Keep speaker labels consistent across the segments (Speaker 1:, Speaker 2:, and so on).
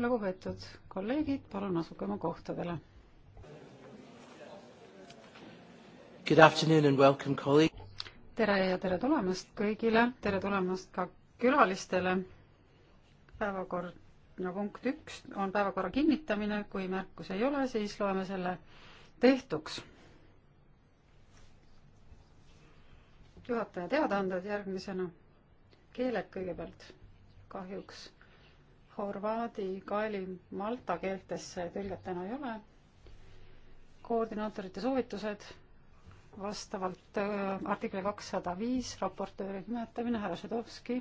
Speaker 1: lugupeetud kolleegid, palun asuge oma kohtadele. tere ja tere tulemast kõigile, tere tulemast ka külalistele. päevakord no punkt üks on päevakorra kinnitamine, kui märkusi ei ole, siis loeme selle tehtuks. juhataja teadaanded järgmisena, keeled kõigepealt kahjuks horvaadi, kaeli, malta keeltesse tõlget täna ei ole. koordinaatorite soovitused vastavalt äh, artikli kakssada viis raportööri nimetamine härra Žedovski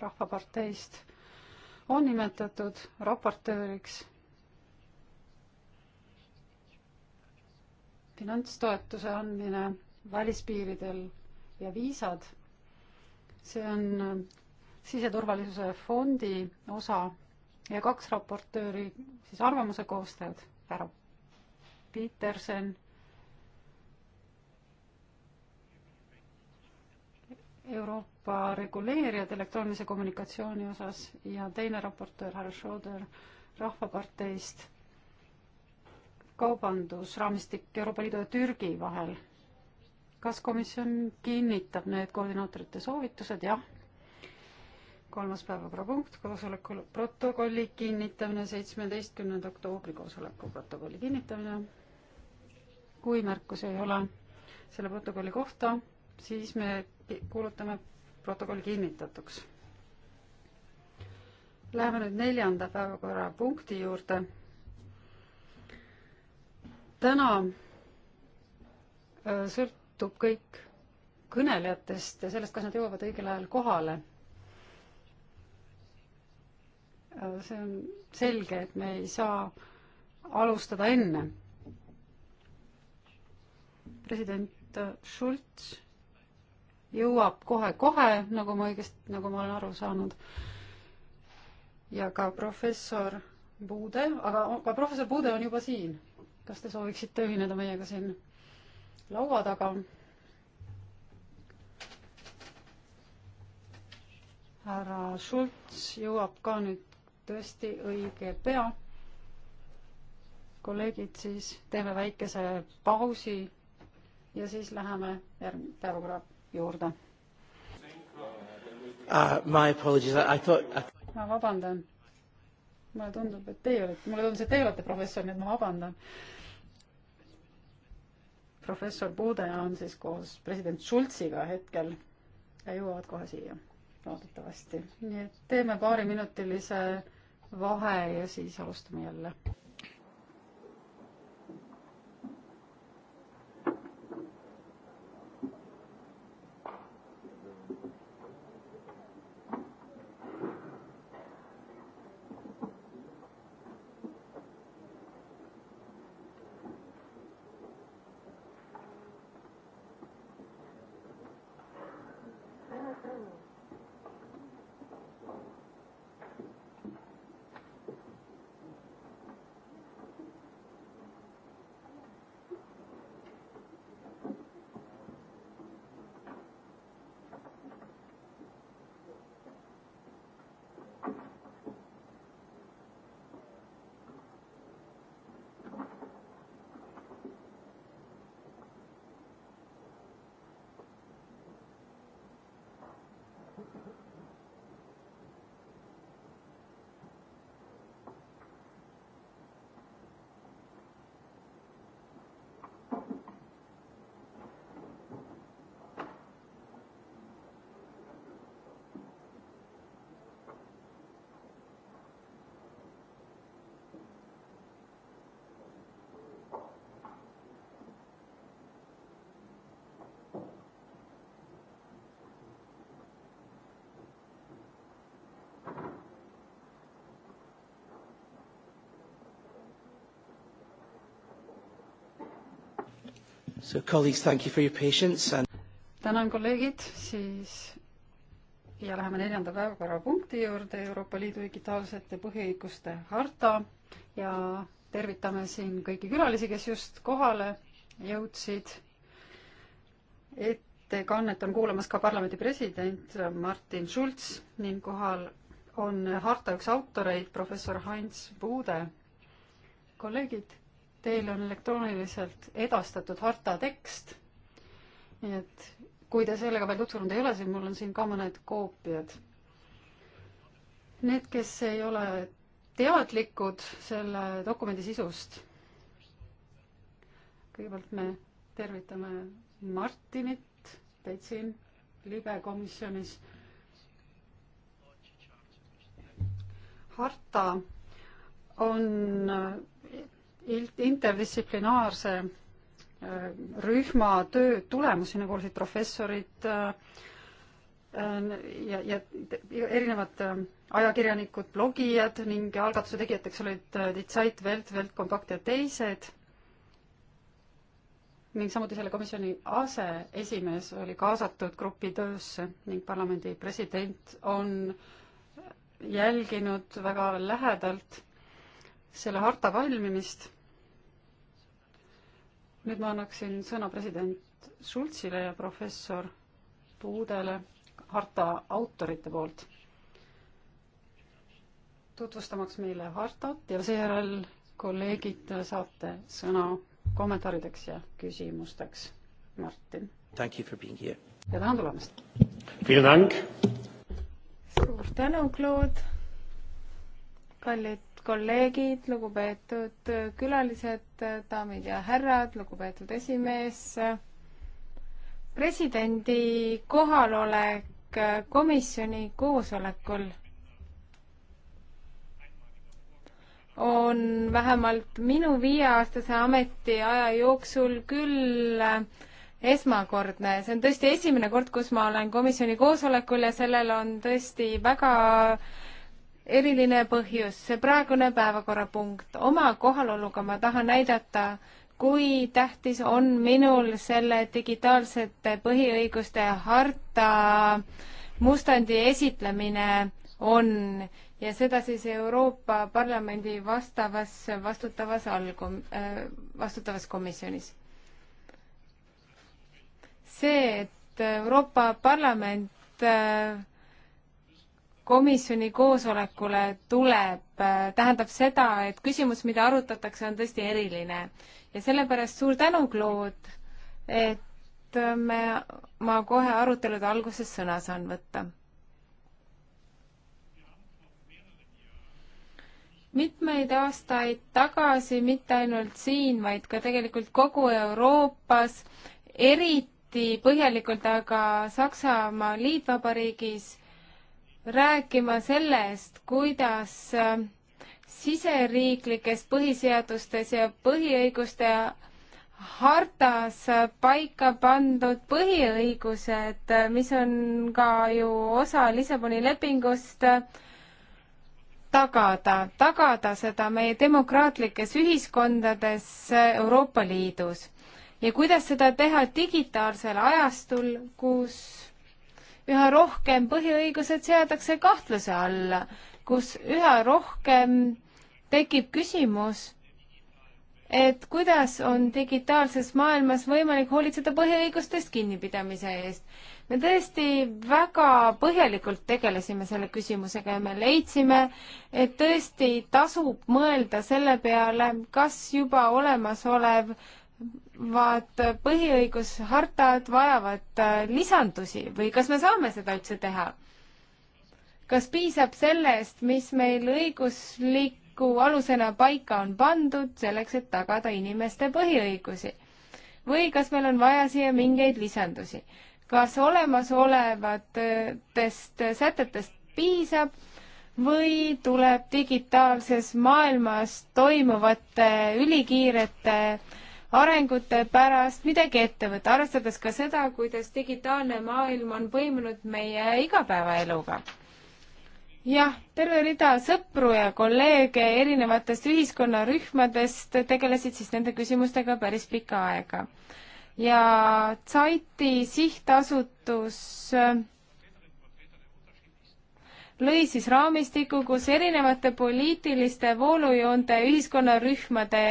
Speaker 1: Rahvaparteist on nimetatud raportööriks finantstoetuse andmine välispiiridel ja viisad. see on äh, siseturvalisuse fondi osa ja kaks raportööri, siis arvamuse koostajad, härra Peterson Euroopa reguleerijad elektroonilise kommunikatsiooni osas ja teine raportöör härra Schroeder Rahvaparteist kaubandusraamistik Euroopa Liidu ja Türgi vahel. kas komisjon kinnitab need koordinaatorite soovitused, jah? kolmas päevakorrapunkt, koosoleku protokolli kinnitamine, seitsmeteistkümnenda oktoobri koosoleku protokolli kinnitamine. kui märkusi ei ole selle protokolli kohta, siis me kuulutame protokolli kinnitatuks. Läheme nüüd neljanda päevakorrapunkti juurde. täna äh, sõltub kõik kõnelejatest ja sellest, kas nad jõuavad õigel ajal kohale. Äh, see on selge, et me ei saa alustada enne. president äh, Schulz jõuab kohe-kohe, nagu ma õigesti, nagu ma olen aru saanud. ja ka professor Puude, aga ka professor Puude on juba siin. kas te sooviksite ühineda meiega siin laua taga? härra Schultz jõuab ka nüüd tõesti õige pea. kolleegid, siis teeme väikese pausi ja siis läheme järgmise päevakorra juurde uh,.
Speaker 2: My apologies, I thought I...
Speaker 1: ma vabandan. mulle tundub, et teie olete, mulle tundus, et teie olete professor, nii et ma vabandan. professor Puude on siis koos president Schultziga hetkel ja jõuavad kohe siia loodetavasti. nii et teeme paariminutilise vahe ja siis alustame jälle.
Speaker 2: So colleagues, thank you for your patience and
Speaker 1: tänan, kolleegid, siis ja läheme neljanda päevakorrapunkti juurde, Euroopa Liidu digitaalsete põhiõiguste harta ja tervitame siin kõiki külalisi, kes just kohale jõudsid. ettekannet on kuulamas ka parlamendi president Martin Schulz ning kohal on harta üks autoreid, professor Heinz Puude. kolleegid Teile on elektrooniliselt edastatud harta tekst. nii et kui te sellega veel tutvunud ei ole, siis mul on siin ka mõned koopiad. Need, kes ei ole teadlikud selle dokumendi sisust, kõigepealt me tervitame Martinit, teid siin libe komisjonis. harta on interdistsiplinaarse äh, rühma töö tulemusi, nagu olid professorid äh, ja, ja erinevad äh, ajakirjanikud, blogijad ning algatuse tegijateks olid Die Zeit, Welt, Weltkontakt ja teised. ning samuti selle komisjoni aseesimees oli kaasatud grupi töösse ning parlamendi president on jälginud väga lähedalt selle harta valmimist nüüd ma annaksin sõna president Schulzile ja professor Puudele harta autorite poolt, tutvustamaks meile hartat ja seejärel kolleegid saate sõna kommentaarideks ja küsimusteks.
Speaker 2: Martin. ja
Speaker 3: tänan tulemast! suur tänu, Claude! kallid kolleegid, lugupeetud külalised, daamid ja härrad, lugupeetud esimees. presidendi kohalolek komisjoni koosolekul on vähemalt minu viieaastase ametiaja jooksul küll esmakordne, see on tõesti esimene kord, kus ma olen komisjoni koosolekul ja sellel on tõesti väga äh, eriline põhjus, see praegune päevakorrapunkt. oma kohaloluga ma tahan näidata, kui tähtis on minul selle digitaalsete põhiõiguste harta mustandi esitlemine on ja seda siis Euroopa Parlamendi vastavas, vastutavas alg-, äh, vastutavas komisjonis. see, et Euroopa Parlament äh, komisjoni koosolekule tuleb, tähendab seda, et küsimus, mida arutatakse, on tõesti eriline. ja sellepärast suur tänu, Claude, et me, ma kohe arutelude alguses sõna saan võtta. mitmeid aastaid tagasi, mitte ainult siin, vaid ka tegelikult kogu Euroopas, eriti põhjalikult aga Saksamaa liitvabariigis rääkima sellest, kuidas äh, siseriiklikes põhiseadustes ja põhiõiguste hartas paika pandud põhiõigused, äh, mis on ka ju osa Lissaboni lepingust, äh, tagada, tagada seda meie demokraatlikes ühiskondades Euroopa Liidus. ja kuidas seda teha digitaalsel ajastul, kus üha rohkem põhiõigused seatakse kahtluse alla, kus üha rohkem tekib küsimus, et kuidas on digitaalses maailmas võimalik hoolitseda põhiõigustest kinnipidamise eest. me tõesti väga põhjalikult tegelesime selle küsimusega ja me leidsime, et tõesti tasub mõelda selle peale, kas juba olemasolev vaat põhiõigushartad vajavad äh, lisandusi või kas me saame seda üldse teha? kas piisab sellest, mis meil õigusliku alusena paika on pandud selleks, et tagada inimeste põhiõigusi? või kas meil on vaja siia mingeid lisandusi? kas olemasolevatest sätetest piisab või tuleb digitaalses maailmas toimuvate ülikiirete arengute pärast midagi ette võtta, arvestades ka seda, kuidas digitaalne maailm on põimunud meie igapäevaeluga. jah, terve rida sõpru ja kolleege erinevatest ühiskonnarühmadest tegelesid siis nende küsimustega päris pikka aega. ja Zeiti sihtasutus äh, lõi siis raamistiku, kus erinevate poliitiliste voolujoonte ühiskonnarühmade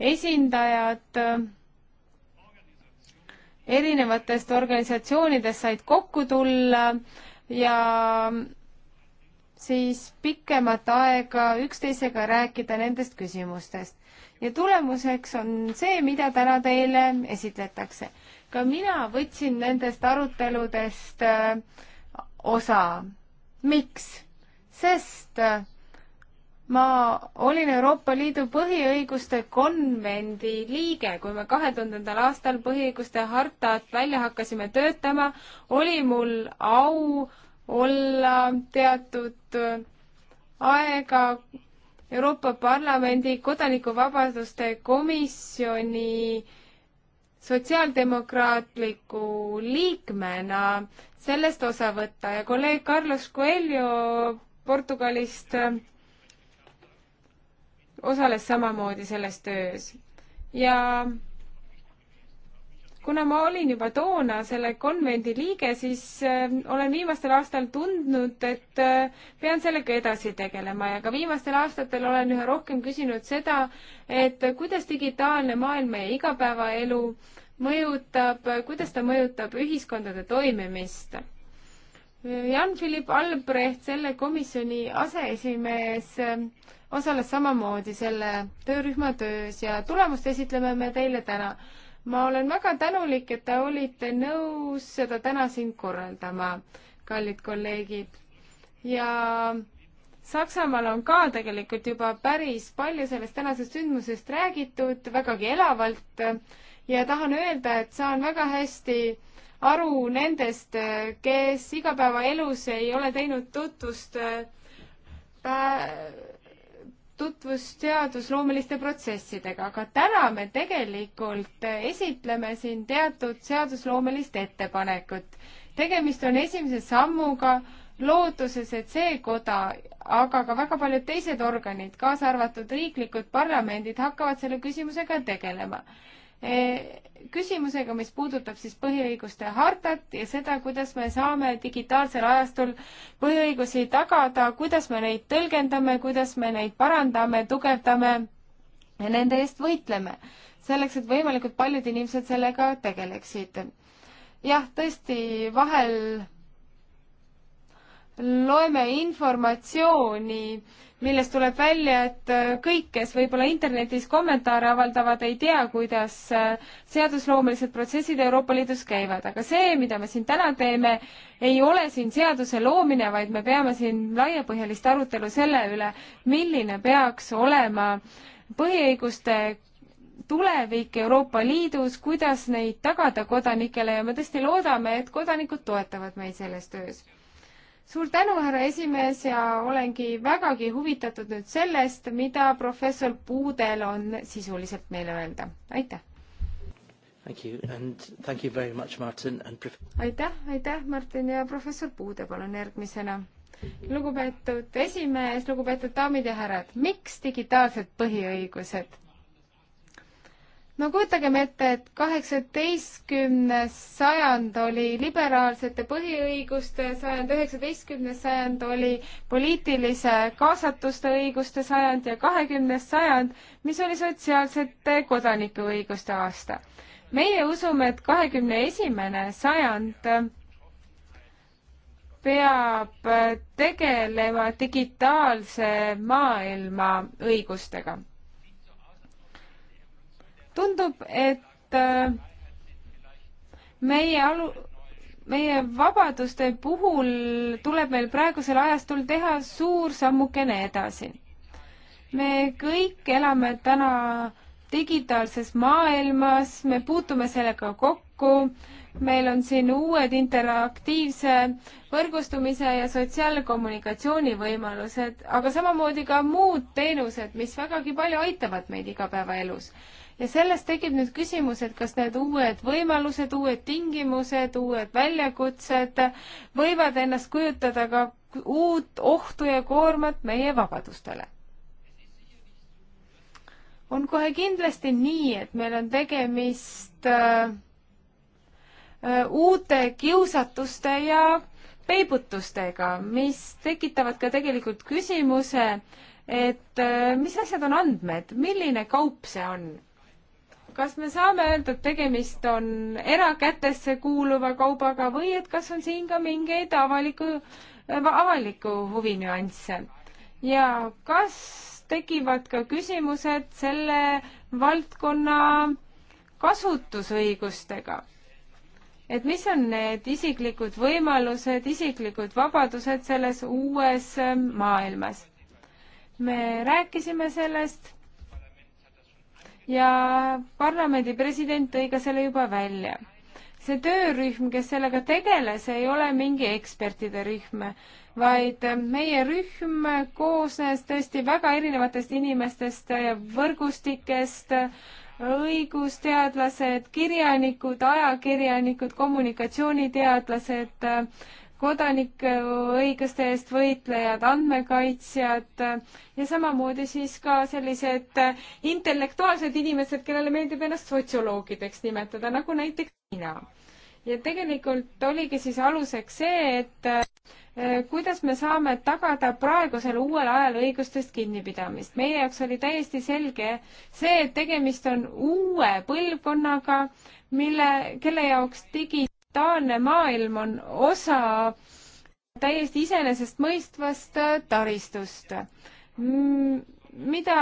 Speaker 3: esindajad erinevatest organisatsioonidest said kokku tulla ja siis pikemat aega üksteisega rääkida nendest küsimustest. ja tulemuseks on see, mida täna teile esitletakse. ka mina võtsin nendest aruteludest äh, osa. miks? sest äh, ma olin Euroopa Liidu põhiõiguste konvendi liige, kui me kahe tuhandendal aastal põhiõiguste hartat välja hakkasime töötama, oli mul au olla teatud aega Euroopa Parlamendi kodanikuvabaduste komisjoni sotsiaaldemokraatliku liikmena sellest osa võtta ja kolleeg Carlos Coelho Portugalist osales samamoodi selles töös ja kuna ma olin juba toona selle konvendi liige, siis äh, olen viimastel aastal tundnud, et äh, pean sellega edasi tegelema ja ka viimastel aastatel olen üha rohkem küsinud seda, et kuidas digitaalne maailm meie igapäevaelu mõjutab, kuidas ta mõjutab ühiskondade toimimist. Jan-Philipp Albrecht, selle komisjoni aseesimees, osales samamoodi selle töörühma töös ja tulemust esitleme me teile täna. ma olen väga tänulik, et te olite nõus seda täna siin korraldama, kallid kolleegid. ja Saksamaal on ka tegelikult juba päris palju sellest tänasest sündmusest räägitud, vägagi elavalt ja tahan öelda, et saan väga hästi aru nendest, kes igapäevaelus ei ole teinud tutvust äh, pä-, tutvus teadusloomeliste protsessidega, aga täna me tegelikult esitleme siin teatud seadusloomelist ettepanekut. tegemist on esimese sammuga lootuses, et see koda, aga ka väga paljud teised organid, kaasa arvatud riiklikud parlamendid, hakkavad selle küsimusega tegelema e küsimusega, mis puudutab siis põhiõiguste hartat ja seda, kuidas me saame digitaalsel ajastul põhiõigusi tagada, kuidas me neid tõlgendame, kuidas me neid parandame, tugevdame ja nende eest võitleme, selleks et võimalikult paljud inimesed sellega tegeleksid. jah, tõesti, vahel loeme informatsiooni, millest tuleb välja, et äh, kõik, kes võib-olla internetis kommentaare avaldavad, ei tea, kuidas äh, seadusloomelised protsessid Euroopa Liidus käivad, aga see, mida me siin täna teeme, ei ole siin seaduse loomine, vaid me peame siin laiapõhjalist arutelu selle üle, milline peaks olema põhiõiguste tulevik Euroopa Liidus, kuidas neid tagada kodanikele ja me tõesti loodame, et kodanikud toetavad meid selles töös suur tänu, härra esimees ja olengi vägagi huvitatud nüüd sellest, mida professor Puudel on sisuliselt meile öelda. aitäh! aitäh, aitäh, Martin ja professor Puude, palun järgmisena. lugupeetud esimees, lugupeetud daamid ja härrad, miks digitaalsed põhiõigused? no kujutagem ette, et kaheksateistkümnes sajand oli liberaalsete põhiõiguste sajand, üheksateistkümnes sajand oli poliitilise kaasatuste õiguste sajand ja kahekümnes sajand, mis oli sotsiaalsete kodanikuõiguste aasta. meie usume, et kahekümne esimene sajand peab tegelema digitaalse maailma õigustega tundub, et äh, meie alu-, meie vabaduste puhul tuleb meil praegusel ajastul teha suur sammukene edasi. me kõik elame täna digitaalses maailmas, me puutume sellega kokku, meil on siin uued interaktiivse võrgustumise ja sotsiaalkommunikatsiooni võimalused, aga samamoodi ka muud teenused, mis vägagi palju aitavad meid igapäevaelus ja sellest tekib nüüd küsimus, et kas need uued võimalused, uued tingimused, uued väljakutsed võivad ennast kujutada ka uut ohtu ja koormat meie vabadustele. on kohe kindlasti nii, et meil on tegemist äh, äh uute kiusatuste ja peibutustega, mis tekitavad ka tegelikult küsimuse, et äh, mis asjad on andmed, milline kaup see on? kas me saame öelda, et tegemist on erakätesse kuuluva kaubaga või et kas on siin ka mingeid avaliku, avaliku huvi nüansse? ja kas tekivad ka küsimused selle valdkonna kasutusõigustega? et mis on need isiklikud võimalused, isiklikud vabadused selles uues maailmas? me rääkisime sellest ja parlamendi president tõi ka selle juba välja. see töörühm, kes sellega tegeles, ei ole mingi ekspertide rühm, vaid meie rühm koosnes tõesti väga erinevatest inimestest, võrgustikest, õigusteadlased, kirjanikud, ajakirjanikud, kommunikatsiooniteadlased, kodanike õiguste eest võitlejad, andmekaitsjad ja samamoodi siis ka sellised intellektuaalsed inimesed, kellele meeldib ennast sotsioloogideks nimetada, nagu näiteks mina. ja tegelikult oligi siis aluseks see, et eh, kuidas me saame tagada praegusel uuel ajal õigustest kinnipidamist. meie jaoks oli täiesti selge see, et tegemist on uue põlvkonnaga, mille, kelle jaoks digi digitaalne maailm on osa täiesti iseenesestmõistvast taristust, mida,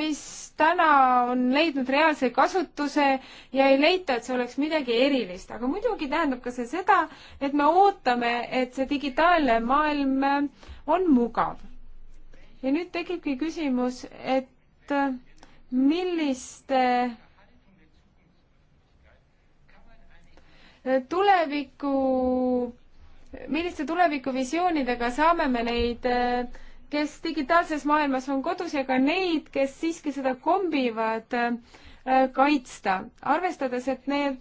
Speaker 3: mis täna on leidnud reaalse kasutuse ja ei leita, et see oleks midagi erilist, aga muidugi tähendab ka see seda, et me ootame, et see digitaalne maailm on mugav. ja nüüd tekibki küsimus, et milliste äh, tuleviku, milliste tulevikuvisioonidega saame me neid, kes digitaalses maailmas on kodus ja ka neid, kes siiski seda kombivad, kaitsta, arvestades, et need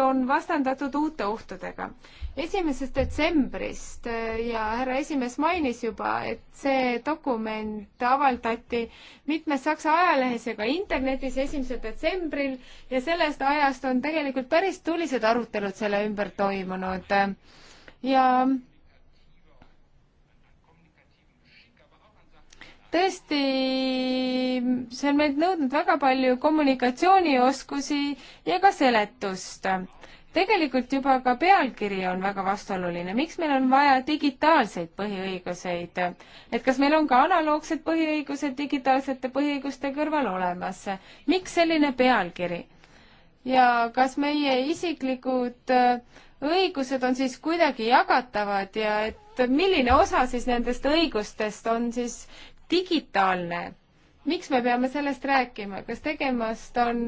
Speaker 3: on vastandatud uute ohtudega. esimesest detsembrist äh, ja härra esimees mainis juba, et see dokument avaldati mitmes Saksa ajalehes ja ka internetis esimesel detsembril ja sellest ajast on tegelikult päris tulised arutelud selle ümber toimunud. ja tõesti, see on meilt nõudnud väga palju kommunikatsioonioskusi ja ka seletust. tegelikult juba ka pealkiri on väga vastuoluline, miks meil on vaja digitaalseid põhiõiguseid, et kas meil on ka analoogsed põhiõigused digitaalsete põhiõiguste kõrval olemas, miks selline pealkiri? ja kas meie isiklikud äh, õigused on siis kuidagi jagatavad ja et milline osa siis nendest õigustest on siis digitaalne miks me peame sellest rääkima, kas tegemast on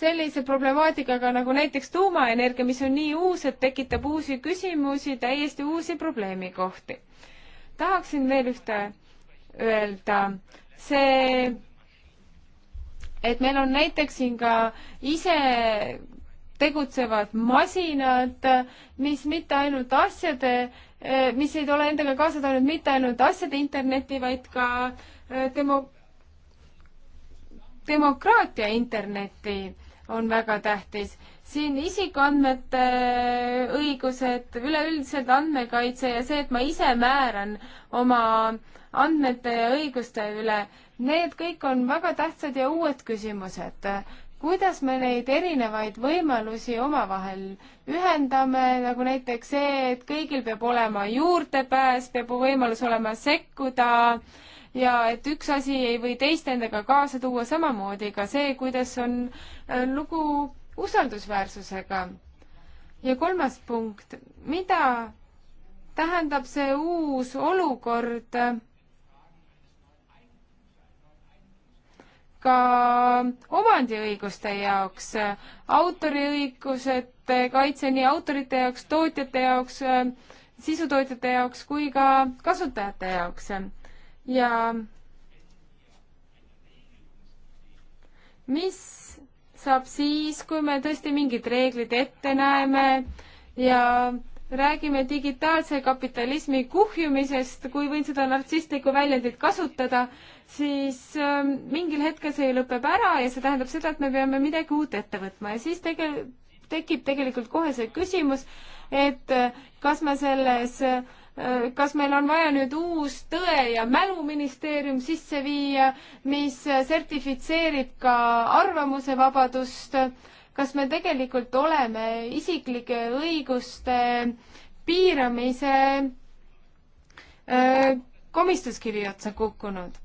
Speaker 3: sellise problemaatikaga nagu näiteks tuumaenergia, mis on nii uus, et tekitab uusi küsimusi, täiesti uusi probleemikohti. tahaksin veel ühte öelda, see, et meil on näiteks siin ka ise tegutsevad masinad, mis mitte ainult asjade Äh, mis ei ole endaga kaasa toonud mitte ainult asjade Internetti, vaid ka äh, demo-, demokraatia Internetti on väga tähtis. siin isikuandmete äh, õigused, üleüldiselt andmekaitse ja see, et ma ise määran oma andmete ja õiguste üle, need kõik on väga tähtsad ja uued küsimused kuidas me neid erinevaid võimalusi omavahel ühendame, nagu näiteks see, et kõigil peab olema juurdepääs, peab võimalus olema sekkuda ja et üks asi ei või teist endaga kaasa tuua, samamoodi ka see, kuidas on äh, lugu usaldusväärsusega. ja kolmas punkt, mida tähendab see uus olukord ka omandiõiguste jaoks, autoriõigused, kaitse nii autorite jaoks, tootjate jaoks, sisutootjate jaoks kui ka kasutajate jaoks. ja mis saab siis, kui me tõesti mingid reeglid ette näeme ja räägime digitaalse kapitalismi kuhjumisest, kui võin seda nartsistlikku väljendit kasutada, siis äh, mingil hetkel see lõpeb ära ja see tähendab seda, et me peame midagi uut ette võtma ja siis tege-, tekib tegelikult kohe see küsimus, et äh, kas me selles äh, kas meil on vaja nüüd uus tõe- ja mäluministeerium sisse viia, mis sertifitseerib ka arvamusevabadust äh, kas me tegelikult oleme isiklike õiguste piiramise äh, komistuskivi otsa kukkunud?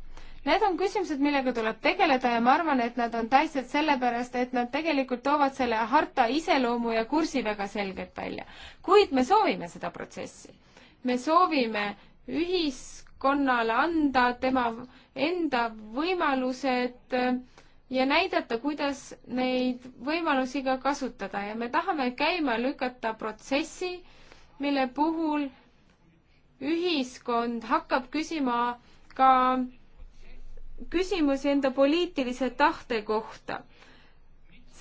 Speaker 3: Need on küsimused, millega tuleb tegeleda ja ma arvan, et nad on tähtsad sellepärast, et nad tegelikult toovad selle harta iseloomu ja kursi väga selgelt välja. kuid me soovime seda protsessi. me soovime ühiskonnale anda tema enda võimalused äh, ja näidata, kuidas neid võimalusi ka kasutada ja me tahame käima lükata protsessi, mille puhul ühiskond hakkab küsima ka küsimusi enda poliitilise tahte kohta.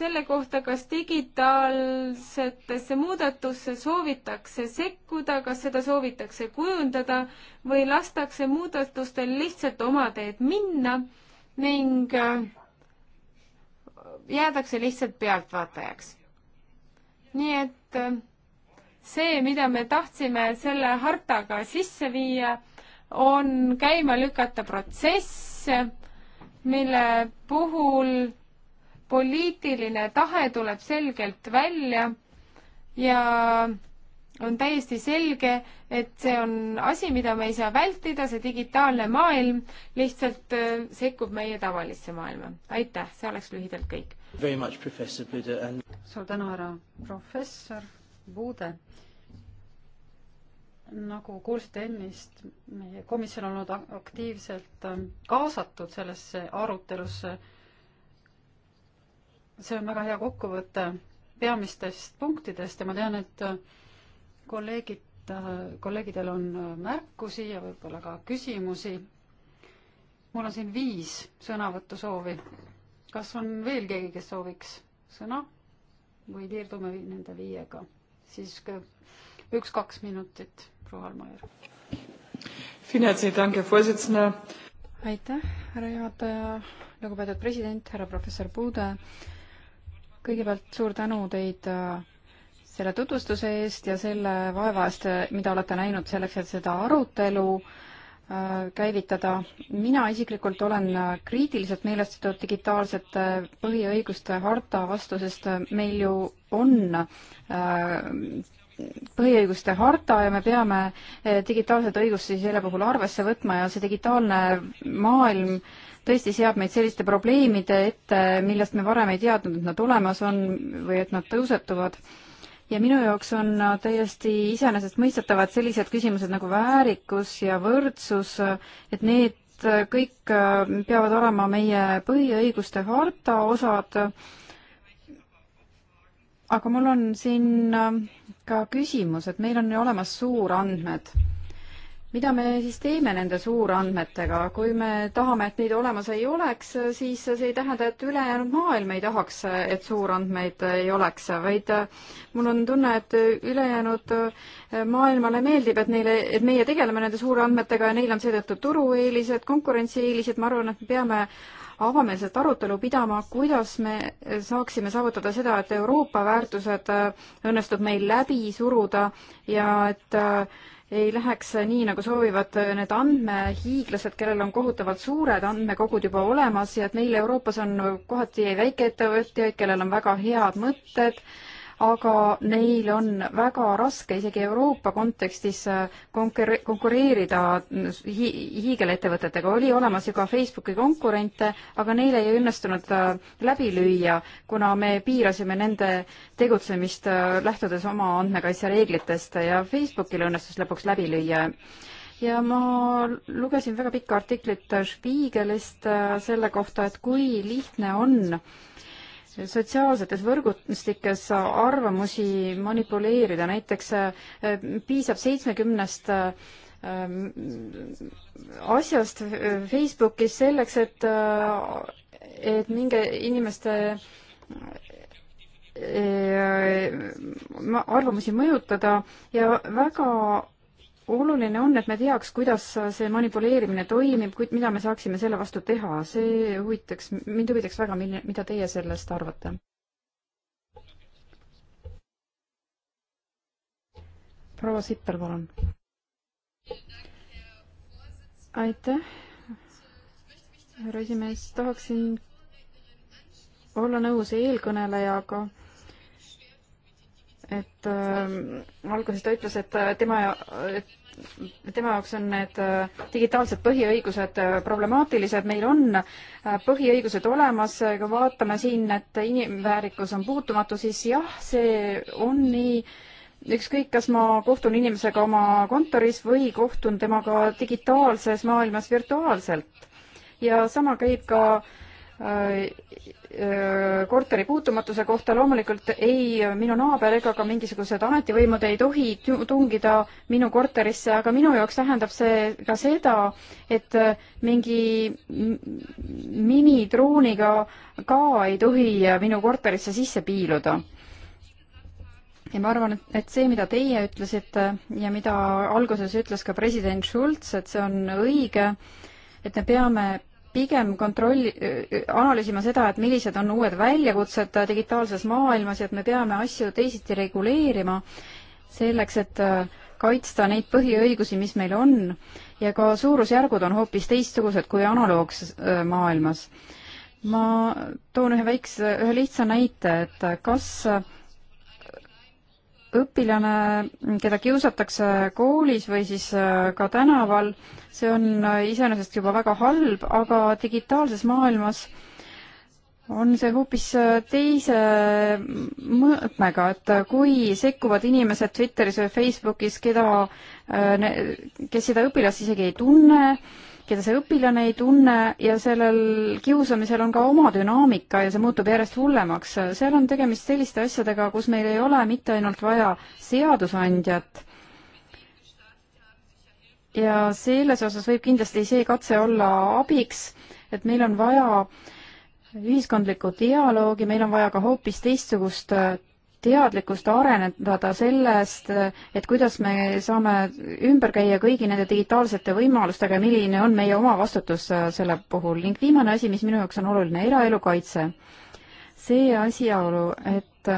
Speaker 3: selle kohta, kas digitaalsetesse muudatusse soovitakse sekkuda, kas seda soovitakse kujundada või lastakse muudatustel lihtsalt oma teed minna ning äh, jäädakse lihtsalt pealtvaatajaks. nii et äh, see, mida me tahtsime selle hartaga sisse viia, on käima lükata protsess, mille puhul poliitiline tahe tuleb selgelt välja ja on täiesti selge, et see on asi, mida me ei saa vältida, see digitaalne maailm lihtsalt äh, sekkub meie tavalisse maailma. aitäh, see oleks lühidalt kõik.
Speaker 2: And...
Speaker 3: suur tänu, härra
Speaker 1: professor Puude. nagu kuulsite ennist, meie komisjon on olnud aktiivselt ähm, kaasatud sellesse arutelusse. see on väga hea kokkuvõte peamistest punktidest ja ma tean, et äh, kolleegid, äh, kolleegidel on äh, märkusi ja võib-olla ka küsimusi. mul on siin viis sõnavõtusoovi kas on veel keegi, kes sooviks sõna või piirdume nende viiega? siis üks-kaks minutit, proua Almajärv. aitäh, härra juhataja, lugupeetud president, härra professor Puude. kõigepealt suur tänu teid äh, selle tutvustuse eest ja selle vaeva eest, äh, mida olete näinud selleks, et seda arutelu äh, Äh, käivitada. mina isiklikult olen äh, kriitiliselt meelestatud digitaalsete äh, põhiõiguste harta vastu, sest meil ju on põhiõiguste harta ja me peame digitaalset õigust siis selle puhul arvesse võtma ja see digitaalne maailm tõesti seab meid selliste probleemide ette, millest me varem ei teadnud, et nad olemas on või et nad tõusetuvad ja minu jaoks on äh, täiesti iseenesestmõistetavad sellised küsimused nagu väärikus ja võrdsus, äh, et need äh, kõik peavad olema meie põhiõiguste harta osad. aga mul on siin ka küsimus, et meil on ju olemas suurandmed mida me siis teeme nende suurandmetega, kui me tahame, et neid olemas ei oleks, siis see ei tähenda, et ülejäänud maailm ei tahaks, et suurandmeid ei oleks, vaid äh, mul on tunne, et ülejäänud äh, maailmale meeldib, et neile, et meie tegeleme nende suurandmetega ja neil on seetõttu turueelised, konkurentsieelised, ma arvan, et me peame avameelset arutelu pidama, kuidas me saaksime saavutada seda, et Euroopa väärtused äh, õnnestub meil läbi suruda ja et äh, ei läheks nii, nagu soovivad need andmehiiglased, kellel on kohutavalt suured andmekogud juba olemas ja et meil Euroopas on kohati väikeettevõtjaid, kellel on väga head mõtted aga neil on väga raske isegi Euroopa kontekstis äh, konkur-, konkureerida äh, hi-, hiigelettevõtetega. oli olemas ju ka Facebooki konkurente, aga neil ei õnnestunud äh, läbi lüüa, kuna me piirasime nende tegutsemist lähtudes oma andmekaitsereeglitest ja Facebookil õnnestus lõpuks läbi lüüa ja ma lugesin väga pikka artiklit Spiegelist selle kohta, et kui lihtne on äh, sotsiaalsetes võrgustikes arvamusi manipuleerida, näiteks äh, piisab seitsmekümnest äh, asjast äh, Facebookis selleks, et, et minge inimeste arvamusi mõjutada ja väga oluline on, et me teaks, kuidas see manipuleerimine toimib, kuid mida me saaksime selle vastu teha, see huvitaks, mind huvitaks väga, mille, mida teie sellest arvate? proua Sippel, palun. aitäh, härra esimees, tahaksin olla nõus eelkõnelejaga et äh, alguses ta ütles, et äh, tema, et tema jaoks on need äh, digitaalsed põhiõigused äh, problemaatilised, meil on äh, põhiõigused olemas, kui vaatame siin, et inimväärikus on puutumatu, siis jah, see on nii, ükskõik, kas ma kohtun inimesega oma kontoris või kohtun temaga digitaalses maailmas virtuaalselt. ja sama käib ka äh, Äh, äh, korteri puutumatuse kohta loomulikult ei minu naaber ega ka mingisugused ametivõimud ei tohi tungida minu korterisse, aga minu jaoks tähendab see ka seda, et äh, mingi minidrooniga ka ei tohi minu korterisse sisse piiluda. ja ma arvan, et, et see, mida teie ütlesite ja mida alguses ütles ka president Schulz, et see on õige, et me peame pigem kontrolli, äh, analüüsima seda, et millised on uued väljakutsed digitaalses maailmas ja et me peame asju teisiti reguleerima selleks, et äh, kaitsta neid põhiõigusi, mis meil on ja ka suurusjärgud on hoopis teistsugused kui analoogses äh, maailmas. ma toon ühe väikse, ühe lihtsa näite, et kas õpilane, keda kiusatakse koolis või siis äh, ka tänaval, see on äh, iseenesest juba väga halb, aga digitaalses maailmas on see hoopis äh, teise mõõtmega, et kui sekkuvad inimesed Twitteris või Facebookis, keda, kes seda õpilast isegi ei tunne, rääkida, see õpilane ei tunne ja sellel kiusamisel on ka oma dünaamika ja see muutub järjest hullemaks. seal on tegemist selliste asjadega, kus meil ei ole mitte ainult vaja seadusandjat, ja selles osas võib kindlasti see katse olla abiks, et meil on vaja ühiskondlikku dialoogi, meil on vaja ka hoopis teistsugust teadlikkust arendada sellest, et kuidas me saame ümber käia kõigi nende digitaalsete võimalustega ja milline on meie oma vastutus selle puhul ning viimane asi, mis minu jaoks on oluline, eraelu kaitse. see asjaolu, et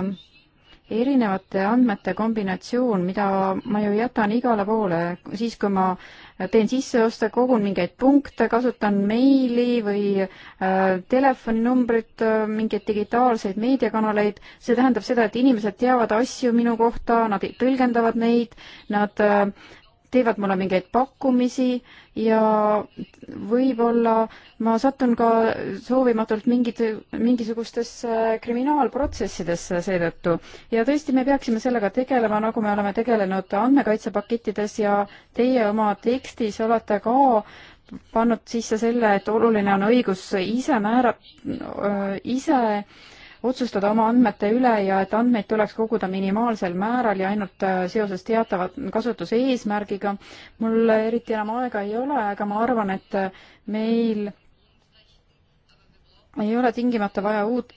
Speaker 1: erinevate andmete kombinatsioon, mida ma ju jätan igale poole, siis kui ma äh, teen sisseoste, kogun mingeid punkte, kasutan meili või äh, telefoninumbrit, äh, mingeid digitaalseid meediakanaleid. see tähendab seda, et inimesed teavad asju minu kohta, nad tõlgendavad neid, nad äh, teevad mulle mingeid pakkumisi ja võib-olla ma satun ka soovimatult mingit, mingisugustesse kriminaalprotsessidesse seetõttu. ja tõesti, me peaksime sellega tegelema, nagu me oleme tegelenud andmekaitsepakettides ja teie oma tekstis olete ka pannud sisse selle, et oluline on õigus ise määra-, äh, ise otsustada oma andmete üle ja et andmeid tuleks koguda minimaalsel määral ja ainult äh, seoses teatava kasutuse eesmärgiga. mul eriti enam aega ei ole, aga ma arvan, et äh, meil ei ole tingimata vaja uut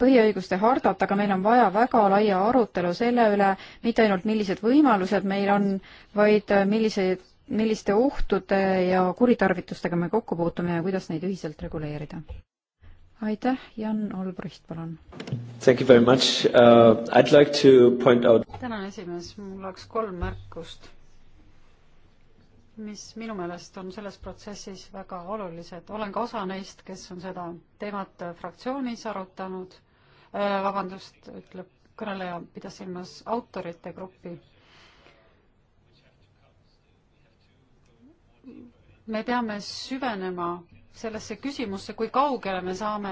Speaker 1: põhiõiguste hardat, aga meil on vaja väga laia arutelu selle üle, mitte ainult millised võimalused meil on, vaid äh, milliseid, milliste ohtude ja kuritarvitustega me kokku puutume ja kuidas neid ühiselt reguleerida aitäh, Jan Olbricht, palun.
Speaker 3: Thank you very much uh,. I would like to point out.
Speaker 1: tänan, esimees, mul oleks kolm märkust, mis minu meelest on selles protsessis väga olulised. olen ka osa neist, kes on seda teemat fraktsioonis arutanud. Äh, vabandust, ütleb kõneleja, pidas silmas autorite gruppi. me peame süvenema sellesse küsimusse, kui kaugele me saame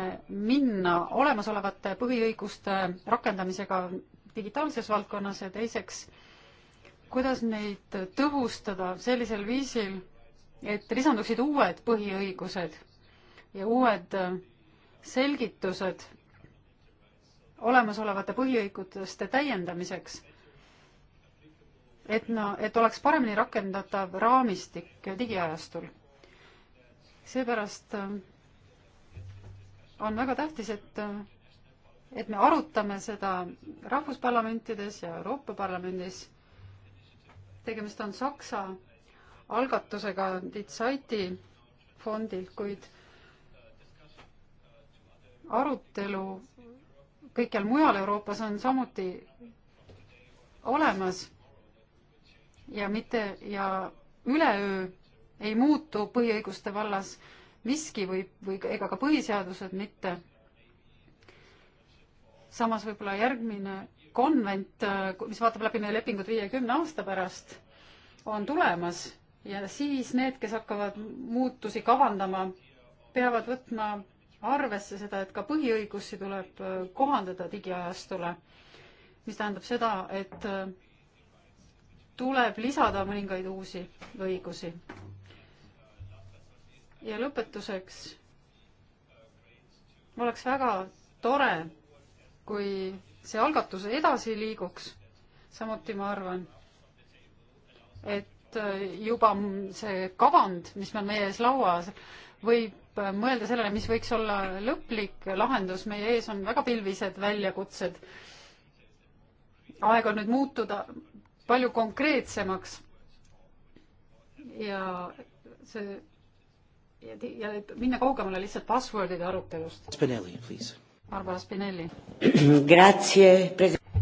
Speaker 1: minna olemasolevate põhiõiguste rakendamisega digitaalses valdkonnas ja teiseks, kuidas neid tõhustada sellisel viisil, et lisanduksid uued põhiõigused ja uued selgitused olemasolevate põhiõiguste täiendamiseks, et no, et oleks paremini rakendatav raamistik digiajastul seepärast äh, on väga tähtis, et, äh, et me arutame seda rahvusparlamentides ja Euroopa Parlamendis. tegemist on Saksa algatusega Ditsaiti fondilt, kuid arutelu kõikjal mujal Euroopas on samuti olemas ja mitte ja üleöö ei muutu põhiõiguste vallas miski või, või ega ka põhiseadused mitte. samas võib-olla järgmine konvent, mis vaatab läbi meie lepingud viiekümne aasta pärast, on tulemas ja siis need, kes hakkavad muutusi kavandama, peavad võtma arvesse seda, et ka põhiõigusi tuleb äh, kohandada digiajastule, mis tähendab seda, et äh, tuleb lisada mõningaid uusi õigusi ja lõpetuseks oleks väga tore, kui see algatus edasi liiguks. samuti ma arvan, et juba see kavand, mis on meie ees lauas, võib mõelda sellele, mis võiks olla lõplik lahendus, meie ees on väga pilvised väljakutsed. aeg on nüüd muutuda palju konkreetsemaks. ja see ja, ja minna kaugemale lihtsalt password'ide arutelust.
Speaker 2: Spinelli, please.
Speaker 1: Barbara Spinelli.
Speaker 2: Grazie, president.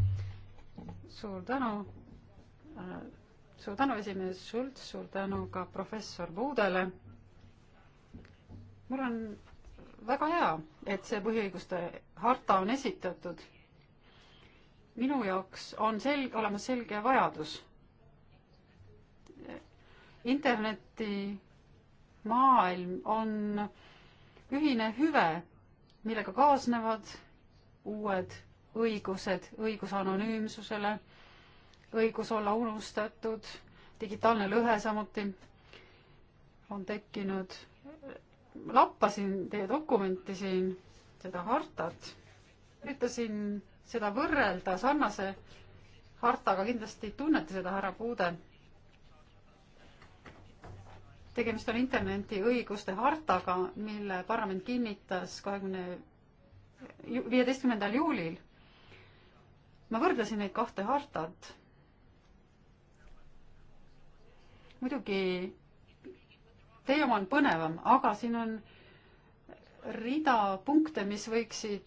Speaker 1: suur tänu. Äh, suur tänu, esimees Schultz, suur tänu ka professor Puudele. mul on väga hea, et see põhiõiguste harta on esitatud. minu jaoks on selg-, olemas selge vajadus. interneti maailm on ühine hüve, millega kaasnevad uued õigused, õigus anonüümsusele, õigus olla unustatud, digitaalne lõhe samuti on tekkinud. lappasin teie dokumenti siin, seda hartat, üritasin seda võrrelda sarnase hartaga, kindlasti tunnete seda, härra Puude tegemist on interneti õiguste hartaga, mille parlament kinnitas kahekümne, viieteistkümnendal juulil. ma võrdlesin neid kahte hartat. muidugi teie oma on põnevam, aga siin on rida punkte, mis võiksid,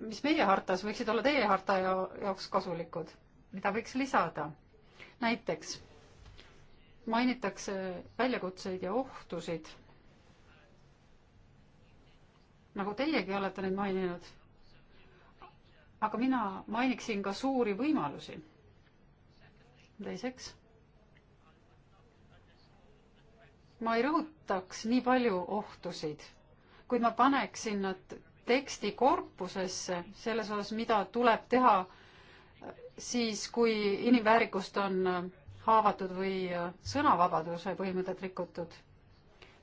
Speaker 1: mis meie hartas võiksid olla teie harta ja, jaoks kasulikud, mida võiks lisada. näiteks mainitakse väljakutseid ja ohtusid, nagu teiegi olete neid maininud. aga mina mainiksin ka suuri võimalusi. teiseks, ma ei rõhutaks nii palju ohtusid, kuid ma paneksin nad teksti korpusesse selles osas, mida tuleb teha siis, kui inimväärikust on haavatud või äh, sõnavabaduse põhimõtet rikutud.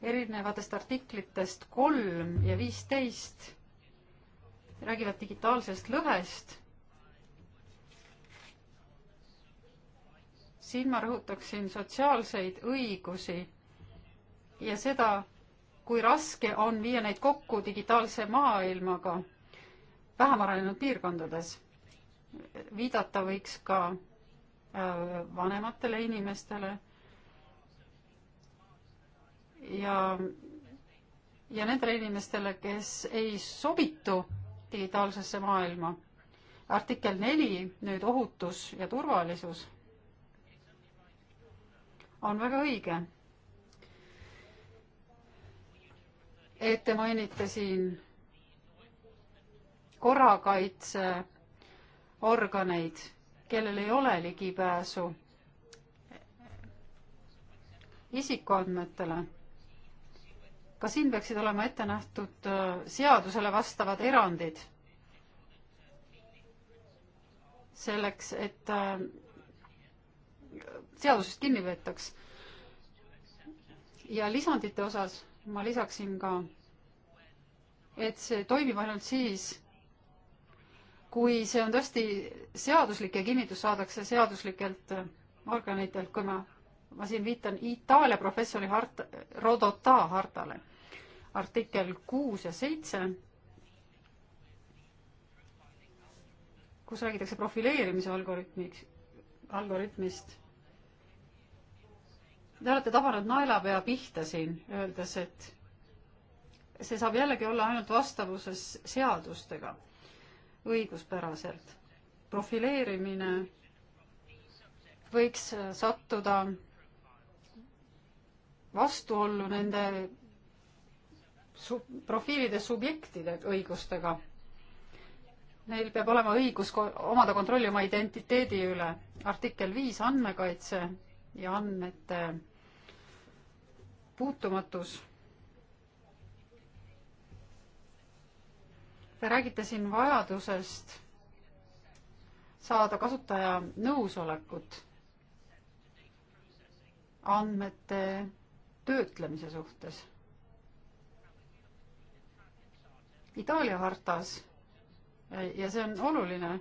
Speaker 1: erinevatest artiklitest kolm ja viisteist räägivad digitaalsest lõhest. siin ma rõhutaksin sotsiaalseid õigusi ja seda, kui raske on viia neid kokku digitaalse maailmaga vähem arenenud piirkondades. viidata võiks ka Äh, vanematele inimestele. ja, ja nendele inimestele, kes ei sobitu digitaalsesse maailma. artikkel neli, nüüd ohutus ja turvalisus, on väga õige. et te mainite siin korrakaitseorganeid kellel ei ole ligipääsu isikuandmetele. ka siin peaksid olema ette nähtud äh, seadusele vastavad erandid. selleks, et äh, seadusest kinni peetaks. ja lisandite osas ma lisaksin ka, et see toimib ainult siis, kui see on tõesti seaduslik ja kinnitus saadakse seaduslikelt äh, organitelt, kui ma, ma siin viitan Itaalia professori hart-, Rodota hartale, artikkel kuus ja seitse, kus räägitakse profileerimise algoritmiks, algoritmist. Te olete tabanud naelapea pihta siin, öeldes, et see saab jällegi olla ainult vastavuses seadustega õiguspäraselt. profileerimine võiks sattuda vastuollu nende su-, profiilide subjektide õigustega. Neil peab olema õigus ko-, omada kontrolli oma identiteedi üle. artikkel viis andmekaitse ja andmete puutumatus Te räägite siin vajadusest saada kasutaja nõusolekut andmete töötlemise suhtes. Itaalia hartas ja see on oluline,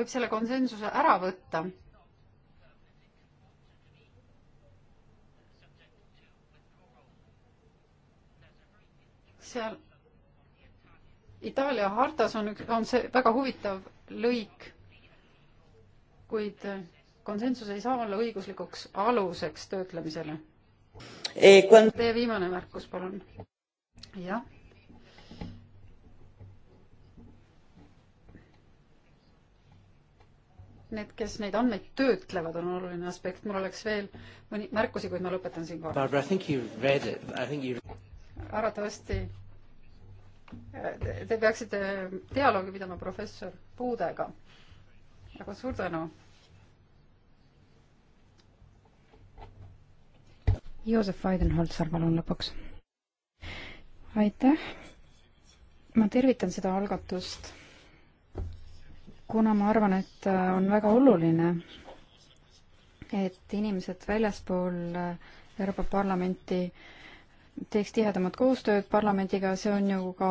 Speaker 1: võib selle konsensuse ära võtta. seal Itaalia hartas on üks, on see väga huvitav lõik, kuid äh, konsensus ei saa olla õiguslikuks aluseks töötlemisele.
Speaker 2: Kon... Eh, Teie
Speaker 1: viimane märkus, palun. jah. Need, kes neid andmeid töötlevad, on oluline aspekt. mul oleks veel mõni märkusi, kuid ma lõpetan siinkohal.
Speaker 2: arvatavasti
Speaker 1: Te peaksite dialoogi pidama professor Puudega. aga suur tänu. Joosep Weidenholzer, palun lõpuks. aitäh. ma tervitan seda algatust, kuna ma arvan, et äh, on väga oluline, et inimesed väljaspool äh, Euroopa Parlamenti äh, teeks tihedamat koostööd parlamendiga, see on ju ka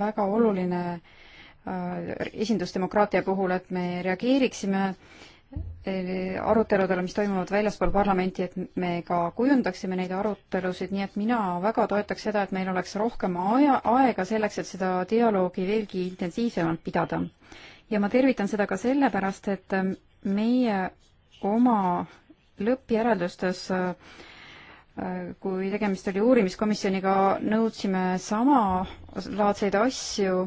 Speaker 1: väga oluline äh, esindusdemokraatia puhul, et me reageeriksime äh, aruteludele, mis toimuvad väljaspool parlamenti, et me ka kujundaksime neid arutelusid, nii et mina väga toetaks seda, et meil oleks rohkem aja, aega selleks, et seda dialoogi veelgi intensiivsemalt pidada. ja ma tervitan seda ka sellepärast, et meie oma lõppjäreldustes äh, kui tegemist oli uurimiskomisjoniga, nõudsime samalaadseid asju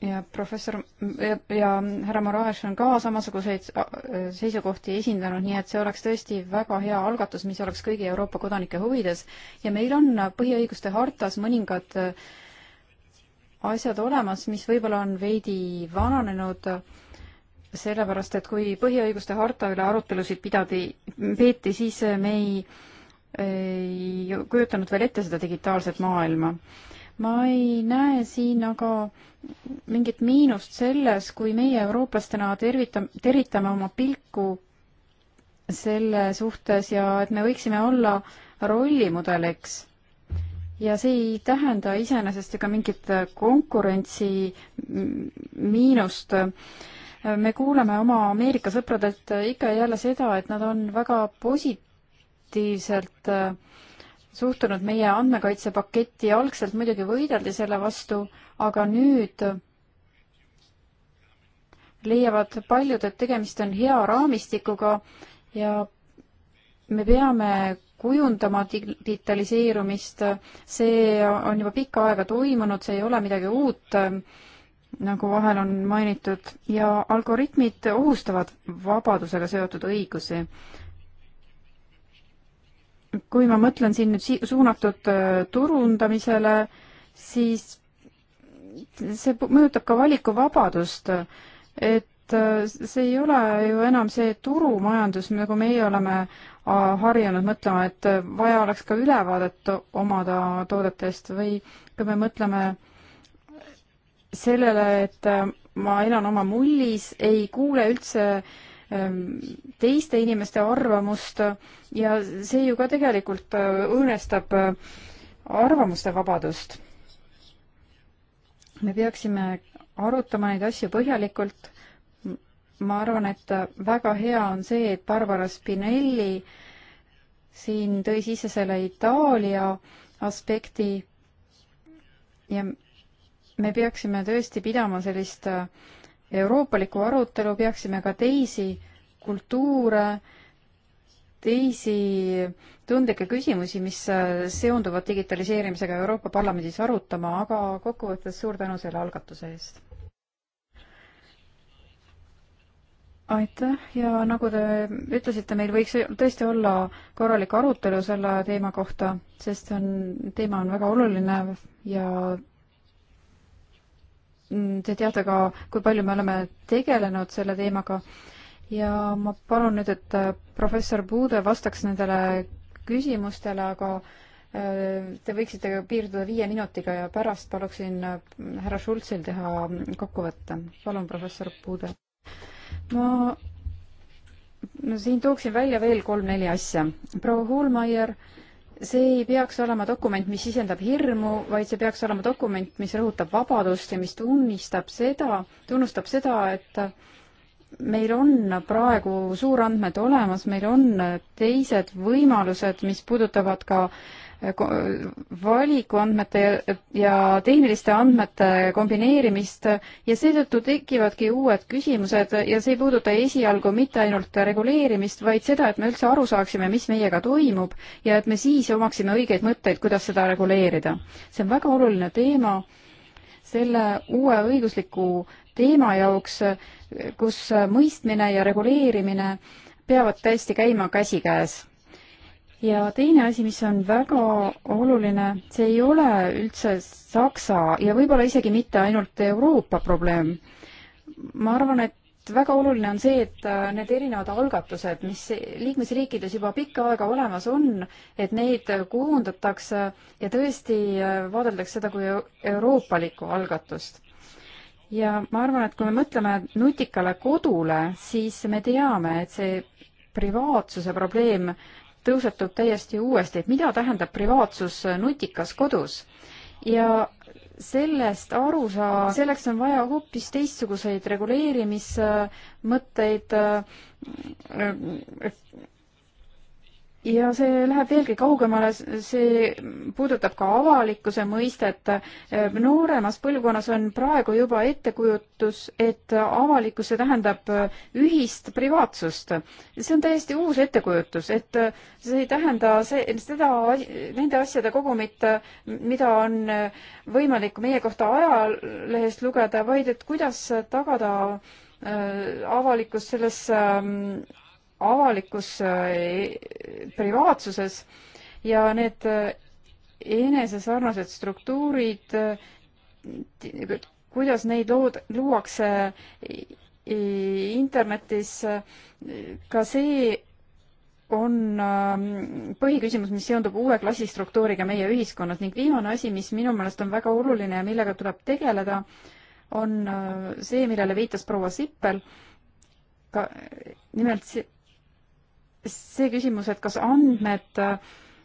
Speaker 1: ja professor ja, ja härra Moraes on ka samasuguseid äh, seisukohti esindanud, nii et see oleks tõesti väga hea algatus, mis oleks kõigi Euroopa kodanike huvides ja meil on põhiõiguste hartas mõningad äh, asjad olemas, mis võib-olla on veidi vananenud, sellepärast et kui põhiõiguste harta üle arutelusid pidadi, peeti, siis me ei äh, ei kujutanud veel ette seda digitaalset maailma. ma ei näe siin aga mingit miinust selles, kui meie eurooplastena tervita-, teritame oma pilku selle suhtes ja et me võiksime olla rollimudeliks ja see ei tähenda iseenesest ega mingit konkurentsi miinust. me kuuleme oma Ameerika sõpradelt ikka ja jälle seda, et nad on väga posi-, positiivselt äh, suhtunud meie andmekaitsepaketti, algselt muidugi võideldi selle vastu, aga nüüd leiavad paljud, et tegemist on hea raamistikuga ja me peame kujundama digitaliseerumist, see on juba pikka aega toimunud, see ei ole midagi uut, äh, nagu vahel on mainitud, ja algoritmid ohustavad vabadusega seotud õigusi kui ma mõtlen siin nüüd suunatud äh, turundamisele, siis see mõjutab ka valikuvabadust, et äh, see ei ole ju enam see turumajandus, nagu meie oleme äh, harjunud mõtlema, et vaja oleks ka ülevaadet omada toodetest või kui me mõtleme sellele, et ma elan oma mullis, ei kuule üldse äh, Ähm, teiste inimeste arvamust ja see ju ka tegelikult äh, õõnestab äh, arvamuste vabadust. me peaksime arutama neid asju põhjalikult. ma arvan, et väga hea on see, et Barbara Spinelli siin tõi sisse selle Itaalia aspekti ja me peaksime tõesti pidama sellist äh, euroopalikku arutelu, peaksime ka teisi kultuure, teisi tundlikke küsimusi, mis seonduvad digitaliseerimisega Euroopa Parlamendis arutama, aga kokkuvõttes suur tänu selle algatuse eest. aitäh ja nagu te ütlesite, meil võiks tõesti olla korralik arutelu selle teema kohta, sest see on, teema on väga oluline ja Mm, te teate ka, kui palju me oleme tegelenud selle teemaga ja ma palun nüüd, et äh, professor Puude vastaks nendele küsimustele, aga äh, te võiksite piirduda viie minutiga ja pärast paluksin äh, härra Schultzil teha mm, kokkuvõtte. palun, professor Puude. ma no, siin tooksin välja veel kolm-neli asja. proua Hoolmeier äh, see ei peaks olema dokument, mis sisendab hirmu, vaid see peaks olema dokument, mis rõhutab vabadust ja mis tunnistab seda, tunnustab seda, et meil on praegu suurandmed olemas, meil on teised võimalused, mis puudutavad ka äh, valikuandmete ja tehniliste andmete kombineerimist ja seetõttu tekivadki uued küsimused ja see ei puuduta esialgu mitte ainult reguleerimist, vaid seda, et me üldse aru saaksime, mis meiega toimub ja et me siis omaksime õigeid mõtteid, kuidas seda reguleerida. see on väga oluline teema selle uue õigusliku teema jaoks, kus mõistmine ja reguleerimine peavad tõesti käima käsikäes ja teine asi, mis on väga oluline, see ei ole üldse Saksa ja võib-olla isegi mitte ainult Euroopa probleem. ma arvan, et väga oluline on see, et äh, need erinevad algatused, mis liikmesriikides juba pikka aega olemas on, et neid kujundatakse ja tõesti äh, vaadeldakse seda kui euroopalikku algatust ja ma arvan, et kui me mõtleme nutikale kodule, siis me teame, et see privaatsuse probleem tõusetub täiesti uuesti, et mida tähendab privaatsus nutikas kodus. ja sellest aru saa, selleks on vaja hoopis teistsuguseid reguleerimismõtteid, ja see läheb veelgi kaugemale, see puudutab ka avalikkuse mõistet. nooremas põlvkonnas on praegu juba ettekujutus, et avalikkus, see tähendab ühist privaatsust. see on täiesti uus ettekujutus, et see ei tähenda see, seda, nende asjade kogumit, mida on võimalik meie kohta ajalehest lugeda, vaid et kuidas tagada äh, avalikkus selles ähm, avalikus äh, privaatsuses ja need äh, enesesarnased struktuurid, äh, kuidas neid lood, luuakse internetis, ka see on ähm, põhiküsimus, mis seondub uue klassistruktuuriga meie ühiskonnas ning viimane asi, mis minu meelest on väga oluline ja millega tuleb tegeleda, on see, millele viitas proua Sippel, ka nimelt see, see küsimus, et kas andmed,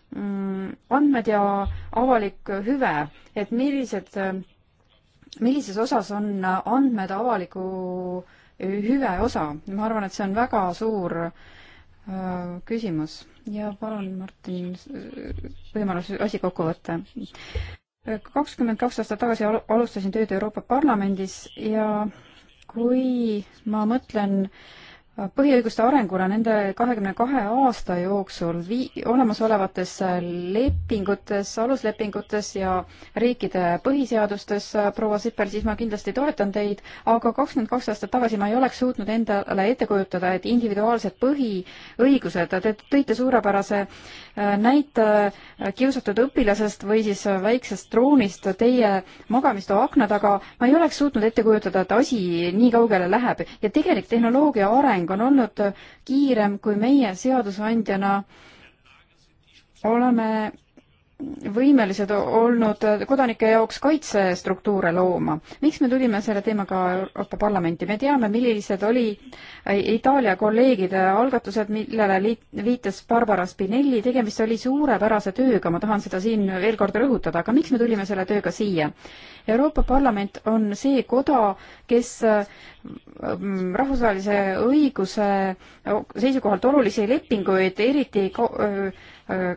Speaker 1: mm, andmed ja avalik hüve, et millised, millises osas on andmed avaliku hüve osa, ma arvan, et see on väga suur äh, küsimus ja palun, Martin, võimalus asi kokku võtta kakskümmend kaks aastat tagasi alustasin tööd Euroopa Parlamendis ja kui ma mõtlen äh, põhiõiguste arengule nende kahekümne kahe aasta jooksul vii-, olemasolevates lepingutes, aluslepingutes ja riikide põhiseadustes, proua Sipel, siis ma kindlasti toetan teid, aga kakskümmend kaks aastat tagasi ma ei oleks suutnud endale ette kujutada, et individuaalsed põhiõigused, te tõite suurepärase Äh, näite äh, kiusatud õpilasest või siis äh, väiksest droonist teie magamistoa akna taga, ma ei oleks suutnud ette kujutada, et asi nii kaugele läheb ja tegelik tehnoloogia areng on olnud kiirem, kui meie seadusandjana oleme võimelised olnud kodanike jaoks kaitsestruktuure looma. miks me tulime selle teemaga Euroopa Parlamenti? me teame, millised oli äh, Itaalia kolleegide algatused, millele viitas Barbara Spinelli, tegemist oli suurepärase tööga, ma tahan seda siin veel kord rõhutada, aga miks me tulime selle tööga siia? Euroopa Parlament on see koda, kes äh, rahvusvahelise õiguse seisukohalt olulisi lepinguid eriti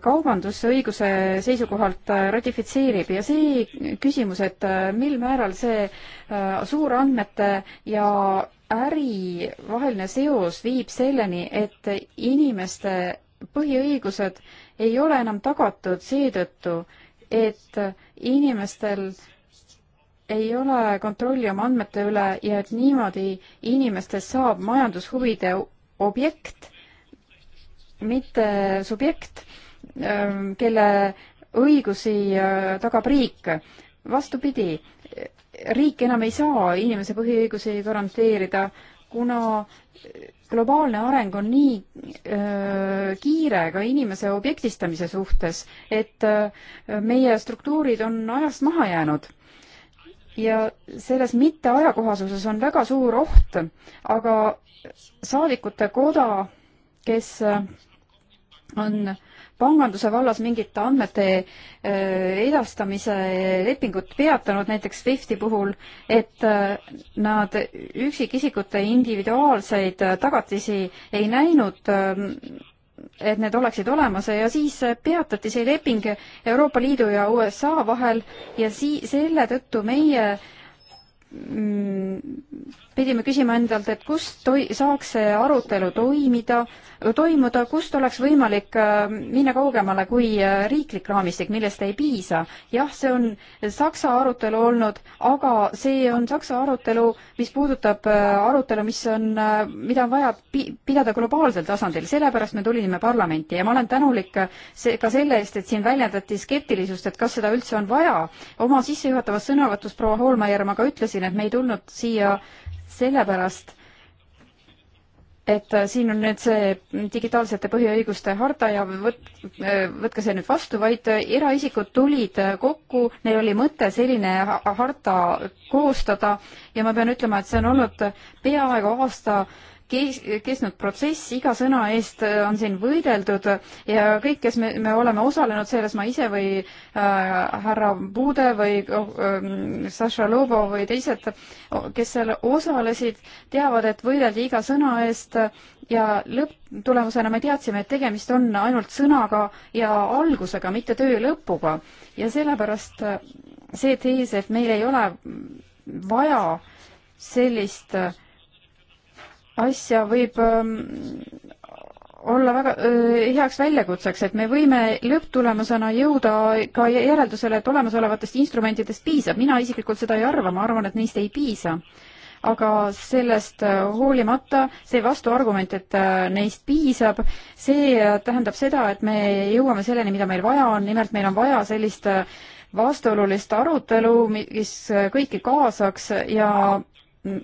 Speaker 1: kaubandusõiguse seisukohalt äh, ratifitseerib ja see küsimus, et äh, mil määral see äh, suurandmete ja äri vaheline seos viib selleni, et inimeste põhiõigused ei ole enam tagatud seetõttu, et inimestel ei ole kontrolli oma andmete üle ja et niimoodi inimestest saab majandushuvide objekt, mitte subjekt Ähm, kelle õigusi äh, tagab riik. vastupidi, riik enam ei saa inimese põhiõigusi garanteerida, kuna globaalne areng on nii öö, äh, kiire ka inimese objektistamise suhtes, et öö, äh, meie struktuurid on ajast maha jäänud. ja selles mitteajakohasuses on väga suur oht, aga saadikute koda, kes on öö, panganduse vallas mingit andmete äh, edastamise lepingut peatanud, näiteks Swifti puhul, et äh, nad üksikisikute individuaalseid äh, tagatisi ei näinud et need oleksid olemas ja siis peatati see leping Euroopa Liidu ja USA vahel ja sii-, selle tõttu meie mm, pidime küsima endalt, et kus toi-, saaks see arutelu toimida, toimuda, kust oleks võimalik äh, minna kaugemale kui äh, riiklik raamistik, millest ei piisa. jah, see on Saksa arutelu olnud, aga see on Saksa arutelu, mis puudutab äh, arutelu, mis on, mida on vaja pi-, pidada globaalsel tasandil, sellepärast me tulime parlamenti ja ma olen tänulik see, ka selle eest, et siin väljendati skeptilisust, et kas seda üldse on vaja. oma sissejuhatavas sõnavõtus proua Hoolmeier, ma ka ütlesin, et me ei tulnud siia äh, sellepärast, et siin on nüüd see digitaalsete põhiõiguste harta ja võt-, võtke see nüüd vastu, vaid eraisikud tulid kokku, neil oli mõte selline harta koostada ja ma pean ütlema, et see on olnud peaaegu aasta äh, kes, kestnud protsess, iga sõna eest äh, on siin võideldud ja kõik, kes me, me oleme osalenud selles, ma ise või äh, härra Bude või äh, Saša Lobo või teised, kes seal osalesid, teavad, et võideldi iga sõna eest ja lõpptulemusena me teadsime, et tegemist on ainult sõnaga ja algusega, mitte töö lõpuga. ja sellepärast äh, see tees, et meil ei ole vaja sellist äh, asja võib ähm, olla väga öö, äh, heaks väljakutseks, et me võime lõpptulemusena jõuda ka järeldusele, et olemasolevatest instrumentidest piisab. mina isiklikult seda ei arva, ma arvan, et neist ei piisa. aga sellest äh, hoolimata see vastuargument, et äh, neist piisab, see tähendab seda, et me jõuame selleni, mida meil vaja on, nimelt meil on vaja sellist vastuolulist arutelu, mis kõiki kaasaks ja mm,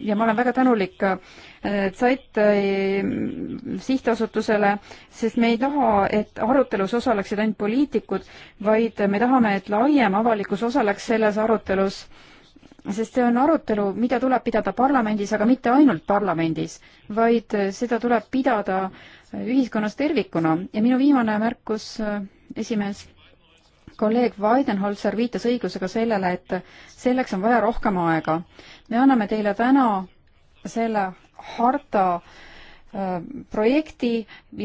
Speaker 1: ja ma olen väga tänulik äh, Zeit äh, sihtasutusele, sest me ei taha, et arutelus osaleksid ainult poliitikud, vaid me tahame, et laiem avalikkus osaleks selles arutelus, sest see on arutelu, mida tuleb pidada parlamendis, aga mitte ainult parlamendis, vaid seda tuleb pidada ühiskonnas tervikuna ja minu viimane märkus, äh, esimees kolleeg Weidenholzer viitas õiglusega sellele, et selleks on vaja rohkem aega. me anname teile täna selle harta äh, projekti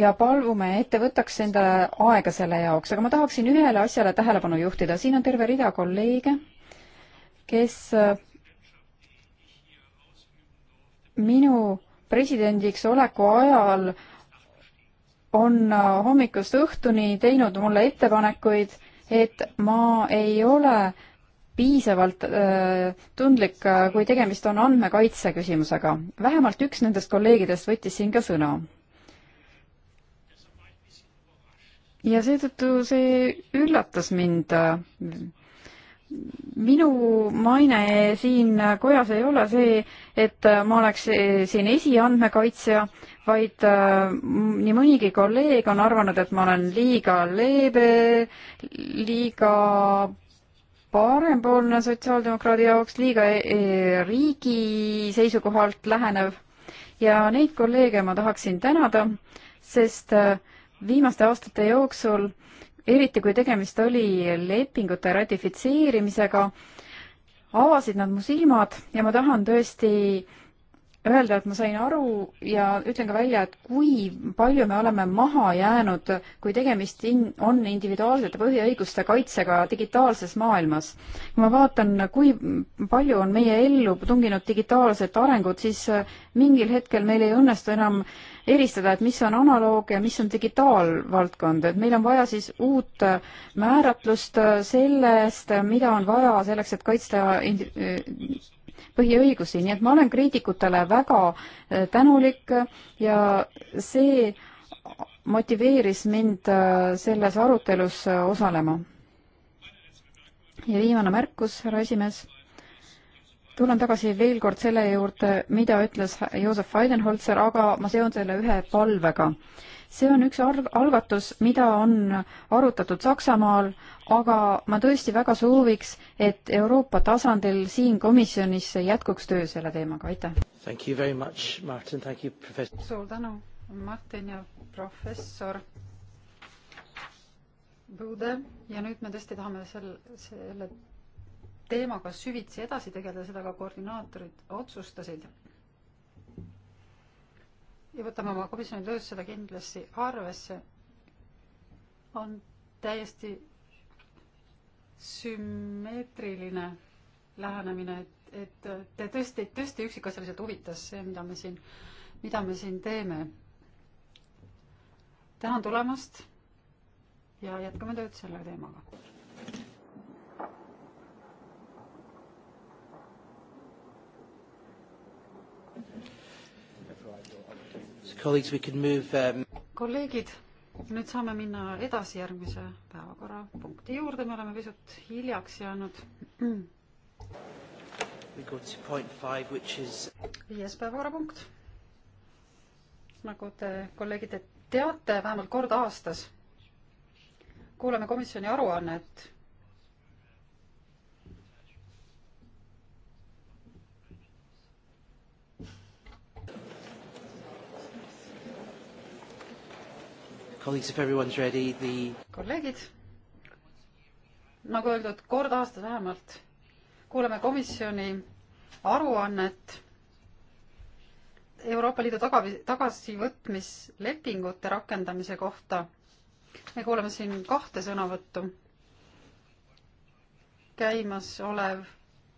Speaker 1: ja palume, et te võtaks endale aega selle jaoks, aga ma tahaksin ühele asjale tähelepanu juhtida, siin on terve rida kolleege, kes äh, minu presidendiks oleku ajal on äh, hommikust õhtuni teinud mulle ettepanekuid et ma ei ole piisavalt äh, tundlik, kui tegemist on andmekaitse küsimusega. vähemalt üks nendest kolleegidest võttis siin ka sõna. ja seetõttu see üllatas mind. minu maine siin kojas ei ole see, et ma oleks siin esiandmekaitsja äh,, vaid äh, nii mõnigi kolleeg on arvanud, et ma olen liiga leebe, liiga parempoolne sotsiaaldemokraadi jaoks, liiga e e riigi seisukohalt lähenev ja neid kolleege ma tahaksin tänada, sest äh, viimaste aastate jooksul, eriti kui tegemist oli lepingute ratifitseerimisega, avasid nad mu silmad ja ma tahan tõesti äh, öelda, et ma sain aru ja ütlen ka välja, et kui palju me oleme maha jäänud, kui tegemist in-, on individuaalsete põhiõiguste kaitsega digitaalses maailmas. kui ma vaatan, kui palju on meie ellu tunginud digitaalset arengut, siis äh, mingil hetkel meil ei õnnestu enam eristada, et mis on analoog ja mis on digitaalvaldkond, et meil on vaja siis uut äh, määratlust äh, sellest, mida on vaja selleks, et kaitsta põhiõigusi, nii et ma olen kriitikutele väga äh, tänulik ja see motiveeris mind äh, selles arutelus äh, osalema. ja viimane märkus, härra esimees. tulen tagasi veel kord selle juurde, mida ütles Josef Weidenholzer, aga ma seon selle ühe palvega see on üks algatus, mida on arutatud Saksamaal, aga ma tõesti väga sooviks, et Euroopa tasandil siin komisjonis jätkuks töö selle teemaga, aitäh! suur tänu, Martin ja professor Põude ja nüüd me tõesti tahame sel, selle teemaga süvitsi edasi tegeleda, seda ka koordinaatorid otsustasid. ja võtame oma komisjoni töös seda kindlasti arvesse. on täiesti sümmeetriline lähenemine, et, et te tõesti, tõesti üksikasjaliselt huvitas see, mida me siin, mida me siin teeme. tänan tulemast ja jätkame tööd selle teemaga. Um, kolleegid, nüüd saame minna edasi järgmise päevakorrapunkti juurde, me oleme pisut hiljaks jäänud. viies päevakorrapunkt. nagu te, kolleegid, teate, vähemalt kord aastas kuulame komisjoni aruannet
Speaker 2: Colleagues, if everyone's ready, the
Speaker 1: kolleegid, nagu öeldud, kord aastas vähemalt kuuleme komisjoni aruannet Euroopa Liidu tagasi, tagasivõtmislepingute rakendamise kohta. me kuuleme siin kahte sõnavõttu. käimasolev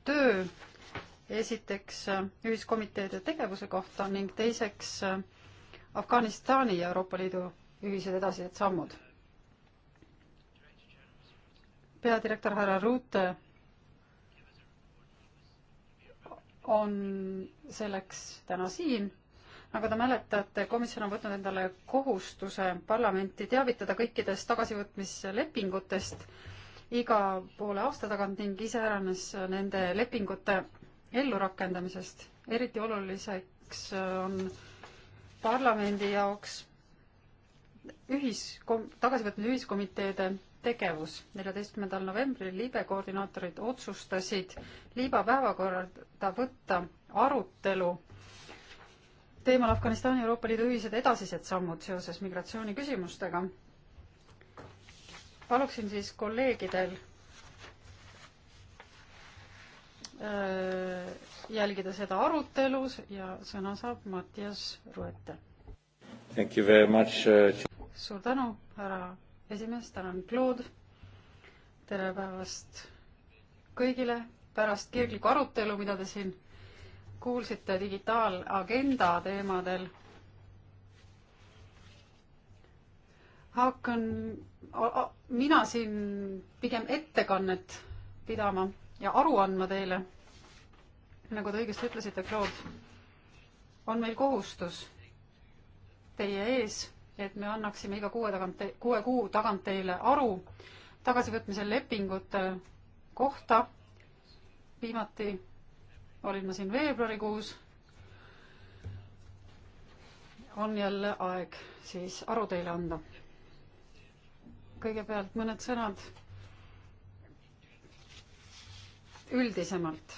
Speaker 1: töö esiteks ühiskomiteede tegevuse kohta ning teiseks Afganistani ja Euroopa Liidu ühised edasised sammud. peadirektor härra Ruute on selleks täna siin. nagu te mäletate, komisjon on võtnud endale kohustuse parlamenti teavitada kõikidest tagasivõtmislepingutest iga poole aasta tagant ning iseäranis nende lepingute ellurakendamisest. eriti oluliseks on parlamendi jaoks ühis, tagasi võtnud ühiskomiteede tegevus. neljateistkümnendal novembril liibe koordinaatorid otsustasid liiba päevakorda võtta arutelu teemal Afganistani Euroopa Liidu ühised edasised sammud seoses migratsiooniküsimustega. paluksin siis kolleegidel äh, jälgida seda arutelu ja sõna saab Mattias Ruete.
Speaker 2: Thank you very much uh,
Speaker 1: suur tänu, härra esimees, tänan, Claude. tere päevast kõigile. pärast kirglikku arutelu, mida te siin kuulsite digitaalagenda teemadel, hakkan mina siin pigem ettekannet pidama ja aru andma teile. nagu te õigesti ütlesite, Claude, on meil kohustus teie ees et me annaksime iga kuue tagant, kuue kuu tagant teile aru tagasivõtmise lepingute kohta. viimati olin ma siin veebruarikuus. on jälle aeg siis aru teile anda. kõigepealt mõned sõnad üldisemalt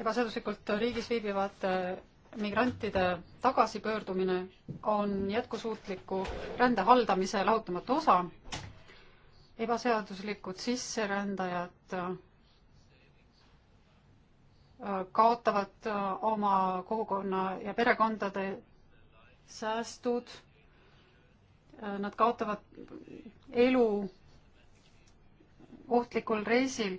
Speaker 1: ebaseaduslikult riigis viibivate migrantide tagasipöördumine on jätkusuutliku rände haldamise lahutamatu osa. ebaseaduslikud sisserändajad äh, kaotavad äh, oma kogukonna ja perekondade säästud. Äh, nad kaotavad elu ohtlikul reisil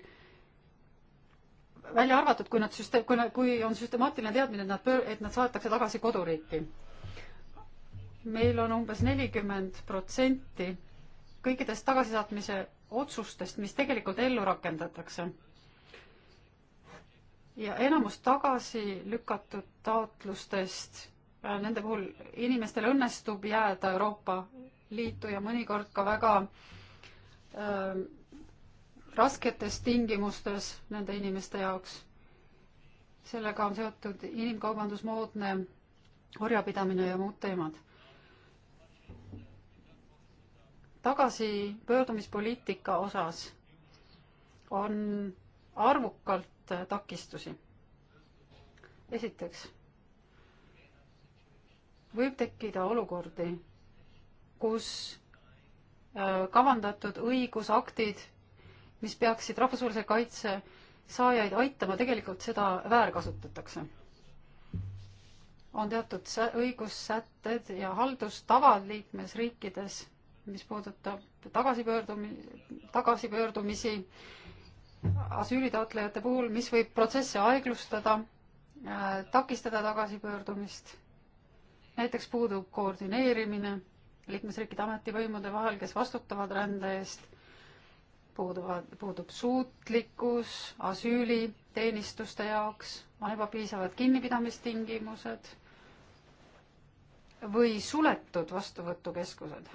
Speaker 1: välja arvatud, kui nad süste-, kui, kui on süstemaatiline teadmine, et nad pöör-, et nad saadetakse tagasi koduriiki. meil on umbes nelikümmend protsenti kõikidest tagasisaatmise otsustest, mis tegelikult ellu rakendatakse. ja enamus tagasi lükatud taotlustest, äh, nende puhul inimestel õnnestub jääda Euroopa Liitu ja mõnikord ka väga öö, äh, rasketes tingimustes nende inimeste jaoks. sellega on seotud inimkaubandus, moodne orjapidamine ja muud teemad. tagasipöördumispoliitika osas on arvukalt takistusi. esiteks võib tekkida olukordi, kus äh, kavandatud õigusaktid mis peaksid rahvusvahelise kaitse saajaid aitama, tegelikult seda väärkasutatakse. on teatud õigussätted ja haldustavad liikmesriikides, mis puudutab tagasipöördumi-, tagasipöördumisi asüülitaotlejate puhul, mis võib protsesse aeglustada, äh, takistada tagasipöördumist. näiteks puudub koordineerimine liikmesriikide ametivõimude vahel, kes vastutavad rände eest puuduvad, puudub suutlikkus asüüliteenistuste jaoks, on ebapiisavad kinnipidamistingimused või suletud vastuvõtukeskused.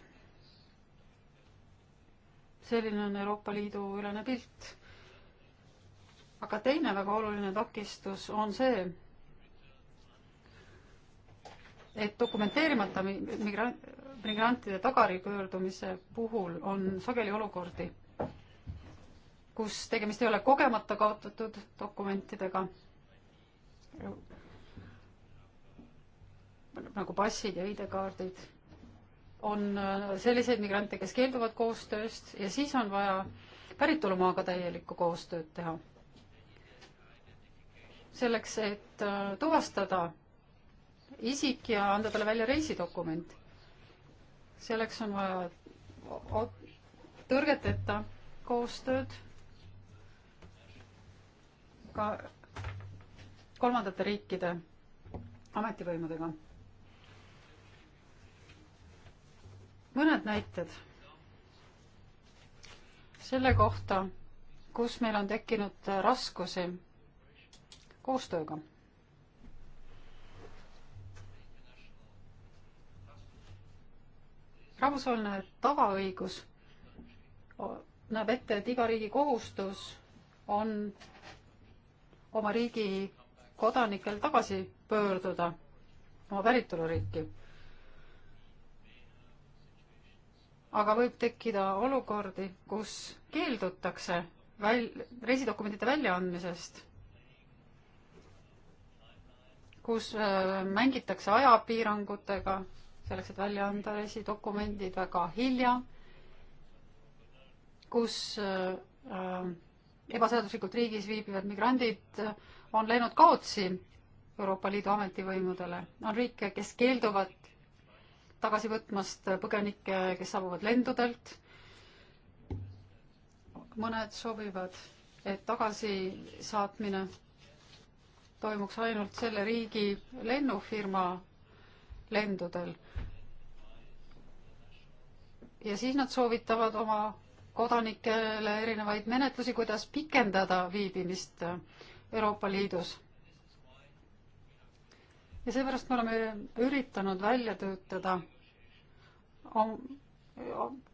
Speaker 1: selline on Euroopa Liidu ülene pilt. aga teine väga oluline takistus on see, et dokumenteerimata migrant, migrantide tagaripöördumise puhul on sageli olukordi kus tegemist ei ole kogemata kaotatud dokumentidega, nagu passid ja ID-kaardid, on äh, selliseid migrante, kes keelduvad koostööst ja siis on vaja päritolumaaga täielikku koostööd teha. selleks, et äh, tuvastada isik ja anda talle välja reisidokument. selleks on vaja tõrgeteta koostööd ka kolmandate riikide ametivõimudega. mõned näited selle kohta, kus meil on tekkinud raskusi koostööga. rahvusvaheline tavaõigus näeb ette, et iga riigi kohustus on oma riigi kodanikel tagasi pöörduda oma päritoluriiki. aga võib tekkida olukordi, kus keeldutakse väl-, reisidokumentide väljaandmisest, kus äh, mängitakse ajapiirangutega, selleks, et välja anda reisidokumendid väga hilja, kus äh, äh ebaseaduslikult riigis viibivad migrandid on läinud kaotsi Euroopa Liidu ametivõimudele. on riike, kes keelduvad tagasi võtmast põgenikke, kes saabuvad lendudelt. mõned soovivad, et tagasisaatmine toimuks ainult selle riigi lennufirma lendudel. ja siis nad soovitavad oma kodanikele erinevaid menetlusi, kuidas pikendada viibimist Euroopa Liidus. ja seepärast me oleme üritanud välja töötada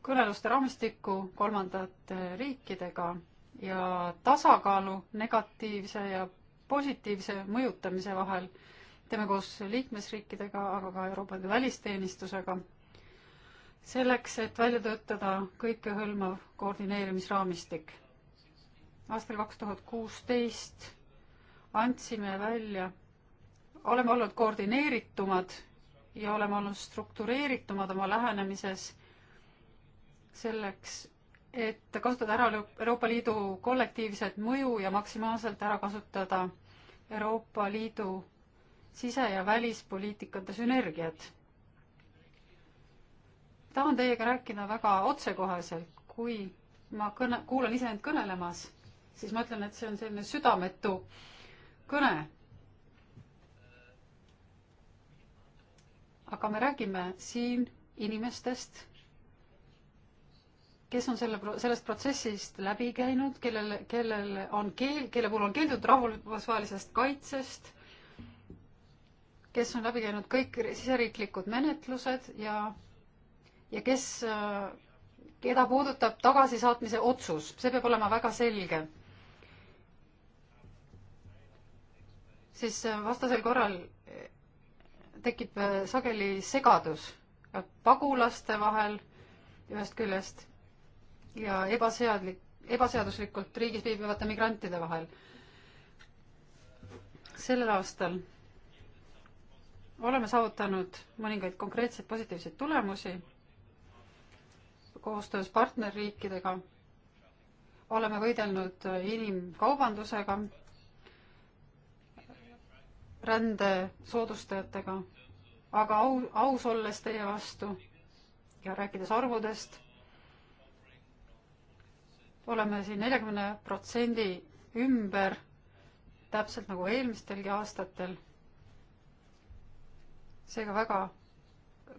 Speaker 1: kõneluste raamistikku kolmandate riikidega ja tasakaalu negatiivse ja positiivse mõjutamise vahel. teeme koos liikmesriikidega, aga ka Euroopa Liidu välisteenistusega selleks, et välja töötada kõikehõlmav koordineerimisraamistik. aastal kaks tuhat kuusteist andsime välja, oleme olnud koordineeritumad ja oleme olnud struktureeritumad oma lähenemises selleks, et kasutada ära Euroopa Liidu kollektiivset mõju ja maksimaalselt ära kasutada Euroopa Liidu sise- ja välispoliitikate sünergiat tahan teiega rääkida väga otsekoheselt, kui ma kõne, kuulan ise end kõnelemas, siis ma ütlen, et see on selline südametu kõne. aga me räägime siin inimestest, kes on selle, sellest protsessist läbi käinud, kellel, kellel on keel, kelle puhul on keeldutud rahvusvahelisest kaitsest, kes on läbi käinud kõik siseriiklikud menetlused ja ja kes, keda puudutab tagasisaatmise otsus, see peab olema väga selge. siis äh, vastasel korral äh, tekib äh, sageli segadus pagulaste vahel ühest küljest ja ebaseadlik, ebaseaduslikult riigis viibivate migrantide vahel. sellel aastal oleme saavutanud mõningaid konkreetseid positiivseid tulemusi koostöös partnerriikidega oleme võidelnud inimkaubandusega, rände soodustajatega, aga au, aus olles teie vastu ja rääkides arvudest, oleme siin neljakümne protsendi ümber, täpselt nagu eelmistelgi aastatel. seega väga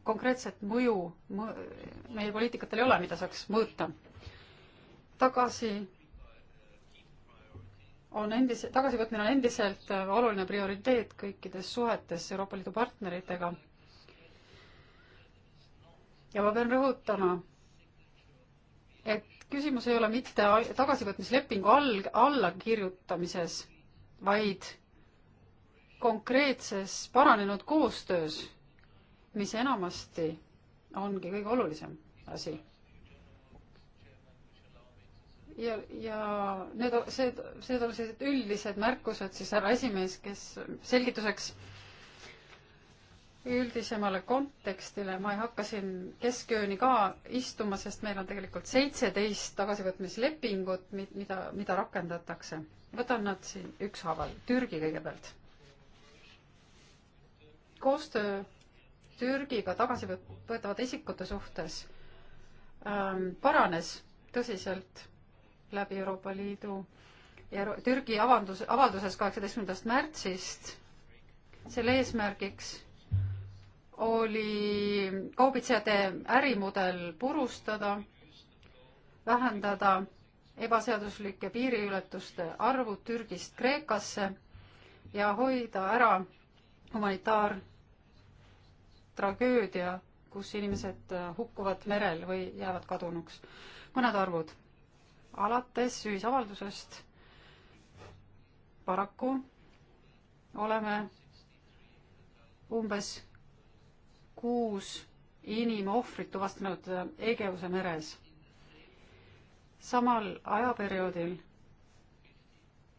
Speaker 1: konkreetset mõju mõ, meie poliitikatel ei ole, mida saaks mõõta. tagasi on endise, tagasivõtmine on endiselt oluline prioriteet kõikides suhetes Euroopa Liidu partneritega. ja ma pean rõhutama, et küsimus ei ole mitte tagasivõtmislepingu all, allakirjutamises, vaid konkreetses paranenud koostöös mis enamasti ongi kõige olulisem asi. ja, ja need, see, see on sellised üldised märkused siis härra esimees, kes selgituseks üldisemale kontekstile ma ei hakka siin keskööni ka istuma, sest meil on tegelikult seitseteist tagasivõtmislepingut, mida, mida rakendatakse. võtan nad siin ükshaaval, Türgi kõigepealt. koostöö Türgiga tagasivõetavate isikute suhtes ähm, paranes tõsiselt läbi Euroopa Liidu ja Türgi avaldus, avalduses kaheksateistkümnendast märtsist. selle eesmärgiks oli kaubitsejate ärimudel purustada, vähendada ebaseaduslike piiriületuste arvu Türgist Kreekasse ja hoida ära humanitaar- tragöödia, kus inimesed äh, hukkuvad merel või jäävad kadunuks. mõned arvud. alates ühisavaldusest paraku oleme umbes kuus inimohvrit tuvastanud äh, Egeuse meres. samal ajaperioodil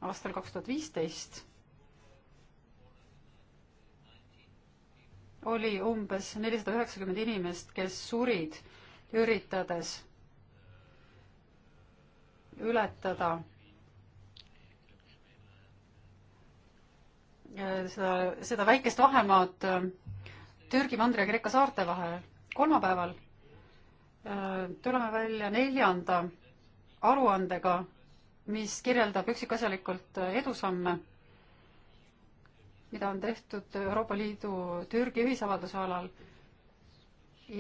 Speaker 1: aastal kaks tuhat viisteist oli umbes nelisada üheksakümmend inimest, kes surid üritades ületada äh, seda, seda väikest vahemaad äh, Türgi mandri ja Kreeka saarte vahel. kolmapäeval äh, tuleme välja neljanda aruandega, mis kirjeldab üksikasjalikult edusamme mida on tehtud Euroopa Liidu Türgi ühisavalduse alal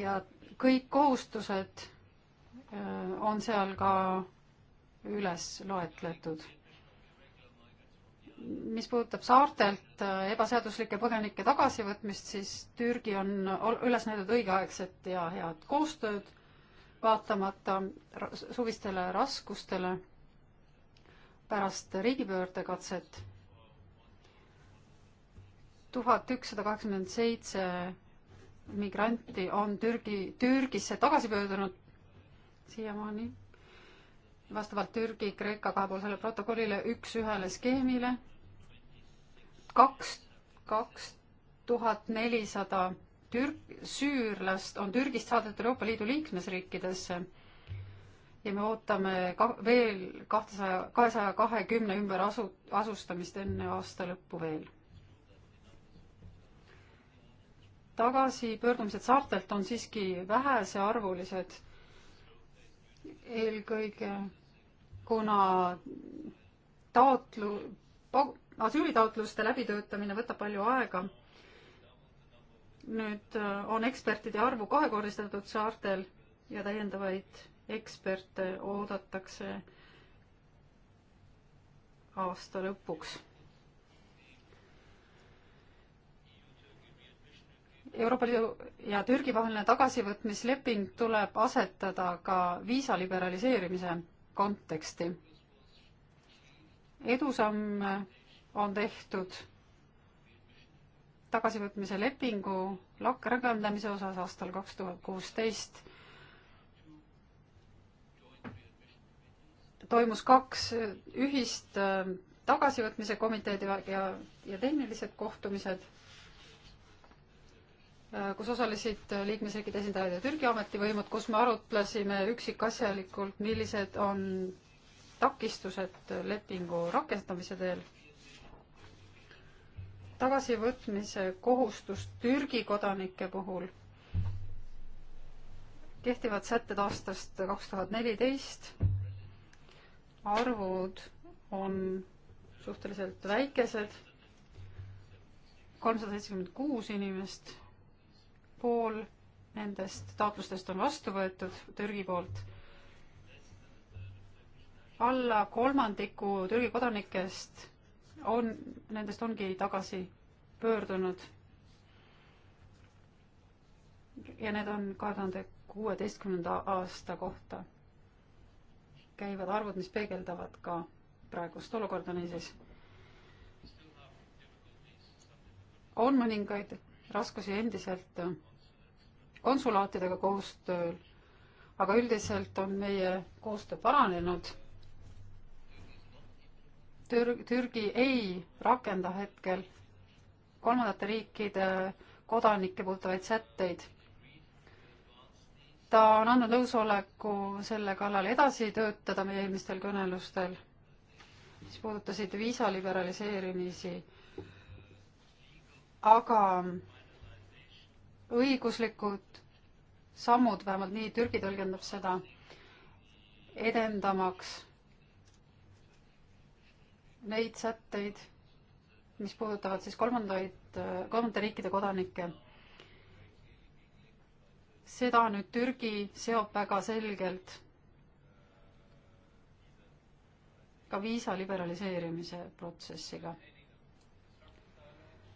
Speaker 1: ja kõik kohustused äh, on seal ka üles loetletud. mis puudutab saartelt äh, ebaseaduslike põgenike tagasivõtmist, siis Türgi on üles näidanud õigeaegset ja head koostööd, vaatamata suvistele raskustele pärast riigipöördekatset tuhat ükssada kaheksakümmend seitse migranti on Türgi, Türgisse tagasi pöördunud siiamaani vastavalt Türgi-Kreeka kahepoolsele protokollile üks-ühele skeemile. kaks, kaks tuhat nelisada türk-, süürlast on Türgist saadetud Euroopa Liidu liikmesriikidesse ja me ootame ka veel kahtesaja, kahesaja kahekümne ümber asu, asustamist enne aasta lõppu veel tagasipöördumised saartelt on siiski vähesearvulised, eelkõige kuna taotlu, asüülitaotluste läbitöötamine võtab palju aega. nüüd äh, on ekspertide arvu kahekordistatud saartel ja täiendavaid eksperte oodatakse aasta lõpuks Euroopa Liidu ja Türgi vaheline tagasivõtmisleping tuleb asetada ka viisa liberaliseerimise konteksti. edusamm on tehtud tagasivõtmise lepingu lakk rakendamise osas aastal kaks tuhat kuusteist toimus kaks ühist äh, tagasivõtmise komiteed ja, ja, ja tehnilised kohtumised Äh, kus osalesid liikmesriikide esindajad ja Türgi ametivõimud, kus me arutlesime üksikasjalikult, millised on takistused lepingu rakendamise teel. tagasivõtmise kohustus Türgi kodanike puhul kehtivad sätted aastast kaks tuhat neliteist. arvud on suhteliselt väikesed, kolmsada seitsekümmend kuus inimest pool nendest taotlustest on vastu võetud Türgi poolt. alla kolmandiku Türgi kodanikest on, nendest ongi tagasi pöördunud. ja need on kahe tuhande kuueteistkümnenda aasta kohta käivad arvud, mis peegeldavad ka praegust olukorda niisiis. on mõningaid raskusi endiselt konsulaatidega koostööl, aga üldiselt on meie koostöö paranenud Tür-, Türgi ei rakenda hetkel kolmandate riikide kodanikke puudutavaid sätteid. ta on andnud nõusoleku selle kallal edasi töötada meie eelmistel kõnelustel, mis puudutasid viisa liberaliseerimisi, aga õiguslikud sammud, vähemalt nii Türgi tõlgendab seda, edendamaks neid sätteid, mis puudutavad siis kolmandaid, kolmandate riikide kodanikke. seda nüüd Türgi seob väga selgelt ka viisa liberaliseerimise protsessiga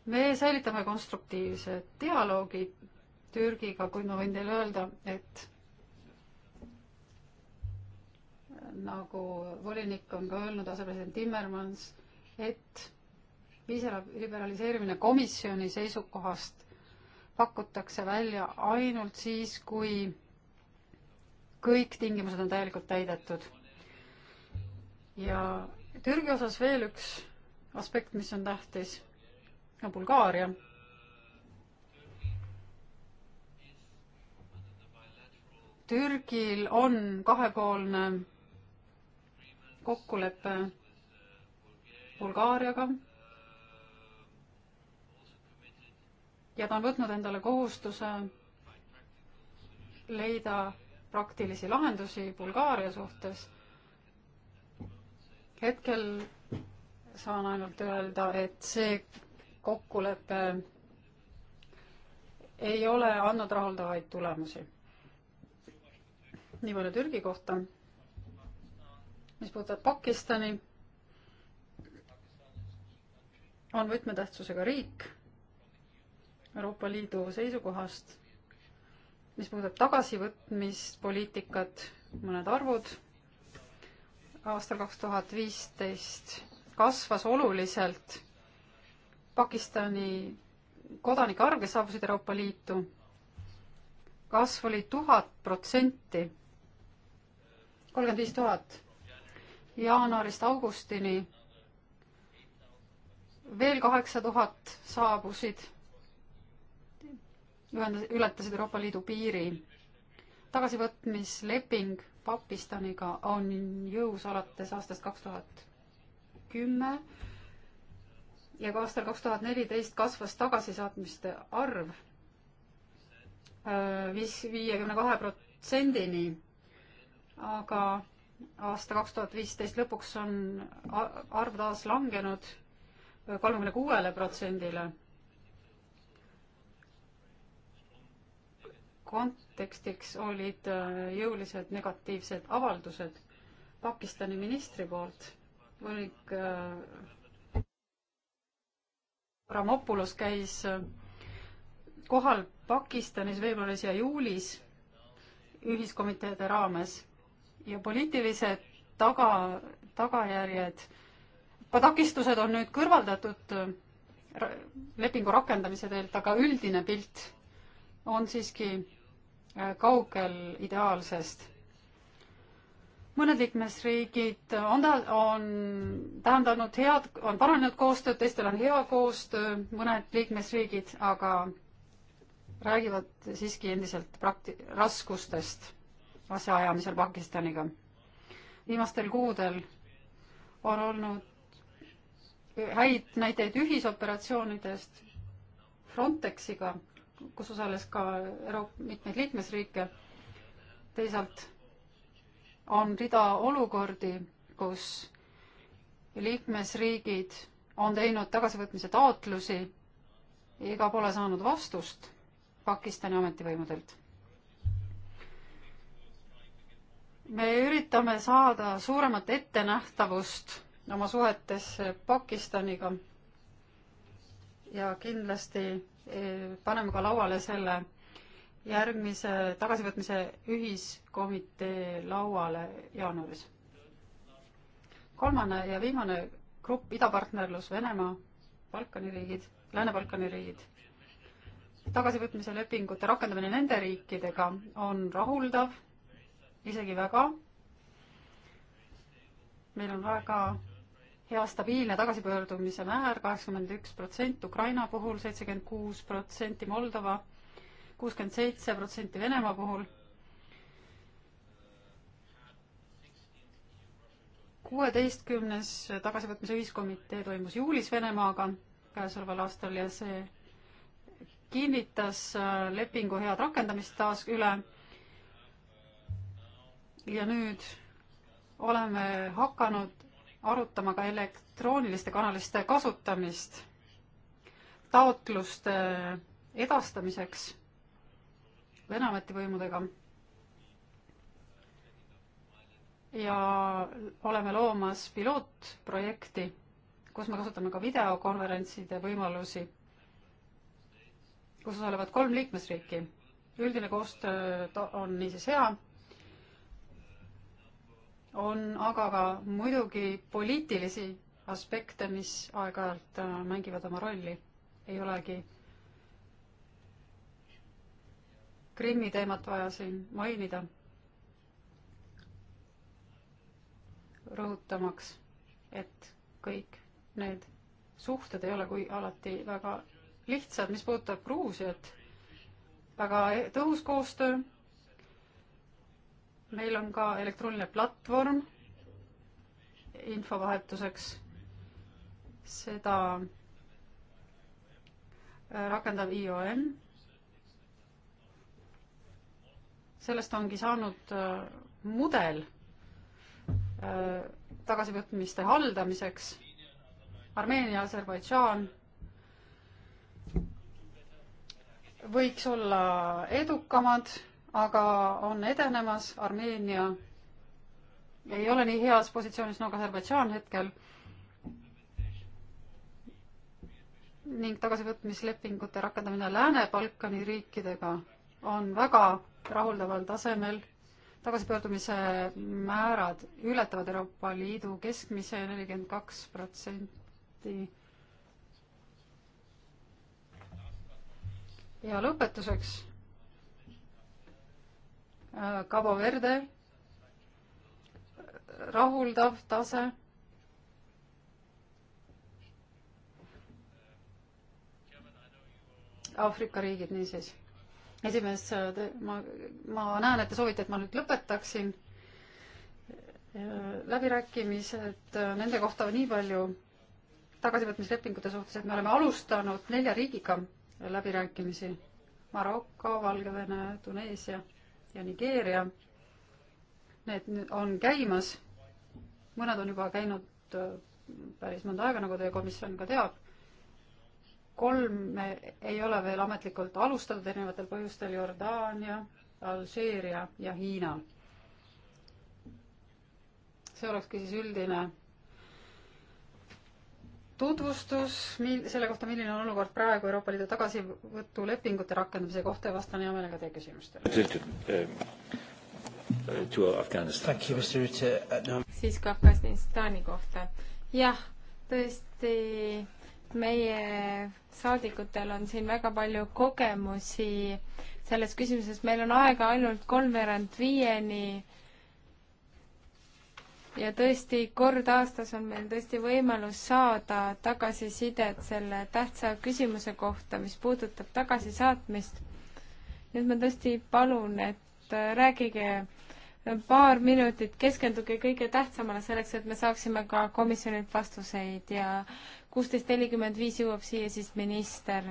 Speaker 1: me säilitame konstruktiivse dialoogi Türgiga, kuid ma võin teile öelda, et nagu volinik on ka öelnud, asepresident Timmermans, et viisaliberaliseerimine komisjoni seisukohast pakutakse välja ainult siis, kui kõik tingimused on täielikult täidetud. ja Türgi osas veel üks aspekt, mis on tähtis no Bulgaaria Türgil on kahepoolne kokkulepe Bulgaariaga ja ta on võtnud endale kohustuse leida praktilisi lahendusi Bulgaaria suhtes. hetkel saan ainult öelda, et see kokkulepe ei ole andnud rahuldavaid tulemusi. nii palju Türgi kohta. mis puudutab Pakistani, on võtmetähtsusega riik Euroopa Liidu seisukohast. mis puudutab tagasivõtmispoliitikat, mõned arvud. aastal kaks tuhat viisteist kasvas oluliselt Pakistani kodanike arv, kes saabusid Euroopa Liitu, kasv oli tuhat protsenti, kolmkümmend viis tuhat, jaanuarist augustini veel kaheksa tuhat saabusid, ületasid Euroopa Liidu piiri. tagasivõtmisleping Pakistaniga on jõus alates aastast kaks tuhat kümme ja ka aastal kaks tuhat neliteist kasvas tagasisaatmiste arv viis, äh, viiekümne kahe protsendini, aga aasta kaks tuhat viisteist lõpuks on arv taas langenud äh, kolmekümne kuuele protsendile. kontekstiks olid äh, jõulised negatiivsed avaldused Pakistani ministri poolt, volinik Ramopoulos käis äh, kohal Pakistanis veebruaris ja juulis ühiskomiteede raames ja poliitilised taga, tagajärjed, takistused on nüüd kõrvaldatud äh, lepingu rakendamise teelt, aga üldine pilt on siiski äh, kaugel ideaalsest mõned liikmesriigid on ta-, on tähendanud head, on paranenud koostööd, teistel on hea koostöö, mõned liikmesriigid aga räägivad siiski endiselt prakti-, raskustest asjaajamisel Pakistaniga. viimastel kuudel on olnud häid näiteid ühisoperatsioonidest Frontexiga, kus osales ka Euroopa mitmeid liikmesriike, teisalt on rida olukordi, kus liikmesriigid on teinud tagasivõtmise taotlusi ega pole saanud vastust Pakistani ametivõimudelt. me üritame saada suuremat ettenähtavust oma suhetes Pakistaniga ja kindlasti eh, paneme ka lauale selle järgmise tagasivõtmise ühiskomitee lauale jaanuaris. kolmane ja viimane grupp idapartnerlus Venemaa, Balkani riigid, Lääne-Balkani riigid. tagasivõtmise lepingute rakendamine nende riikidega on rahuldav, isegi väga. meil on väga hea stabiilne tagasipöördumise määr, kaheksakümmend üks protsent Ukraina puhul, seitsekümmend kuus protsenti Moldova kuuskümmend seitse protsenti Venemaa puhul, kuueteistkümnes tagasivõtmise ühiskomitee toimus juulis Venemaaga käesoleval aastal ja see kinnitas äh, lepingu head rakendamist taas üle. ja nüüd oleme hakanud arutama ka elektrooniliste kanaliste kasutamist taotluste edastamiseks Vene ametivõimudega. ja oleme loomas pilootprojekti, kus me kasutame ka videokonverentside võimalusi, kus osalevad kolm liikmesriiki. üldine koostöö on niisiis hea on aga ka muidugi poliitilisi aspekte, mis aeg-ajalt mängivad oma rolli. ei olegi Krimmi teemat vajasin mainida, rõhutamaks, et kõik need suhted ei ole kui alati väga lihtsad, mis puudutab Gruusiat, väga tõhus koostöö. meil on ka elektrooniline platvorm infovahetuseks. seda rakendab IOM sellest ongi saanud äh, mudel äh, tagasivõtmiste haldamiseks. Armeenia, Aserbaidžaan võiks olla edukamad, aga on edenemas, Armeenia ei ole nii heas positsioonis nagu no, Aserbaidžaan hetkel. ning tagasivõtmislepingute rakendamine Lääne-Balkani riikidega on väga rahuldaval tasemel, tagasipöördumise määrad ületavad Euroopa Liidu keskmise nelikümmend kaks protsenti. ja lõpetuseks äh, Cabo Verde rahuldav tase. Aafrika riigid niisiis esimees, ma, ma näen, et te soovite, et ma nüüd lõpetaksin. läbirääkimised äh, nende kohta on nii palju tagasivõtmislepingute suhtes, et me oleme alustanud nelja riigiga läbirääkimisi. Maroko, Valgevene, Tuneesia ja Nigeeria. Need on käimas. mõned on juba käinud äh, päris mõnda aega, nagu teie komisjon ka teab kolm ei ole veel ametlikult alustatud erinevatel põhjustel Jordaania, Alžeeria ja Hiina. see olekski siis üldine tutvustus, mil-, selle kohta, milline on olukord praegu Euroopa Liidu tagasivõtulepingute rakendamise kohta ja vastan hea meelega teie küsimustele.
Speaker 2: Um, uh, uh,
Speaker 3: siis Kafkastani kohta. jah, tõesti meie saadikutel on siin väga palju kogemusi selles küsimuses, meil on aega ainult kolmveerand viieni. ja tõesti, kord aastas on meil tõesti võimalus saada tagasisidet selle tähtsa küsimuse kohta, mis puudutab tagasisaatmist. nüüd ma tõesti palun, et rääkige paar minutit, keskenduge kõige tähtsamale selleks, et me saaksime ka komisjonilt vastuseid ja kuusteist nelikümmend viis jõuab siia siis minister.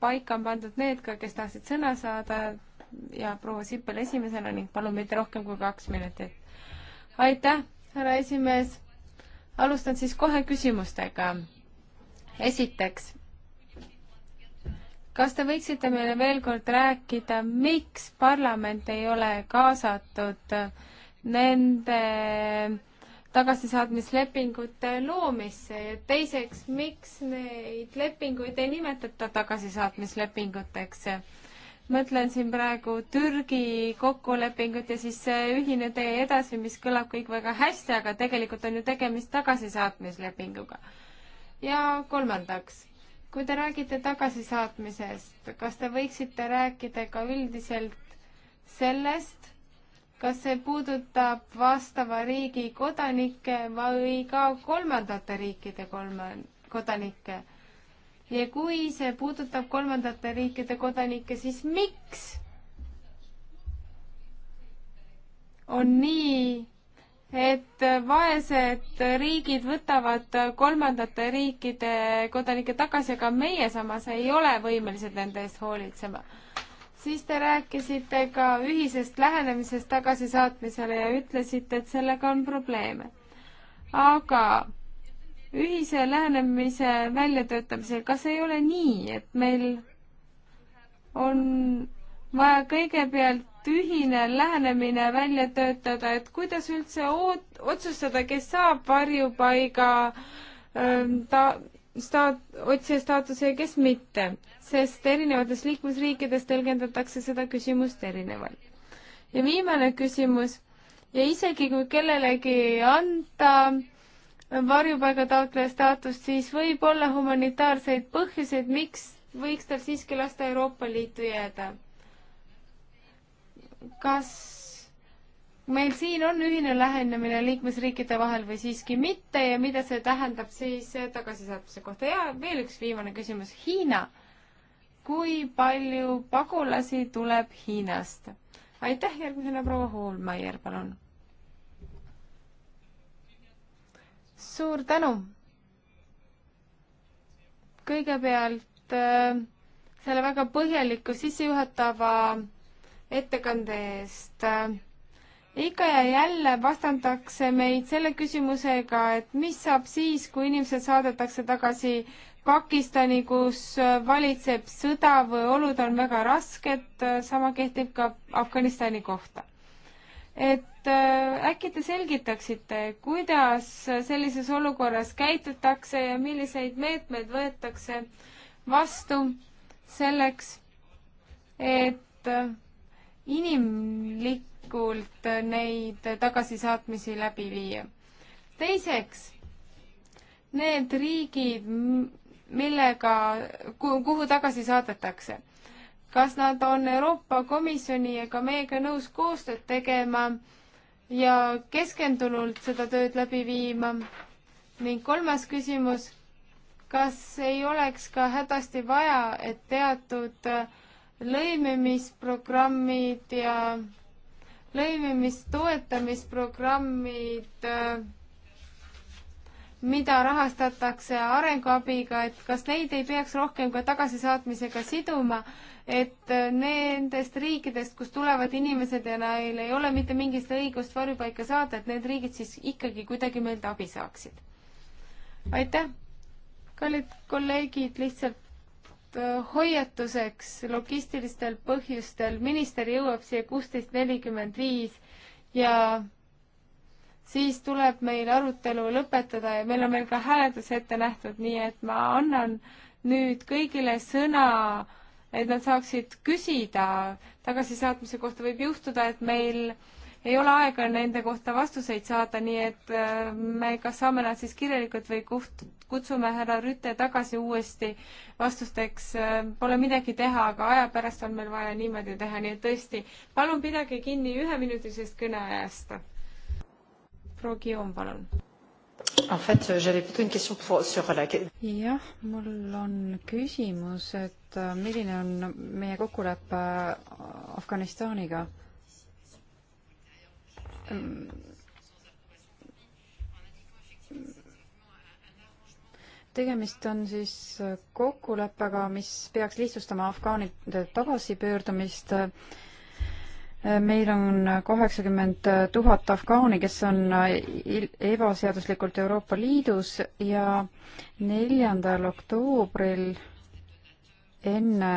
Speaker 3: paika on pandud need ka, kes tahtsid sõna saada ja proua Sippel esimesena ning palun mitte rohkem kui kaks minutit. aitäh, härra esimees. alustan siis kohe küsimustega. esiteks kas te võiksite meile veel kord rääkida, miks parlament ei ole kaasatud nende tagasisaatmislepingute loomisse ja teiseks, miks neid lepinguid ei nimetata tagasisaatmislepinguteks? mõtlen siin praegu Türgi kokkulepingut ja siis see ühine tee edasi, mis kõlab kõik väga hästi, aga tegelikult on ju tegemist tagasisaatmislepinguga. ja kolmandaks, kui te räägite tagasisaatmisest, kas te võiksite rääkida ka üldiselt sellest, kas see puudutab vastava riigi kodanikke või ka kolmandate riikide kolme, kodanikke? ja kui see puudutab kolmandate riikide kodanikke, siis miks on nii, et vaesed riigid võtavad kolmandate riikide kodanikke tagasi, aga meie samas ei ole võimelised nende eest hoolitsema siis te rääkisite ka ühisest lähenemisest tagasisaatmisele ja ütlesite, et sellega on probleeme. aga ühise lähenemise väljatöötamisel, kas ei ole nii, et meil on vaja kõigepealt ühine lähenemine välja töötada, et kuidas üldse oot-, otsustada, kes saab varjupaiga ähm, ta-, staat-, otsija staatuse ja kes mitte, sest erinevates liikmesriikides tõlgendatakse seda küsimust erinevalt. ja viimane küsimus, ja isegi kui kellelegi anda varjupaiga taotleja staatust, siis võib olla humanitaarseid põhjuseid, miks võiks tal siiski lasta Euroopa Liitu jääda. kas meil siin on ühine lähenemine liikmesriikide vahel või siiski mitte ja mida see tähendab siis tagasisaatmise kohta? ja veel üks viimane küsimus, Hiina. kui palju pagulasi tuleb Hiinast? aitäh, järgmisena proua Hoolmeier, palun. suur tänu. kõigepealt äh, selle väga põhjaliku sissejuhatava ettekande eest äh, ikka ja jälle vastandakse meid selle küsimusega, et mis saab siis, kui inimesed saadetakse tagasi Pakistani, kus äh, valitseb sõda või olud on väga rasked, äh, sama kehtib ka Afganistani kohta. et äh, äkki te selgitaksite, kuidas sellises olukorras käitutakse ja milliseid meetmeid võetakse vastu selleks, et inimlik tegelikult neid tagasisaatmisi läbi viia. teiseks, need riigid, millega, kuhu tagasi saadetakse, kas nad on Euroopa Komisjoni ega meiega nõus koostööd tegema ja keskendunult seda tööd läbi viima? ning kolmas küsimus, kas ei oleks ka hädasti vaja, et teatud lõimimisprogrammid ja lõimimistoetamisprogrammid, äh, mida rahastatakse arenguabiga, et kas neid ei peaks rohkem ka tagasisaatmisega siduma, et äh, nendest riikidest, kust tulevad inimesed ja neil ei ole mitte mingit õigust varjupaika saada, et need riigid siis ikkagi kuidagi meilt abi saaksid. aitäh! kallid kolleegid, lihtsalt Äh, hoiatuseks logistilistel põhjustel minister jõuab siia kuusteist nelikümmend viis ja siis tuleb meil arutelu lõpetada ja meil on veel ka hääletus ette nähtud, nii et ma annan nüüd kõigile sõna, et nad saaksid küsida. tagasisaatmise kohta võib juhtuda, et meil ei ole aega nende kohta vastuseid saada, nii et äh, me kas saame nad siis kirjalikult või kuht-, kutsume härra Rüte tagasi uuesti vastusteks. Äh, pole midagi teha, aga aja pärast on meil vaja niimoodi teha, nii et tõesti, palun pidage kinni üheminutilisest kõneajast. proua Guillaume, palun
Speaker 1: En fait, j'avais plutôt une question pour, sur la...
Speaker 3: jah,
Speaker 1: mul on küsimus, et äh, milline on meie kokkulepe Afganistaniga? tegemist on siis kokkuleppega, mis peaks lihtsustama afgaanide tagasipöördumist. meil on kaheksakümmend tuhat afgaani, kes on ebaseaduslikult Euroopa Liidus ja neljandal oktoobril enne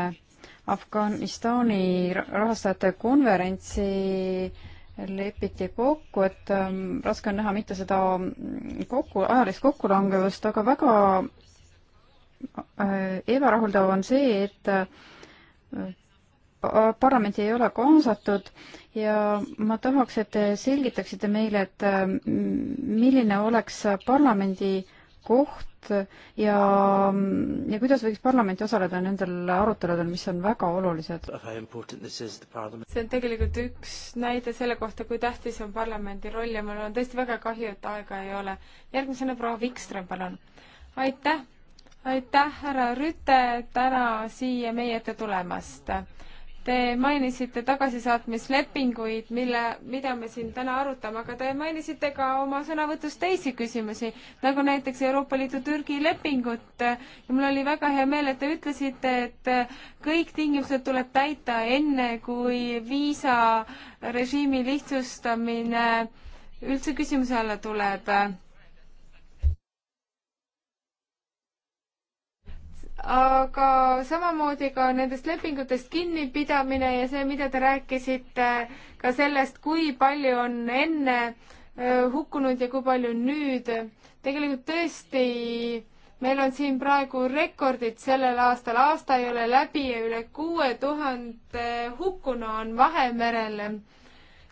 Speaker 1: Afganistani rahastajate konverentsi lepiti kokku, et ähm, raske on näha mitte seda kokku, ajalist kokkulangevust, aga väga äh, ebarahuldav on see, et äh, parlamenti ei ole kaasatud ja ma tahaks, et te selgitaksite meile, et äh, milline oleks parlamendi äh, koht ja, ja kuidas võiks parlament osaleda nendel aruteludel, mis on väga olulised?
Speaker 2: see
Speaker 3: on tegelikult üks näide selle kohta, kui tähtis on parlamendi roll ja mul on tõesti väga kahju, et aega ei ole. järgmisena proua Vikström, palun. aitäh, aitäh, härra Rüte, täna siia meie ette tulemast Te mainisite tagasisaatmislepinguid, mille, mida me siin täna arutame, aga te mainisite ka oma sõnavõtus teisi küsimusi, nagu näiteks Euroopa Liidu-Türgi lepingut ja mul oli väga hea meel, et te ütlesite, et kõik tingimused tuleb täita enne, kui viisarežiimi lihtsustamine üldse küsimuse alla tuleb aga samamoodi ka nendest lepingutest kinnipidamine ja see, mida te rääkisite ka sellest, kui palju on enne hukkunud ja kui palju nüüd. tegelikult tõesti, meil on siin praegu rekordid sellel aastal, aasta ei ole läbi ja üle kuue tuhande hukkunu on Vahemerel.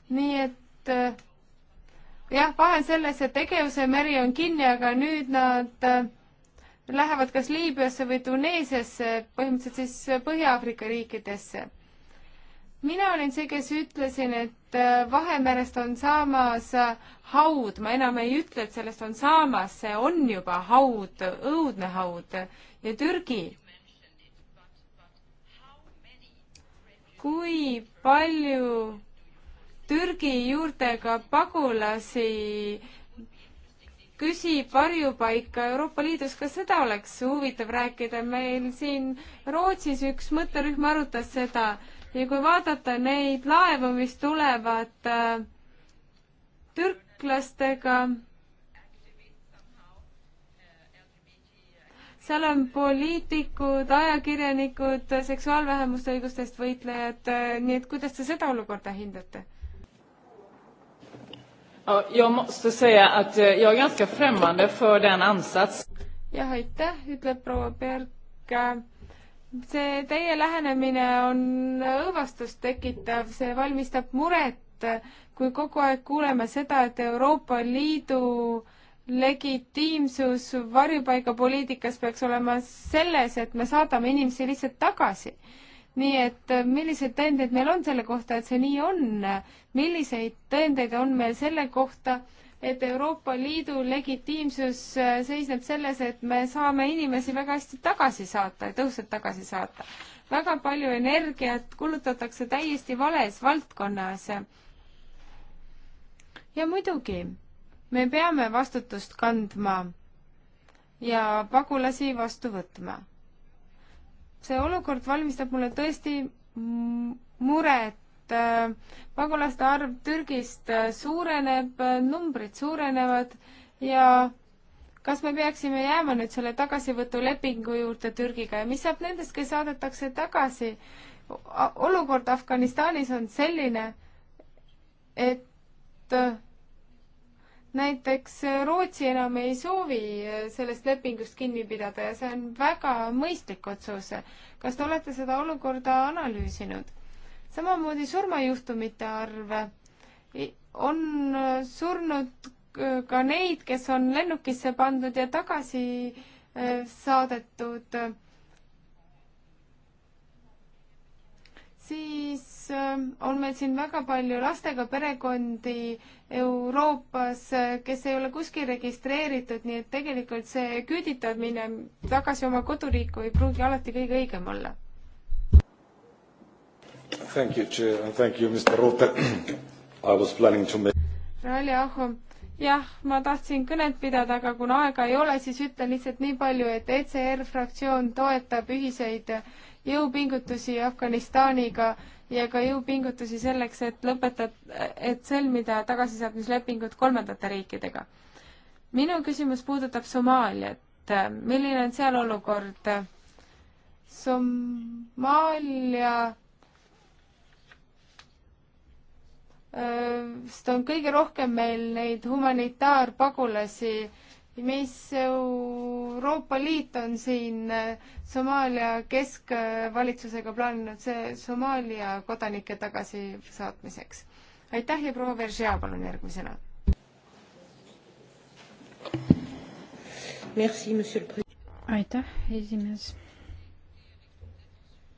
Speaker 3: nii et jah, vahe on selles, et Egeuse meri on kinni, aga nüüd nad äh, lähevad kas Liibüasse või Tuneesiasse, põhimõtteliselt siis Põhja-Aafrika riikidesse. mina olin see, kes ütlesin, et äh, Vahemerest on saamas äh, haud, ma enam ei ütle, et sellest on saamas, see on juba haud, õudne haud ja Türgi. kui palju Türgi juurtega pagulasi äh, küsib varjupaika Euroopa Liidus, ka seda oleks huvitav rääkida. meil siin Rootsis üks mõtterühm arutas seda ja kui vaadata neid laevu, mis tulevad äh, türklastega, seal on poliitikud, ajakirjanikud, seksuaalvähemuste õigustest võitlejad äh,, nii et kuidas te seda olukorda hindate? Ja, jag måste
Speaker 1: säga att eh, jag är ganska främmande för den ansats.
Speaker 3: jah, aitäh, ütleb proua Berka. see teie lähenemine on õõvastust tekitav, see valmistab muret, kui kogu aeg kuuleme seda, et Euroopa Liidu legitiimsus varjupaigapoliitikas peaks olema selles, et me saadame inimesi lihtsalt tagasi nii et äh, milliseid tõendeid meil on selle kohta, et see nii on, milliseid tõendeid on meil selle kohta, et Euroopa Liidu legitiimsus äh, seisneb selles, et me saame inimesi väga hästi tagasi saata ja tõhusalt tagasi saata. väga palju energiat kulutatakse täiesti vales valdkonnas. ja muidugi, me peame vastutust kandma ja pagulasi vastu võtma see olukord valmistab mulle tõesti muret. pagulaste arv Türgist suureneb, numbrid suurenevad ja kas me peaksime jääma nüüd selle tagasivõtulepingu juurde Türgiga ja mis saab nendest, kes saadetakse tagasi? olukord Afganistanis on selline, et näiteks Rootsi enam ei soovi äh, sellest lepingust kinni pidada ja see on väga mõistlik otsus. kas te olete seda olukorda analüüsinud? samamoodi surmajuhtumite arv. on äh, surnud ka neid, kes on lennukisse pandud ja tagasi äh, saadetud siis ähm, on meil siin väga palju lastega perekondi Euroopas, äh, kes ei ole kuskil registreeritud, nii et tegelikult see küüditamine tagasi oma koduriiku ei pruugi alati kõige õigem olla. Thank you, Chair, and thank you, Mr Roope. I was planning to make. Ralli Aho, jah, ma tahtsin kõnet pidada, aga kuna aega ei ole, siis ütlen lihtsalt nii palju, et ECR fraktsioon toetab ühiseid äh, jõupingutusi Afganistaniga ja ka jõupingutusi selleks, et lõpetada, et sõlmida tagasisaatmislepingud kolmandate riikidega. minu küsimus puudutab Somaaliat. milline on seal olukord? Somaalia sest on kõige rohkem meil neid humanitaarpagulasi äh, mis Euroopa Liit on siin äh, Somaalia keskvalitsusega plaaninud see Somaalia kodanike tagasisaatmiseks? aitäh ja proua Veržea, palun järgmisena. aitäh,
Speaker 1: esimees.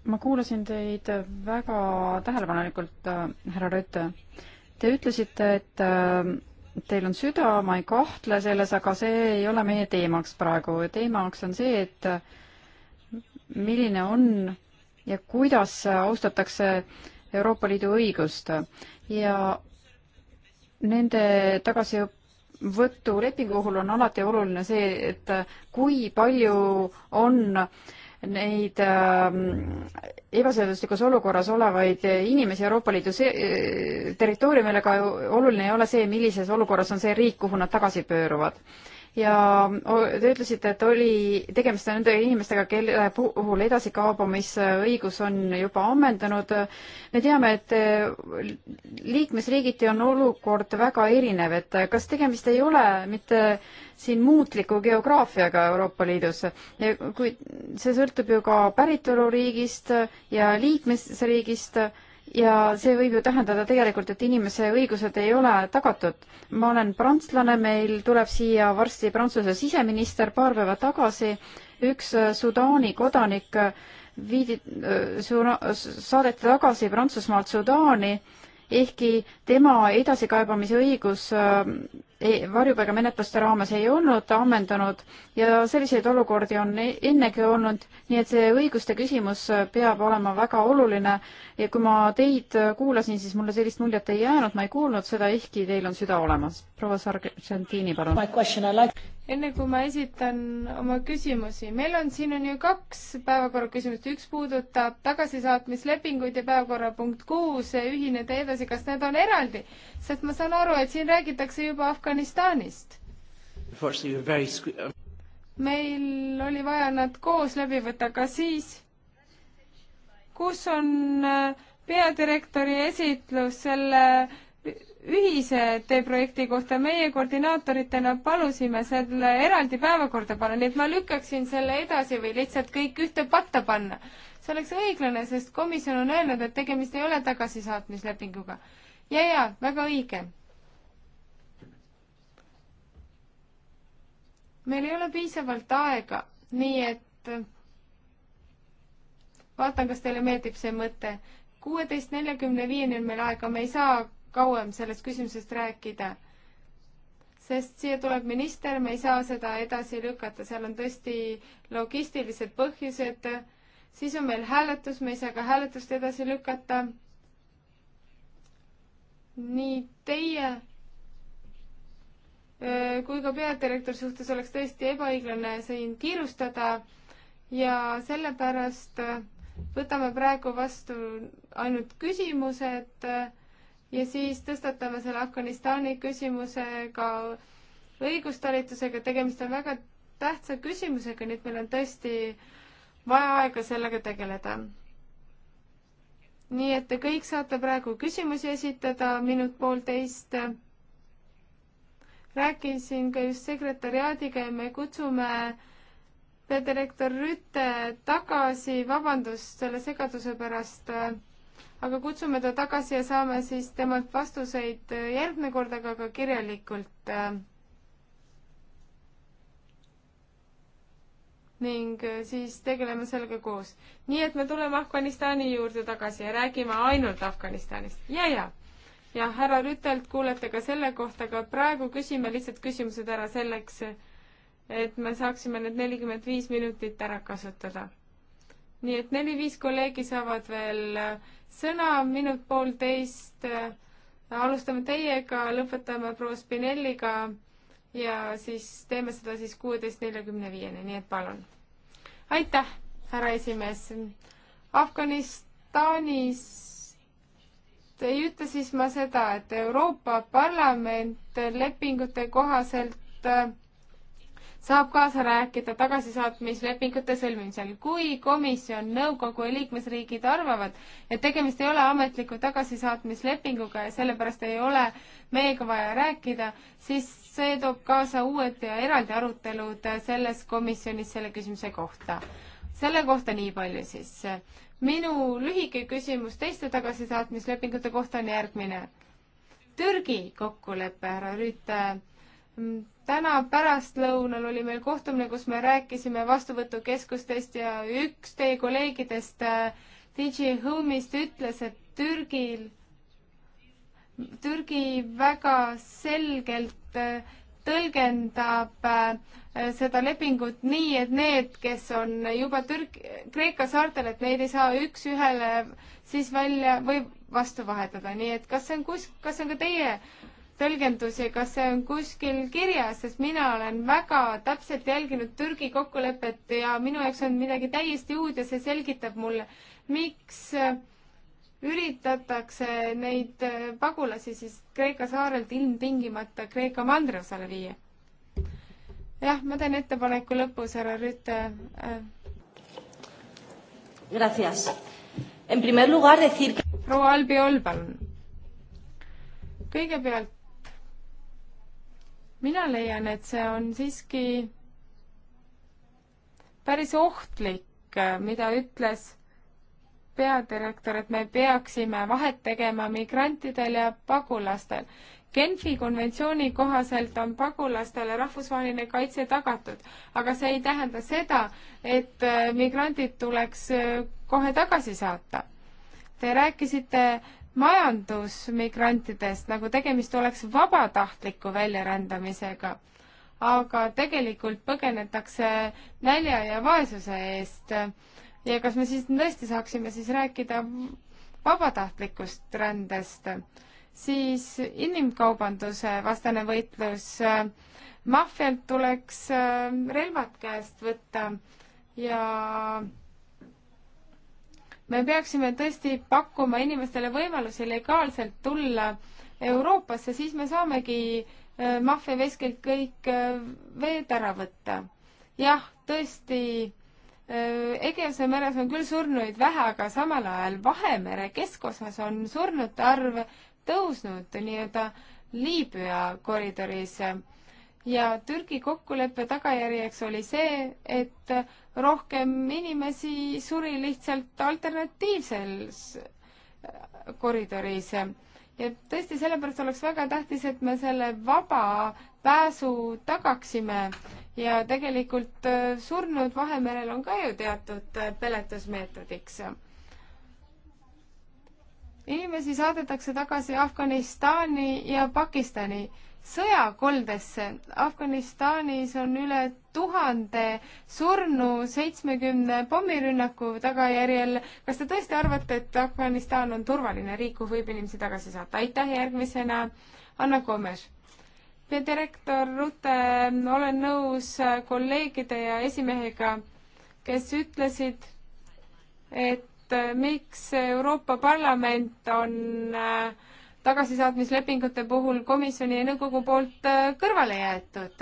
Speaker 1: ma kuulasin teid väga tähelepanelikult, äh, härra Rüütel. Te ütlesite, et äh, teil on süda, ma ei kahtle selles, aga see ei ole meie teemaks praegu. teemaks on see, et milline on ja kuidas austatakse Euroopa Liidu õigust ja nende tagasivõtulepingu puhul on alati oluline see, et kui palju on äh, neid äh, ebaseaduslikus olukorras olevaid inimesi Euroopa Liidu territooriumil, aga oluline ei ole see, millises olukorras on see riik, kuhu nad tagasi pööruvad ja te ütlesite, et oli, tegemist on nende inimestega, kelle puhul edasikaabamisõigus on juba ammendunud. me teame, et eh, liikmesriigiti on olukord väga erinev, et eh, kas tegemist ei ole mitte siin muutliku geograafiaga Euroopa Liidus, kuid see sõltub ju ka päritoluriigist ja liikmesriigist ja see võib ju tähendada tegelikult, et inimese õigused ei ole tagatud. ma olen prantslane, meil tuleb siia varsti Prantsuse siseminister paar päeva tagasi, üks Sudaani kodanik viidi, äh, saadeti tagasi Prantsusmaalt Sudaani, ehkki tema edasikaebamise õigus äh, E, varjupaigamenetluste raames ei olnud ammendunud ja selliseid olukordi on e, ennegi olnud, nii et see õiguste küsimus äh, peab olema väga oluline ja kui ma teid äh, kuulasin, siis mulle sellist muljet ei jäänud, ma ei kuulnud seda, ehkki teil on süda olemas. proua Sargentini, palun.
Speaker 3: enne kui ma esitan oma küsimusi, meil on, siin on ju kaks päevakorraküsimust, üks puudutab tagasisaatmislepinguid ja päevakorrapunkt kuus, ühineda edasi, kas need on eraldi? sest ma saan aru, et siin räägitakse juba Afganistani Afganistanist.
Speaker 2: Um,
Speaker 3: meil oli vaja nad koos läbi võtta, aga siis, kus on äh, peadirektori esitlus selle ühise teeprojekti kohta meie koordinaatoritena palusime selle eraldi päevakorda panna, nii et ma lükkaksin selle edasi või lihtsalt kõik ühte patta panna. see oleks õiglane, sest komisjon on öelnud, et tegemist ei ole tagasisaatmislepinguga. ja, ja väga õige, meil ei ole piisavalt aega, nii et vaatan, kas teile meeldib see mõte. kuueteist neljakümne viieni on meil aega, me ei saa kauem sellest küsimusest rääkida. sest siia tuleb minister, me ei saa seda edasi lükata, seal on tõesti logistilised põhjused. siis on meil hääletus, me ei saa ka hääletust edasi lükata. nii teie Äh, kui ka peadirektor suhtes oleks tõesti ebaõiglane siin kiirustada ja sellepärast äh, võtame praegu vastu ainult küsimused äh, ja siis tõstatame selle Afganistani küsimusega õigustalitusega, tegemist on väga tähtsa küsimusega, nii et meil on tõesti vaja aega sellega tegeleda. nii et te kõik saate praegu küsimusi esitada, minut poolteist rääkisin ka just sekretäriaadiga ja me kutsume peadirektor Rütte tagasi, vabandust selle segaduse pärast, aga kutsume ta tagasi ja saame siis temalt vastuseid järgmine kord, aga ka kirjalikult. ning siis tegeleme sellega koos. nii et me tuleme Afganistani juurde tagasi ja räägime ainult Afganistanist ja, ja ja härra Rütelt kuulete ka selle kohta, aga praegu küsime lihtsalt küsimused ära selleks, et me saaksime need nelikümmend viis minutit ära kasutada. nii et neli-viis kolleegi saavad veel sõna, minut poolteist. alustame teiega, lõpetame proua Spinelliga ja siis teeme seda siis kuueteist neljakümne viieni, nii et palun. aitäh, härra esimees. Afganistanis ei ütle siis ma seda, et Euroopa Parlament lepingute kohaselt äh, saab kaasa rääkida tagasisaatmislepingute sõlmimisel. kui komisjon, nõukogu ja liikmesriigid arvavad, et tegemist ei ole ametliku tagasisaatmislepinguga ja sellepärast ei ole meiega vaja rääkida, siis see toob kaasa uued ja eraldi arutelud selles komisjonis selle küsimuse kohta. selle kohta nii palju siis minu lühike küsimus teiste tagasisaatmislepingute kohta on järgmine. Türgi kokkulepe, härra Rüütel täna pärastlõunal oli meil kohtumine, kus me rääkisime vastuvõtukeskustest ja üks teie kolleegidest äh, DJ Homist ütles, et Türgil, Türgi väga selgelt äh, tõlgendab äh, seda lepingut nii, et need, kes on juba Türk-, Kreeka saartel, et neid ei saa üks-ühele siis välja või vastu vahetada, nii et kas see on kus-, kas see on ka teie tõlgendus ja kas see on kuskil kirjas, sest mina olen väga täpselt jälginud Türgi kokkulepet ja minu jaoks on midagi täiesti uut ja see selgitab mulle, miks äh, üritatakse neid äh, pagulasi siis Kreeka saarelt ilmtingimata Kreeka mandriosale viia. jah, ma teen ettepaneku lõpus, härra Rüütel äh..
Speaker 2: Gracias. En primer lugar decir que...
Speaker 3: proua Albiol, palun. kõigepealt mina leian, et see on siiski päris ohtlik, äh, mida ütles peadirektor, et me peaksime vahet tegema migrantidel ja pagulastel. Genfi konventsiooni kohaselt on pagulastele rahvusvaheline kaitse tagatud, aga see ei tähenda seda, et äh, migrandid tuleks äh, kohe tagasi saata. Te rääkisite majandusmigrantidest, nagu tegemist oleks vabatahtliku väljarändamisega. aga tegelikult põgenetakse nälja ja vaesuse eest ja kas me siis tõesti saaksime siis rääkida vabatahtlikust rändest, siis inimkaubanduse vastane võitlus, maffialt tuleks äh, relvad käest võtta ja me peaksime tõesti pakkuma inimestele võimalusi legaalselt tulla Euroopasse, siis me saamegi äh, maffia veskelt kõik äh, veed ära võtta. jah, tõesti Egeuse meres on küll surnuid vähe, aga samal ajal Vahemere keskosas on surnute arv tõusnud nii-öelda Liibüa koridoris ja Türgi kokkuleppe tagajärjeks oli see, et rohkem inimesi suri lihtsalt alternatiivses koridoris. ja tõesti, sellepärast oleks väga tähtis, et me selle vaba pääsu tagaksime ja tegelikult äh, surnud Vahemerel on ka ju teatud äh, peletusmeetodiks. inimesi saadetakse tagasi Afganistani ja Pakistani sõjakoldesse. Afganistanis on üle tuhande surnu seitsmekümne pommirünnaku tagajärjel. kas te tõesti arvate, et Afganistan on turvaline riik, kuhu võib inimesi tagasi saata? aitäh, järgmisena Anna Komes peadirektor Rute, olen nõus kolleegide ja esimehega, kes ütlesid, et äh, miks Euroopa Parlament on äh, tagasisaatmislepingute puhul komisjoni ja nõukogu poolt äh, kõrvale jäetud.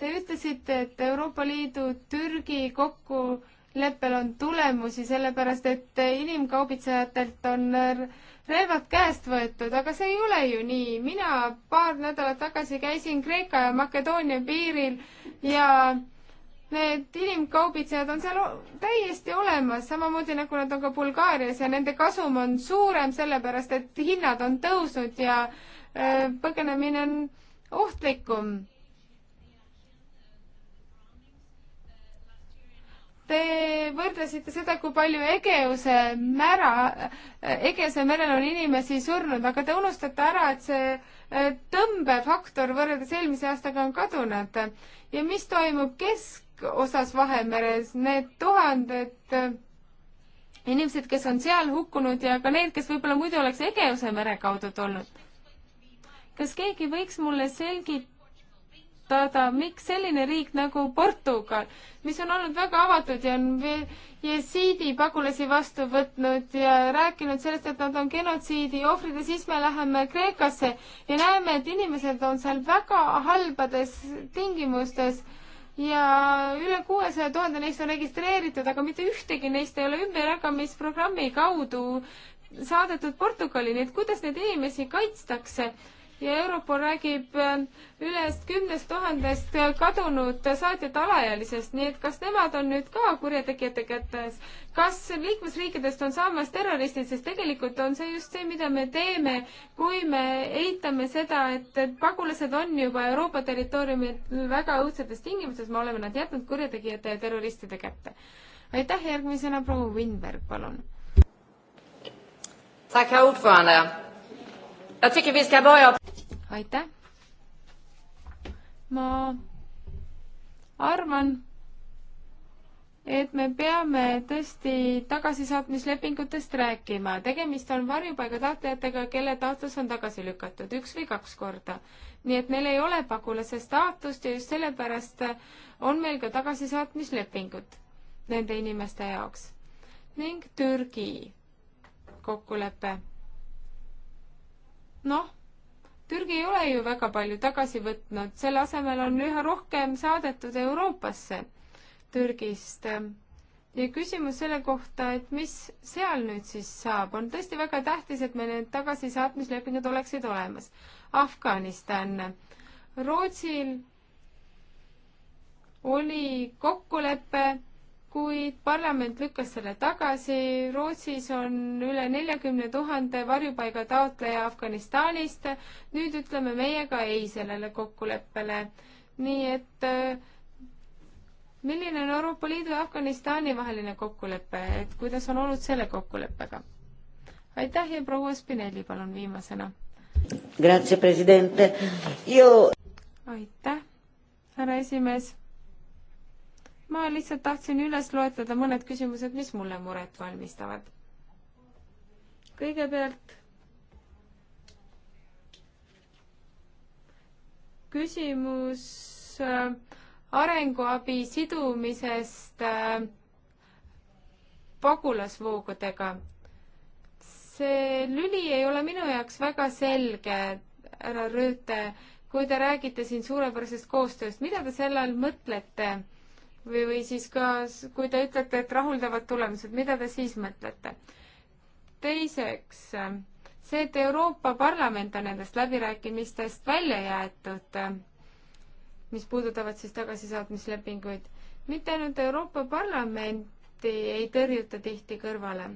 Speaker 3: Te ütlesite, et Euroopa Liidu Türgi kokkuleppel on tulemusi, sellepärast et inimkaubitsejatelt on relvad käest võetud, aga see ei ole ju nii. mina paar nädalat tagasi käisin Kreeka ja Makedoonia piiril ja need inimkaubitsejad on seal täiesti olemas, samamoodi nagu nad on ka Bulgaarias ja nende kasum on suurem, sellepärast et hinnad on tõusnud ja äh, põgenemine on ohtlikum Te võrdlesite seda, kui palju Egeuse mära, Egeuse merel on inimesi surnud, aga te unustate ära, et see e, tõmbefaktor võrreldes eelmise aastaga on kadunud. ja mis toimub keskosas Vahemeres, need tuhanded e, inimesed, kes on seal hukkunud ja ka need, kes võib-olla muidu oleks Egeuse mere kaudu tulnud. kas keegi võiks mulle selgitada, arutada, miks selline riik nagu Portugal, mis on olnud väga avatud ja on jesiidi pagulasi vastu võtnud ja rääkinud sellest, et nad on genotsiidi ohvrid ja siis me läheme Kreekasse ja näeme, et inimesed on seal väga halbades tingimustes ja üle kuuesaja tuhande neist on registreeritud, aga mitte ühtegi neist ei ole ümberjagamisprogrammi kaudu saadetud Portugali, nii et kuidas neid inimesi kaitstakse ja Europol räägib äh, üle kümnest tuhandest äh, kadunud saatjate alaealisest, nii et kas nemad on nüüd ka kurjategijate kätes? kas liikmesriikidest on saamas terroristid, sest tegelikult on see just see, mida me teeme, kui me eitame seda, et pagulased on juba Euroopa territooriumil väga õudsetes tingimustes, me oleme nad jätnud kurjategijate ja terroristide kätte. aitäh, järgmisena proua Winberg, palun. aitäh, juhataja aitäh. ma arvan, et me peame tõesti tagasisaatmislepingutest rääkima. tegemist on varjupaiga taotlejatega, kelle taotlus on tagasi lükatud üks või kaks korda. nii et neil ei ole pagulase staatust ja just sellepärast on meil ka tagasisaatmislepingud nende inimeste jaoks. ning Türgi kokkulepe noh, Türgi ei ole ju väga palju tagasi võtnud, selle asemel on üha rohkem saadetud Euroopasse Türgist. ja küsimus selle kohta, et mis seal nüüd siis saab, on tõesti väga tähtis, et meil need tagasisaatmislepingud oleksid olemas. Afganistan. Rootsil oli kokkulepe kuid parlament lükkas selle tagasi. Rootsis on üle neljakümne tuhande varjupaiga taotleja Afganistanist. nüüd ütleme meie ka ei sellele kokkuleppele. nii et äh, milline on Euroopa Liidu ja Afganistani vaheline kokkulepe, et kuidas on olnud selle kokkuleppega? aitäh ja proua Spinelli, palun viimasena. aitäh, härra esimees ma lihtsalt tahtsin üles loetleda mõned küsimused, mis mulle muret valmistavad. kõigepealt küsimus äh, arenguabi sidumisest äh, pagulasvoogudega. see lüli ei ole minu jaoks väga selge, härra Rüütel, kui te räägite siin suurepärasest koostööst, mida te selle all mõtlete? või, või siis ka, kui te ütlete, et rahuldavad tulemused, mida te siis mõtlete? teiseks, see, et Euroopa Parlament on nendest läbirääkimistest välja jäetud, mis puudutavad siis tagasisaatmislepinguid, mitte ainult Euroopa Parlamenti ei tõrjuta tihti kõrvale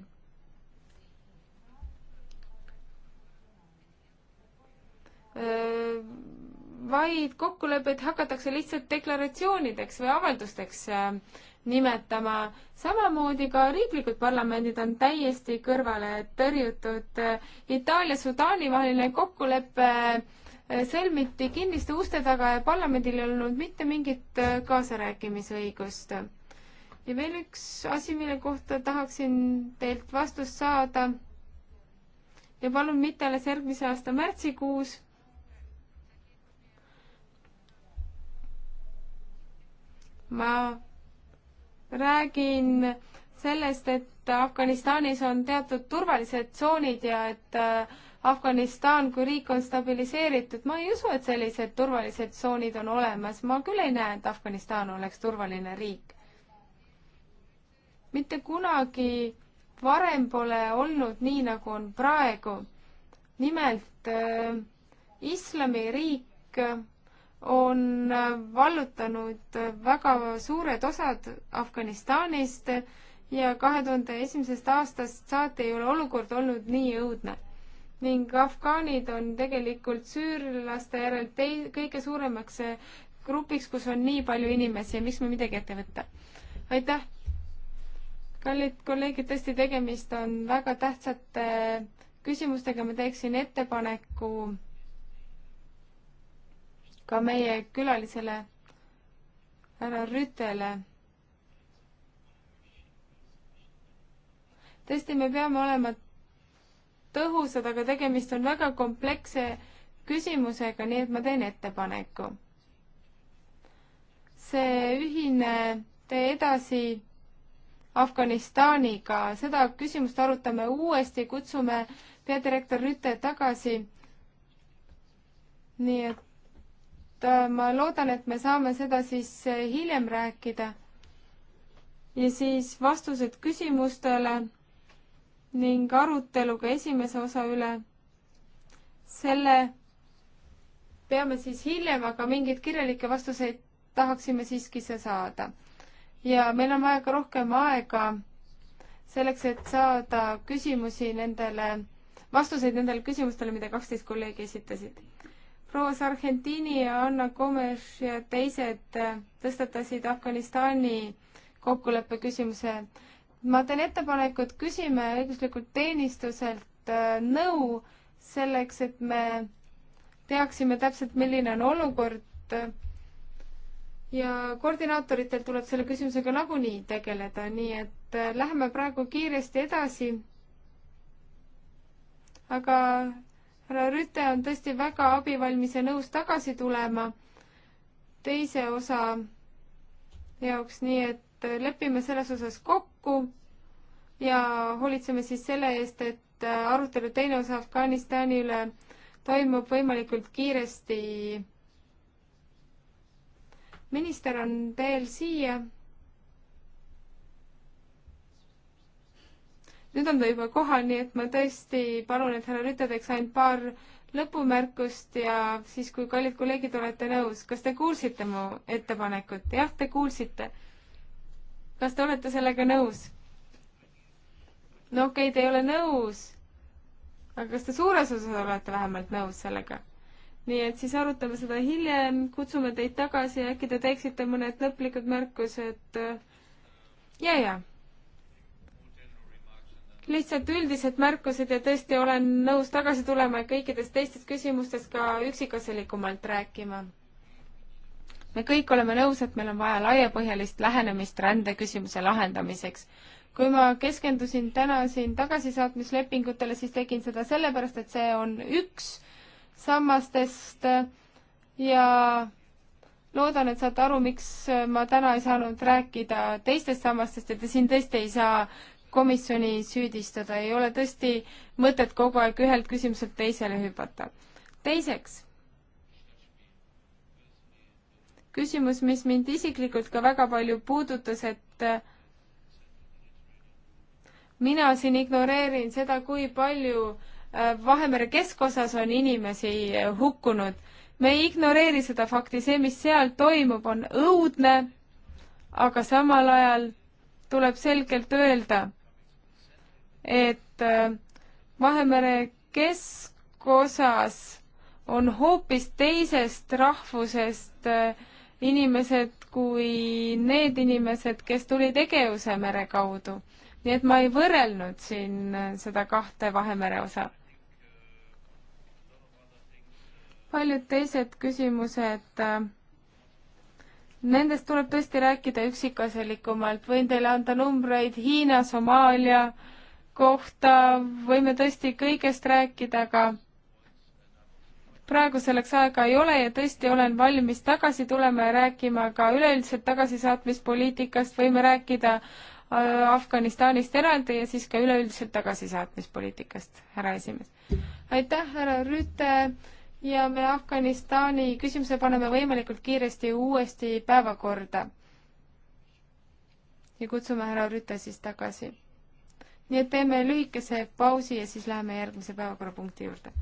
Speaker 3: öö, vaid kokkuleppeid hakatakse lihtsalt deklaratsioonideks või avaldusteks äh, nimetama. samamoodi ka riiklikud parlamendid on täiesti kõrvale tõrjutud. Itaalia-Sudaani vaheline kokkulepe äh, sõlmiti kinniste uste taga ja parlamendil ei olnud mitte mingit äh, kaasarääkimisõigust. ja veel üks asi, mille kohta tahaksin teilt vastust saada. ja palun mitte alles järgmise aasta märtsikuus ma räägin sellest, et Afganistanis on teatud turvalised tsoonid ja et äh, Afganistan kui riik on stabiliseeritud, ma ei usu, et sellised turvalised tsoonid on olemas, ma küll ei näe, et Afganistan oleks turvaline riik. mitte kunagi varem pole olnud nii, nagu on praegu. nimelt äh, islamiriik on vallutanud väga suured osad Afganistanist ja kahe tuhande esimesest aastast saati ei ole olukord olnud nii õudne. ning afgaanid on tegelikult süürlaste järel tei-, kõige suuremaks grupiks, kus on nii palju inimesi ja miks me midagi ette võtta. aitäh! kallid kolleegid, tõesti tegemist on väga tähtsate küsimustega, ma teeksin ettepaneku ka meie külalisele härra Rütele. tõesti, me peame olema tõhusad, aga tegemist on väga kompleksse küsimusega, nii et ma teen ettepaneku. see ühine tee edasi Afganistaniga, seda küsimust arutame uuesti, kutsume peadirektor Rüte tagasi. nii et Äh, ma loodan, et me saame seda siis äh, hiljem rääkida. ja siis vastused küsimustele ning arutelu ka esimese osa üle. selle peame siis hiljem, aga mingeid kirjalikke vastuseid tahaksime siiski saada. ja meil on vaja ka rohkem aega selleks, et saada küsimusi nendele, vastuseid nendele küsimustele, mida kaksteist kolleegi esitasid Roos Argentiini ja Anna Gomes ja teised äh, tõstatasid Afganistani kokkuleppe küsimuse. ma teen ettepaneku, et küsime õiguslikult teenistuselt äh, nõu selleks, et me teaksime täpselt, milline on olukord äh, ja koordinaatoritelt tuleb selle küsimusega nagunii tegeleda, nii et läheme praegu kiiresti edasi. aga härra Rüte on tõesti väga abivalmis ja nõus tagasi tulema teise osa jaoks, nii et lepime selles osas kokku ja hoolitseme siis selle eest, et arutelu teine osa Afganistani üle toimub võimalikult kiiresti. minister on teel siia nüüd on ta juba kohal, nii et ma tõesti palun, et härra Rüte teeks ainult paar lõpumärkust ja siis, kui kallid kolleegid olete nõus, kas te kuulsite mu ettepanekut? jah, te kuulsite. kas te olete sellega nõus? no okei okay,, te ei ole nõus, aga kas te suures osas olete vähemalt nõus sellega? nii et siis arutame seda hiljem, kutsume teid tagasi ja äkki te teeksite mõned lõplikud märkused ja, ja lihtsalt üldised märkused ja tõesti olen nõus tagasi tulema ja kõikidest teistest küsimustest ka üksikasjalikumalt rääkima. me kõik oleme nõus, et meil on vaja laiapõhjalist lähenemist rändeküsimuse lahendamiseks. kui ma keskendusin täna siin tagasisaatmislepingutele, siis tegin seda sellepärast, et see on üks sammastest ja loodan, et saate aru, miks ma täna ei saanud rääkida teistest sammastest ja te siin tõesti ei saa komisjoni süüdistada, ei ole tõesti mõtet kogu aeg ühelt küsimuselt teisele hüpata. teiseks, küsimus, mis mind isiklikult ka väga palju puudutas, et äh, mina siin ignoreerin seda, kui palju äh, Vahemere keskosas on inimesi äh, hukkunud. me ei ignoreeri seda fakti, see, mis seal toimub, on õudne, aga samal ajal tuleb selgelt öelda, et äh, Vahemere keskosas on hoopis teisest rahvusest äh, inimesed kui need inimesed, kes tulid Egeuse mere kaudu. nii et ma ei võrrelnud siin äh, seda kahte Vahemere osa. paljud teised küsimused Nendest tuleb tõesti rääkida üksikasjalikumalt, võin teile anda numbreid Hiina, Somaalia, kohta võime tõesti kõigest rääkida, aga praegu selleks aega ei ole ja tõesti olen valmis tagasi tulema ja rääkima ka üleüldiselt tagasisaatmispoliitikast, võime rääkida äh, Afganistanist eraldi ja siis ka üleüldiselt tagasisaatmispoliitikast, härra esimees. aitäh, härra Rüüte ja me Afganistani küsimuse paneme võimalikult kiiresti uuesti päevakorda. ja kutsume härra Rüüte siis tagasi nii et teeme lühikese pausi ja siis läheme järgmise päevakorrapunkti juurde.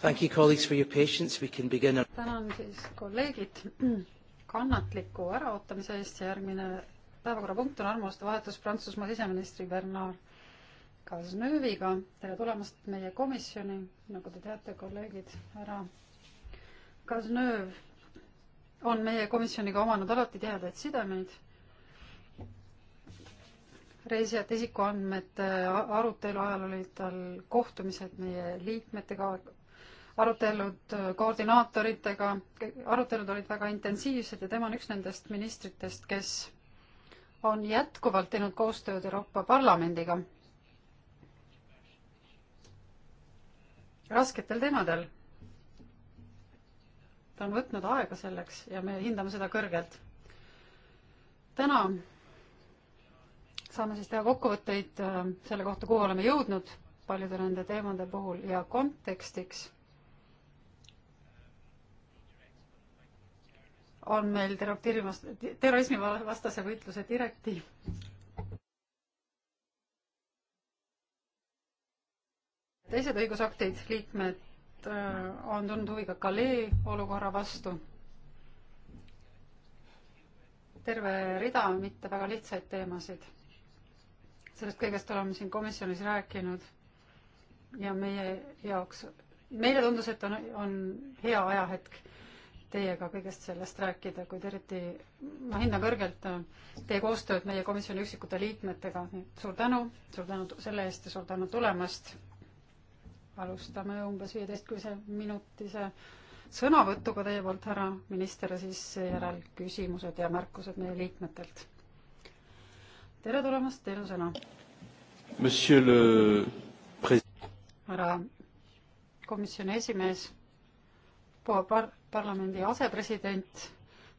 Speaker 2: Thank you, colleagues, for your patience. We can begin.
Speaker 1: tänan siis kolleegid kannatliku äraootamise eest ja järgmine päevakorrapunkt on armuste vahetus Prantsusmaa siseministri Bernard Cazeneuviga. tere tulemast meie komisjoni, nagu te teate, kolleegid, härra Cazeneuv on meie komisjoniga omanud alati tihedaid sidemeid. reisijate isikuandmete arutelu ajal olid tal kohtumised meie liikmetega arutelud äh, koordinaatoritega, arutelud olid väga intensiivsed ja tema on üks nendest ministritest, kes on jätkuvalt teinud koostööd Euroopa Parlamendiga. rasketel teemadel. ta on võtnud aega selleks ja me hindame seda kõrgelt. täna saame siis teha kokkuvõtteid äh, selle kohta, kuhu oleme jõudnud paljude nende teemade puhul ja kontekstiks on meil terrorismi vastase võitluse direktiiv.
Speaker 2: teised õigusaktid,
Speaker 1: liikmed äh, on tundnud huvi ka Kalee olukorra vastu. terve rida mitte väga lihtsaid teemasid. sellest kõigest oleme siin komisjonis rääkinud ja meie jaoks, meile tundus, et on, on hea ajahetk teiega kõigest sellest rääkida, kuid eriti ma hindan kõrgelt äh, teie koostööd meie komisjoni üksikute liikmetega. suur tänu, suur tänu selle eest ja suur tänu tulemast. alustame umbes viieteistkümnese minutise sõnavõtuga teie poolt, härra minister, ja siis seejärel küsimused ja märkused meie liikmetelt. tere tulemast, teil on sõna. härra komisjoni esimees paar parlamendi asepresident,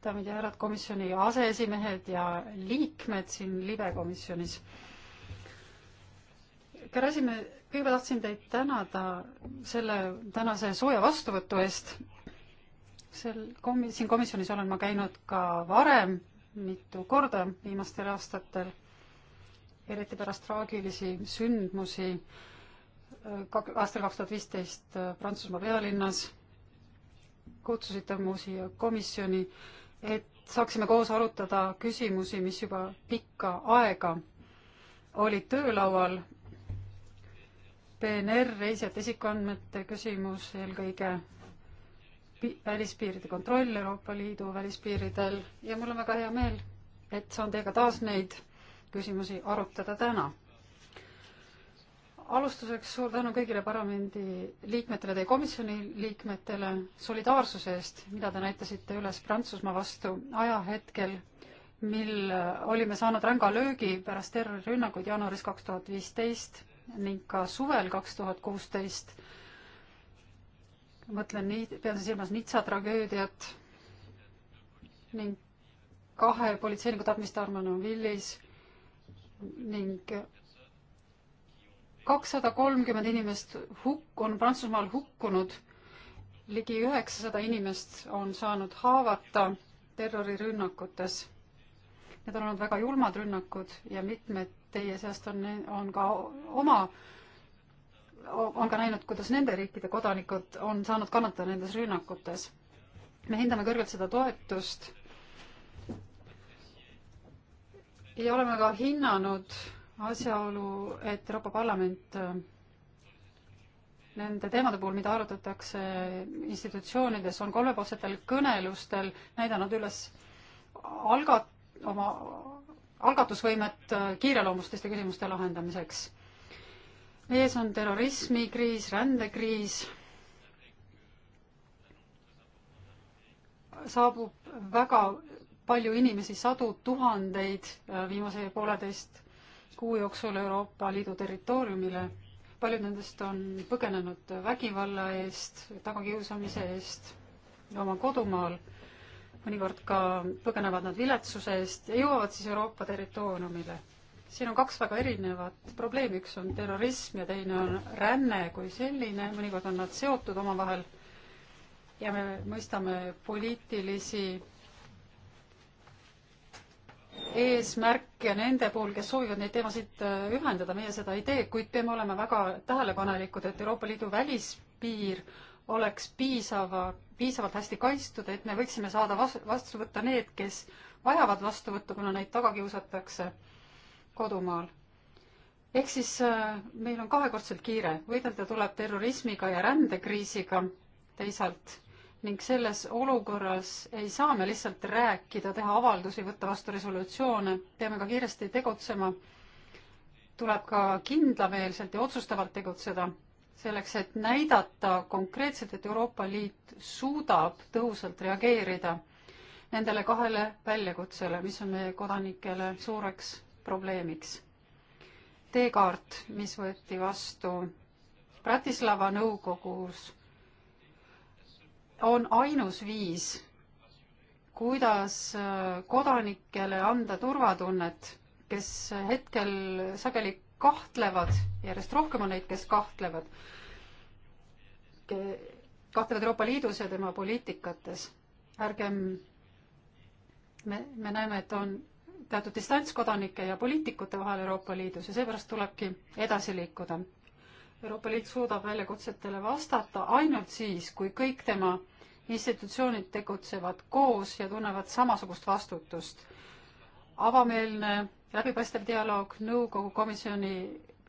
Speaker 1: daamid ja härrad, komisjoni aseesimehed ja liikmed siin libekomisjonis. Gerasime, kõigepealt tahtsin teid tänada selle tänase sooja vastuvõtu eest. sel komi-, siin komisjonis olen ma käinud ka varem mitu korda viimastel aastatel, eriti pärast traagilisi sündmusi aastal kaks tuhat viisteist Prantsusmaa pealinnas kutsusite mu siia komisjoni, et saaksime koos arutada küsimusi, mis juba pikka aega olid töölaual. PNR, reisijate isikuandmete küsimus eelkõige, välispiiride kontroll Euroopa Liidu välispiiridel ja mul on väga hea meel, et saan teiega taas neid küsimusi arutada täna alustuseks suur tänu kõigile parlamendi liikmetele, teie komisjoni liikmetele solidaarsuse eest, mida te näitasite üles Prantsusmaa vastu ajahetkel, mil olime saanud ränga löögi pärast terrorirünnakuid jaanuaris kaks tuhat viisteist ning ka suvel kaks tuhat kuusteist. mõtlen nii, pean silmas Nitsa tragöödiat ning kahe politseiniku tapmist Armand Villis ning kakssada kolmkümmend inimest hukk-, on Prantsusmaal hukkunud, ligi üheksasada inimest on saanud haavata terrorirünnakutes. Need on olnud väga julmad rünnakud ja mitmed teie seast on, on ka oma, on ka näinud, kuidas nende riikide kodanikud on saanud kannatada nendes rünnakutes. me hindame kõrgelt seda toetust ja oleme ka hinnanud asjaolu, et Euroopa Parlament äh, nende teemade puhul, mida arutatakse institutsioonides, on kolmepoolsetel kõnelustel näidanud üles alga-, oma algatusvõimet äh, kiireloomustiste küsimuste lahendamiseks. ees on terrorismikriis, rändekriis, saabub väga palju inimesi, sadu tuhandeid äh, viimase pooleteist kuu jooksul Euroopa Liidu territooriumile. paljud nendest on põgenenud vägivalla eest, tagakiusamise eest oma kodumaal, mõnikord ka põgenevad nad viletsuse eest ja jõuavad siis Euroopa territooriumile. siin on kaks väga erinevat probleemi, üks on terrorism ja teine on ränne kui selline, mõnikord on nad seotud omavahel ja me mõistame poliitilisi eesmärke nende puhul, kes soovivad neid teemasid äh, ühendada, meie seda ei tee, kuid peame olema väga tähelepanelikud, et Euroopa Liidu välispiir oleks piisava, piisavalt hästi kaitstud, et me võiksime saada vastu, vastu võtta need, kes vajavad vastuvõttu, kuna neid taga kiusatakse kodumaal. ehk siis äh, meil on kahekordselt kiire, võidelda tuleb terrorismiga ja rändekriisiga teisalt ning selles olukorras ei saa me lihtsalt rääkida, teha avaldusi, võtta vastu resolutsioone, peame ka kiiresti tegutsema. tuleb ka kindlameelselt ja otsustavalt tegutseda, selleks et näidata konkreetselt, et Euroopa Liit suudab tõhusalt reageerida nendele kahele väljakutsele, mis on meie kodanikele suureks probleemiks. teekaart, mis võeti vastu Bratislava nõukogus on ainus viis, kuidas äh, kodanikele anda turvatunnet, kes hetkel sageli kahtlevad, järjest rohkem on neid, kes kahtlevad, kahtlevad Euroopa Liidus ja tema poliitikates. ärgem, me, me näeme, et on teatud distants kodanike ja poliitikute vahel Euroopa Liidus ja seepärast tulebki edasi liikuda Euroopa Liit suudab väljakutsetele vastata ainult siis, kui kõik tema institutsioonid tegutsevad koos ja tunnevad samasugust vastutust. avameelne läbipaistev dialoog nõukogu komisjoni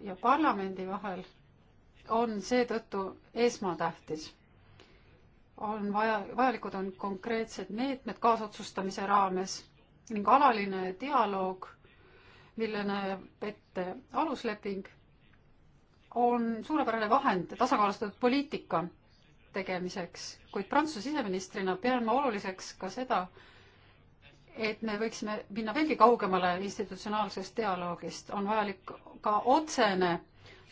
Speaker 1: ja parlamendi vahel on seetõttu esmatähtis. on vaja, vajalikud on konkreetsed meetmed kaasotsustamise raames ning alaline dialoog, millele ette alusleping on suurepärane vahend tasakaalustatud poliitika tegemiseks, kuid Prantsuse siseministrina pean ma oluliseks ka seda, et me võiksime minna veelgi kaugemale institutsionaalsest dialoogist, on vajalik ka otsene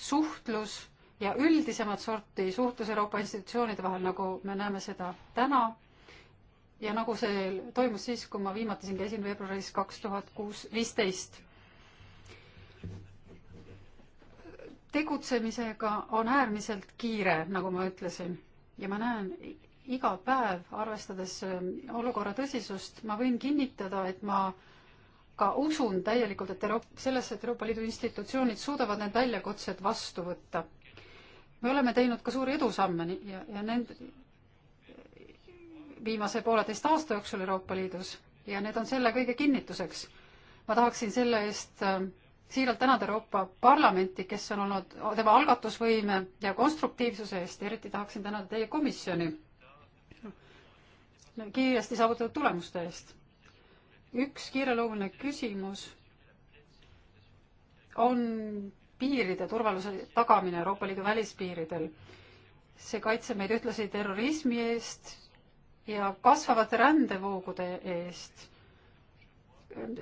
Speaker 1: suhtlus ja üldisemat sorti suhtlus Euroopa institutsioonide vahel, nagu me näeme seda täna ja nagu see toimus siis, kui ma viimati siin käisin veebruaris kaks tuhat kuus, viisteist tegutsemisega on äärmiselt kiire, nagu ma ütlesin. ja ma näen iga päev, arvestades äh, olukorra tõsisust, ma võin kinnitada, et ma ka usun täielikult, et Euroop-, sellesse, et Euroopa Liidu institutsioonid suudavad need väljakutsed vastu võtta. me oleme teinud ka suuri edusamme ja, ja nend-, viimase pooleteist aasta jooksul Euroopa Liidus ja need on selle kõige kinnituseks. ma tahaksin selle eest äh, siiralt tänada Euroopa Parlamenti, kes on olnud tema algatusvõime ja konstruktiivsuse eest, eriti tahaksin tänada teie komisjoni kiiresti saavutatud tulemuste eest. üks kiireloomuline küsimus on piiride turvalisuse tagamine Euroopa Liidu välispiiridel. see kaitseb meid ühtlasi terrorismi eest ja kasvavate rändevoogude eest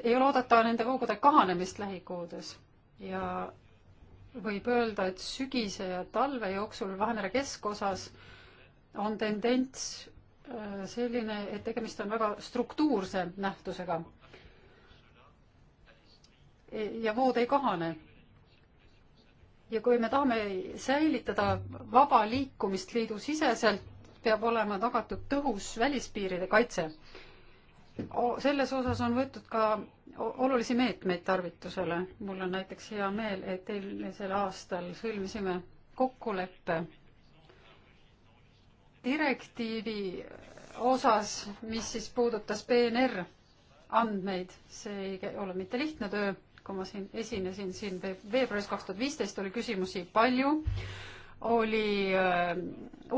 Speaker 1: ei ole oodata nende voogude kahanemist lähikuudes ja võib öelda, et sügise ja talve jooksul Vahemere keskosas on tendents äh, selline, et tegemist on väga struktuurse nähtusega. E, ja vood ei kahane. ja kui me tahame säilitada vaba liikumist liidu siseselt, peab olema tagatud tõhus välispiiride kaitse selles osas on võetud ka olulisi meetmeid tarvitusele. mul on näiteks hea meel, et eelmisel aastal sõlmisime kokkuleppe direktiivi osas, mis siis puudutas PNR andmeid. see ei ole mitte lihtne töö, kui ma siin esinesin siin veebruaris kaks tuhat viisteist oli küsimusi palju, oli äh,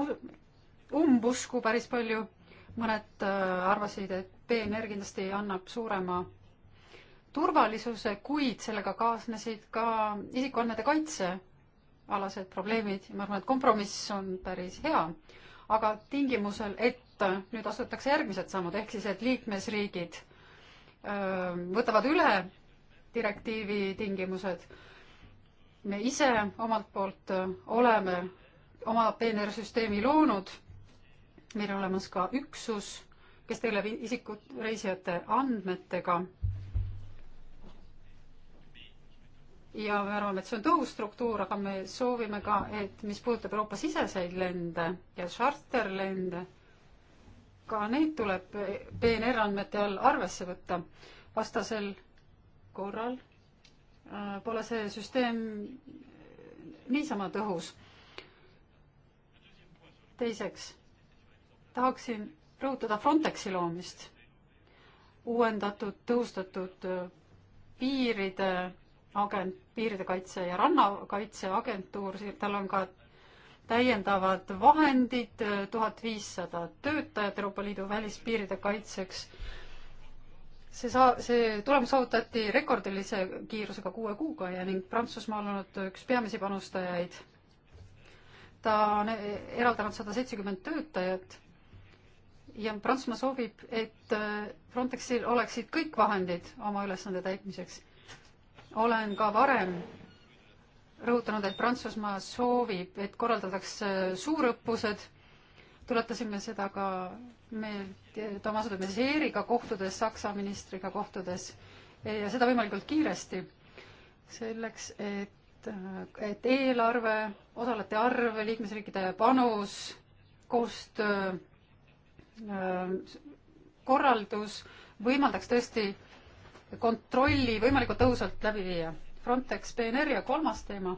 Speaker 1: umbusku päris palju mõned äh, arvasid, et PNR kindlasti annab suurema turvalisuse, kuid sellega kaasnesid ka isikuandmete kaitse alased probleemid ja ma arvan, et kompromiss on päris hea, aga tingimusel, et nüüd astutakse järgmised sammud, ehk siis, et liikmesriigid öö, äh, võtavad üle direktiivi tingimused. me ise omalt poolt äh, oleme oma PNR-süsteemi loonud meil on olemas ka üksus, kes tegeleb isikut, reisijate andmetega. ja me arvame, et see on tõhus struktuur, aga me soovime ka, et mis puudutab Euroopa-siseseid lende ja charterlende, ka neid tuleb PNR andmete all arvesse võtta. vastasel korral äh, pole see süsteem niisama tõhus. teiseks tahaksin rõhutada Frontexi loomist, uuendatud, tõhustatud äh, piiride agent, piiride kaitse ja rannakaitseagentuur, tal on ka täiendavad vahendid, äh, tuhat viissada töötajat Euroopa Liidu välispiiride kaitseks. see saa-, see tulemus saavutati rekordilise kiirusega kuue kuuga ja ning Prantsusmaa on olnud üks peamisi panustajaid. ta on e-, eraldanud sada seitsekümmend töötajat ja Prantsusmaa soovib, et äh, Frontexil oleksid kõik vahendid oma ülesande täitmiseks. olen ka varem rõhutanud, et Prantsusmaa soovib, et korraldataks äh, suurõppused, tuletasime seda ka meelt äh, Toomas Odemesieriga kohtudes, Saksa ministriga kohtudes ja seda võimalikult kiiresti, selleks et, et eelarve, osalejate arv, liikmesriikide panus, koostöö Äh, korraldus võimaldaks tõesti kontrolli võimalikult tõhusalt läbi viia. Frontex, PNR ja kolmas teema,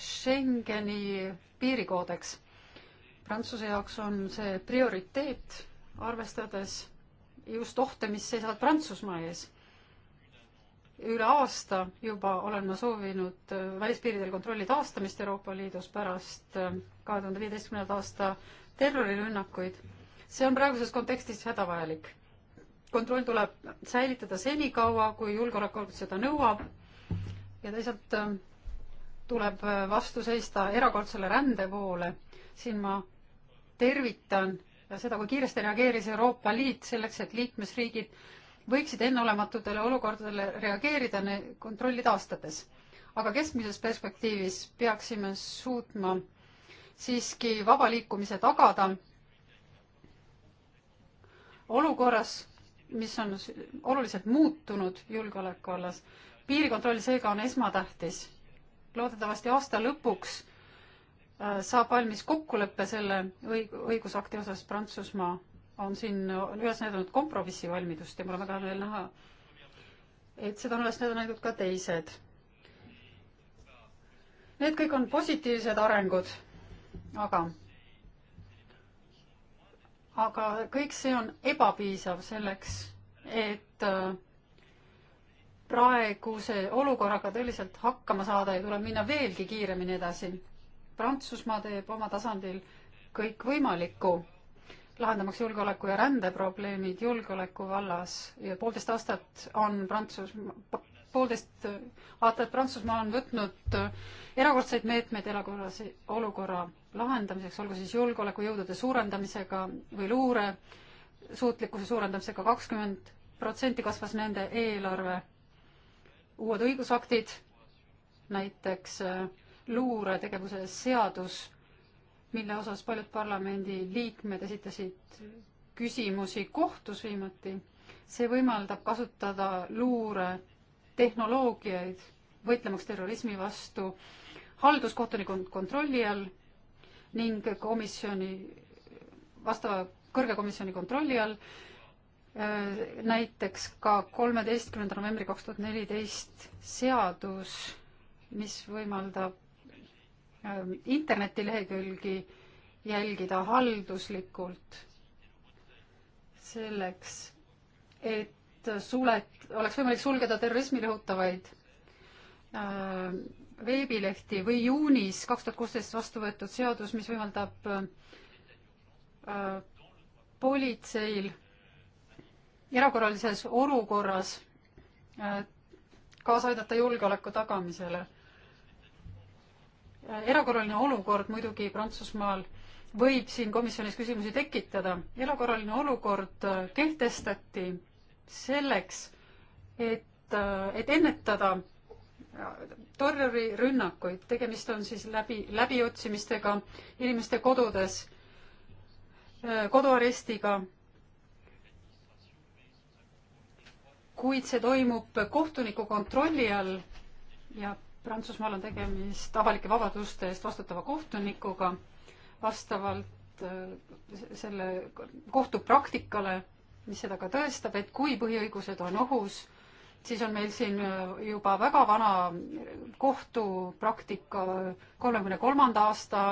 Speaker 1: Schengeni piirikoodeks. Prantsuse jaoks on see prioriteet, arvestades just ohte, mis seisavad Prantsusmaa ees. üle aasta juba olen ma soovinud äh, välispiiridel kontrolli taastamist Euroopa Liidus pärast äh, kahe tuhande viieteistkümnenda aasta terrorirünnakuid. see on praeguses kontekstis hädavajalik. kontroll tuleb säilitada senikaua, kui julgeolekuolukord seda nõuab ja teisalt ähm, tuleb äh, vastu seista erakordsele rändevoole. siin ma tervitan äh, seda, kui kiiresti reageeris Euroopa Liit selleks, et liikmesriigid võiksid enneolematutele olukordadele reageerida kontrolli taastades. aga keskmises perspektiivis peaksime suutma siiski vaba liikumise tagada olukorras, mis on oluliselt muutunud julgeoleku alles. piirikontroll seega on esmatähtis. loodetavasti aasta lõpuks äh, saab valmis kokkulepe selle õig-, õigusakti osas Prantsusmaa on siin üles näidanud kompromissivalmidust ja mul on väga hea meel näha, et seda on üles näidanud ka teised. Need kõik on positiivsed arengud aga, aga kõik see on ebapiisav selleks, et äh, praeguse olukorraga tõeliselt hakkama saada ja tuleb minna veelgi kiiremini edasi. Prantsusmaa teeb oma tasandil kõikvõimalikku, lahendamaks julgeoleku ja rände probleemid julgeoleku vallas ja poolteist aastat on Prantsus-, poolteist aastat Prantsusmaa on võtnud äh, erakordseid meetmeid erakorralise olukorra lahendamiseks, olgu siis julgeolekujõudude suurendamisega või luure suutlikkuse suurendamisega kakskümmend protsenti kasvas nende eelarve. uued õigusaktid, näiteks äh, luuretegevuse seadus, mille osas paljud parlamendiliikmed esitasid küsimusi kohtus viimati see võimaldab kasutada luure tehnoloogiaid võitlemaks terrorismi vastu halduskohtuniku kontrolli all ning komisjoni, vastava kõrge komisjoni kontrolli all, äh, näiteks ka kolmeteistkümnenda novembri kaks tuhat neliteist seadus, mis võimaldab ähm, internetilehekülgi jälgida halduslikult selleks, et et sulet-, oleks võimalik sulgeda terrorismile õhutavaid äh, veebilehti või juunis kaks tuhat kuusteist vastu võetud seadus, mis võimaldab äh, politseil erakorralises olukorras äh, kaasa aidata julgeoleku tagamisele. erakorraline olukord muidugi Prantsusmaal võib siin komisjonis küsimusi tekitada. erakorraline olukord kehtestati selleks, et, äh, et ennetada äh, terrorirünnakuid, tegemist on siis läbi, läbiotsimistega inimeste kodudes, äh, koduarestiga. kuid see toimub kohtuniku kontrolli all ja Prantsusmaal on tegemist avalike vabaduste eest vastutava kohtunikuga vastavalt selle kohtupraktikale mis seda ka tõestab, et kui põhiõigused on ohus, siis on meil siin äh, juba väga vana kohtupraktika, kolmekümne kolmanda aasta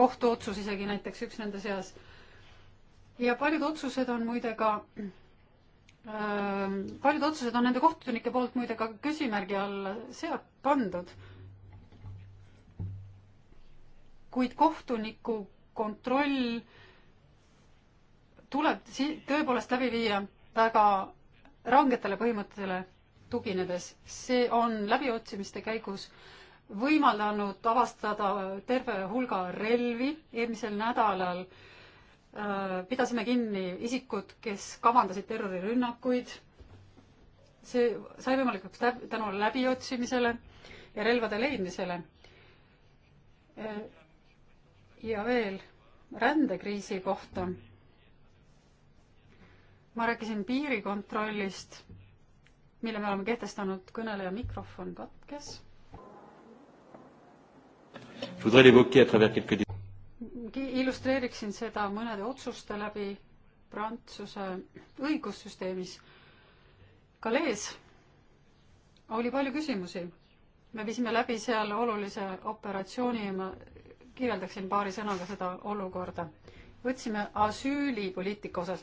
Speaker 1: kohtuotsus isegi näiteks üks nende seas. ja paljud otsused on muide ka ähm, paljud otsused on nende kohtunike poolt muide ka küsimärgi alla sealt pandud. kuid kohtuniku kontroll tuleb tõepoolest läbi viia väga rangetele põhimõtetele tuginedes. see on läbiotsimiste käigus võimaldanud avastada terve hulga relvi. eelmisel nädalal äh, pidasime kinni isikud, kes kavandasid terrorirünnakuid. see sai võimalikuks tänu läbiotsimisele ja relvade leidmisele äh,. ja veel rändekriisi kohta ma rääkisin piirikontrollist, mille me oleme kehtestanud, kõneleja mikrofon katkes. illustreeriksin seda mõnede otsuste läbi Prantsuse õigussüsteemis. Galees oli palju küsimusi. me viisime läbi seal olulise operatsiooni ja ma kirjeldaksin paari sõnaga seda olukorda võtsime asüülipoliitika osas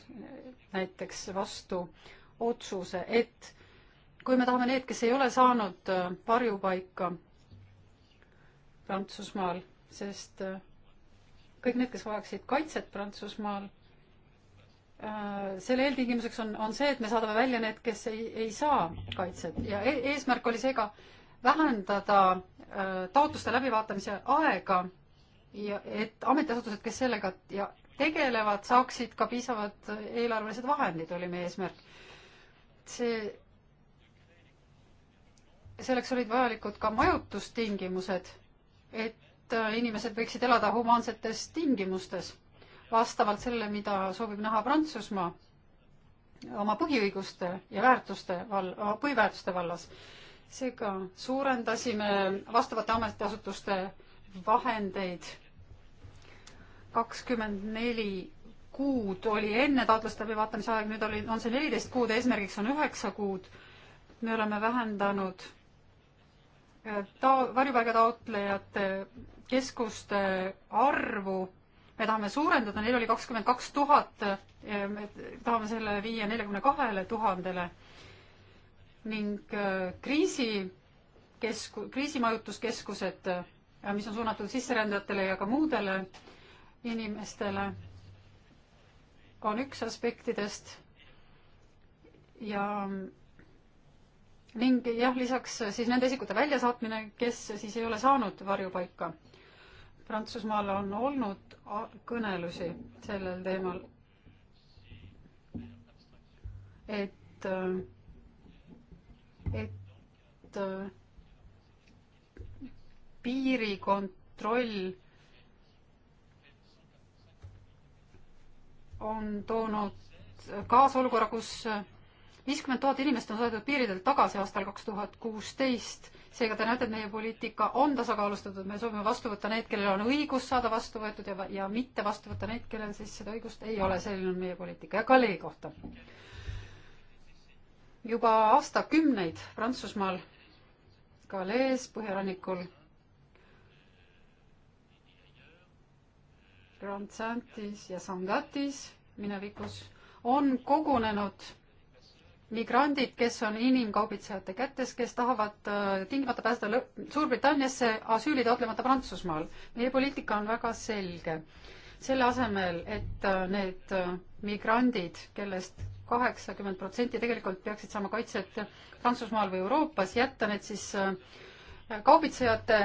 Speaker 1: näiteks vastu otsuse, et kui me tahame need, kes ei ole saanud äh, varjupaika Prantsusmaal, sest äh, kõik need, kes vajaksid kaitset Prantsusmaal, äh, selle eeltingimuseks on, on see, et me saadame välja need, kes ei, ei saa kaitset ja e-, eesmärk oli seega vähendada taotluste läbivaatamise aega ja et ametiasutused, kes sellega ja tegelevad, saaksid ka piisavad eelarvelised vahendid, oli meie eesmärk. see, selleks olid vajalikud ka majutustingimused, et äh, inimesed võiksid elada humaansetes tingimustes, vastavalt sellele, mida soovib näha Prantsusmaa oma põhiõiguste ja väärtuste val-, põhiväärtuste vallas. seega suurendasime vastavate ametiasutuste vahendeid kakskümmend neli kuud oli enne taotluste läbivaatamise aeg, nüüd oli, on see neliteist kuud, eesmärgiks on üheksa kuud. me oleme vähendanud äh, ta-, varjupaigataotlejate keskuste arvu, me tahame suurendada, neil oli kakskümmend kaks tuhat, me tahame selle viia neljakümne kahele tuhandele ning äh, kriisikesku-, kriisimajutuskeskused, äh, mis on suunatud sisserändajatele ja ka muudele, inimestele on üks aspektidest ja ning jah, lisaks siis nende isikute väljasaatmine, kes siis ei ole saanud varjupaika. Prantsusmaal on olnud kõnelusi sellel teemal, et, et piirikontroll on toonud kaasa olukorra, kus viiskümmend tuhat inimest on saadetud piiridelt tagasi aastal kaks tuhat kuusteist. seega te näete, et meie poliitika on tasakaalustatud, me soovime vastu võtta need, kellel on õigus saada vastu võetud ja, ja mitte vastu võtta need, kellel siis seda õigust ei ole, selline on meie poliitika ja Galei kohta. juba aastakümneid Prantsusmaal Galees põhjarannikul Rantsantis ja Sangatis minevikus on kogunenud migrandid, kes on inimkaubitsejate kätes, kes tahavad äh, tingimata pääseda Suurbritanniasse asüüli taotlemata Prantsusmaal. meie poliitika on väga selge. selle asemel, et äh, need äh, migrandid, kellest kaheksakümmend protsenti tegelikult peaksid saama kaitset Prantsusmaal või Euroopas, jätta need siis kaubitsejate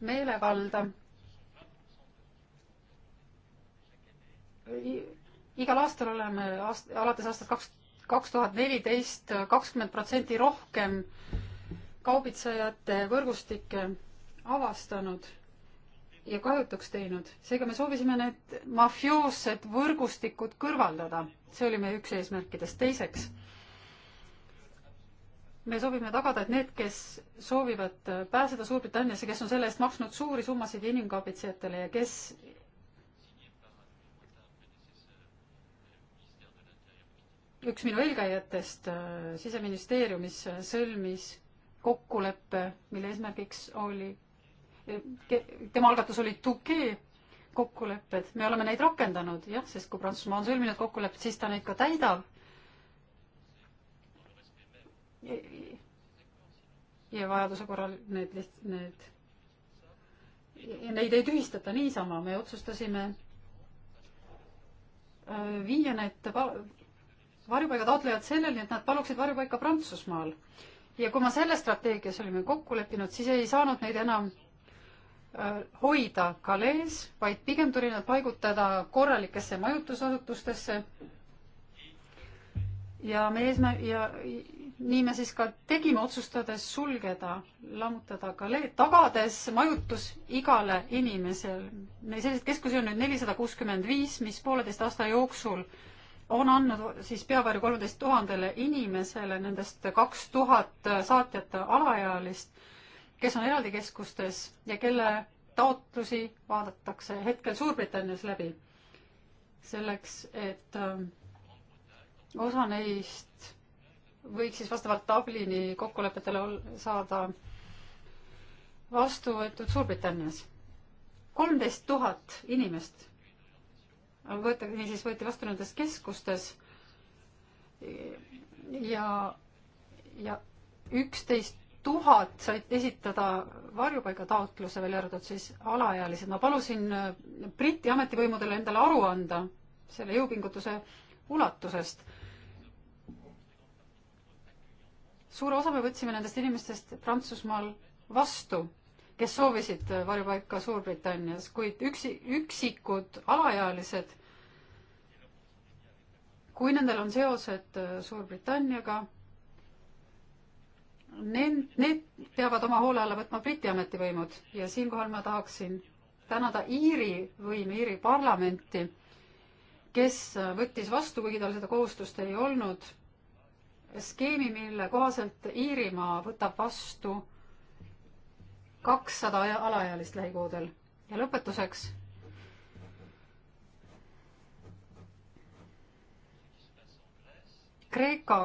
Speaker 1: meelevalda igal aastal oleme aast-, alates aastast kaks, kaks tuhat neliteist kakskümmend protsenti rohkem kaubitsejate võrgustikke avastanud ja kahjutuks teinud. seega me soovisime need mafioossed võrgustikud kõrvaldada. see oli meie üks eesmärkidest. teiseks, me soovime tagada, et need, kes soovivad pääseda Suurbritanniasse, kes on selle eest maksnud suuri summasid inimkaubitsejatele ja kes üks minu eelkäijatest äh, Siseministeeriumis äh, sõlmis kokkuleppe, mille eesmärgiks oli, eh, tema algatus oli Touquet kokkulepped, me oleme neid rakendanud jah, sest kui Prantsusmaa on sõlminud kokkulepped, siis ta neid ka täidab. ja vajaduse korral need liht-, need, neid ei tühistata niisama, me otsustasime äh, viia need varjupaiga taotlejad selleni, et nad paluksid varjupaika Prantsusmaal. ja kui me selles strateegias olime kokku leppinud, siis ei saanud neid enam äh, hoida Calais, vaid pigem tuli nad paigutada korralikesse majutusasutustesse. ja me eesmärk ja nii me siis ka tegime, otsustades sulgeda, lammutada Calais, tagades majutus igale inimesele. meil selliseid keskusi on nüüd nelisada kuuskümmend viis, mis pooleteist aasta jooksul äh, on andnud siis peaaegu kolmeteist tuhandele inimesele, nendest kaks tuhat saatjat alaealist, kes on eraldi keskustes ja kelle taotlusi vaadatakse hetkel Suurbritannias läbi. selleks, et ähm, osa neist võiks siis vastavalt Dublini kokkulepetele saada vastu võetud Suurbritannias. kolmteist tuhat inimest võeti, niisiis võeti vastu nendes keskustes ja, ja üksteist tuhat said esitada varjupaigataotluse, välja arvatud siis alaealised. ma palusin äh, Briti ametivõimudele endale aru anda selle jõupingutuse ulatusest. suure osa me võtsime nendest inimestest Prantsusmaal vastu kes soovisid varjupaika Suurbritannias, kuid üksi, üksikud alaealised, kui nendel on seosed äh, Suurbritanniaga, Need, need peavad oma hoole alla võtma Briti ametivõimud ja siinkohal ma tahaksin tänada Iiri võime, Iiri parlamenti, kes äh, võttis vastu, kuigi tal seda kohustust ei olnud, skeemi, mille kohaselt Iirimaa võtab vastu kakssada alaealist lähikuudel. ja lõpetuseks. Kreeka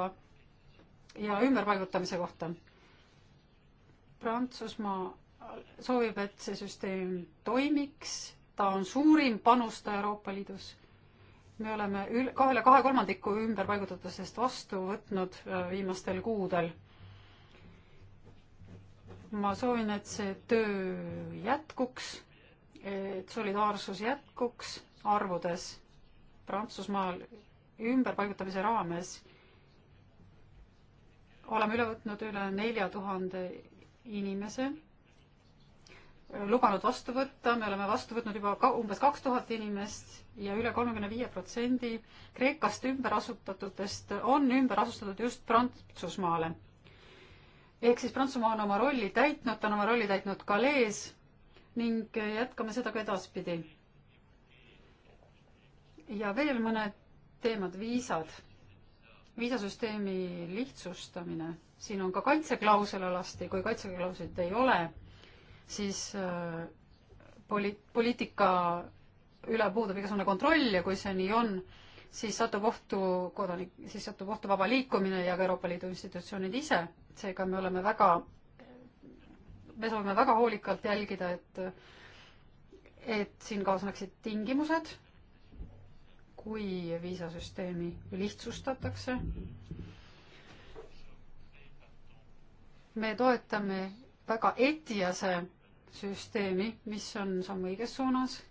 Speaker 1: ja ümberpaigutamise kohta. Prantsusmaa soovib, et see süsteem toimiks, ta on suurim panustaja Euroopa Liidus. me oleme üle, kahele kahe kolmandiku ümberpaigutatustest vastu võtnud äh, viimastel kuudel ma soovin, et see töö jätkuks, et solidaarsus jätkuks arvudes Prantsusmaal ümberpaigutamise raames. oleme üle võtnud üle nelja tuhande inimese, lubanud vastu võtta, me oleme vastu võtnud juba ka, umbes kaks tuhat inimest ja üle kolmekümne viie protsendi Kreekast ümberasutatutest on ümber asustatud just Prantsusmaale ehk siis Prantsusmaa on oma rolli täitnud, ta on oma rolli täitnud Calais ning jätkame seda ka edaspidi. ja veel mõned teemad, viisad, viisasüsteemi lihtsustamine, siin on ka kaitseklausel alasti, kui kaitseklauslit ei ole, siis äh, poli-, poliitika üle puudub igasugune kontroll ja kui see nii on, siis satub ohtu kodanik, siis satub ohtu vaba liikumine ja ka Euroopa Liidu institutsioonid ise. seega me oleme väga, me soovime väga hoolikalt jälgida, et, et siin kaasneksid tingimused, kui viisasüsteemi lihtsustatakse. me toetame väga etiase süsteemi, mis on samm õiges suunas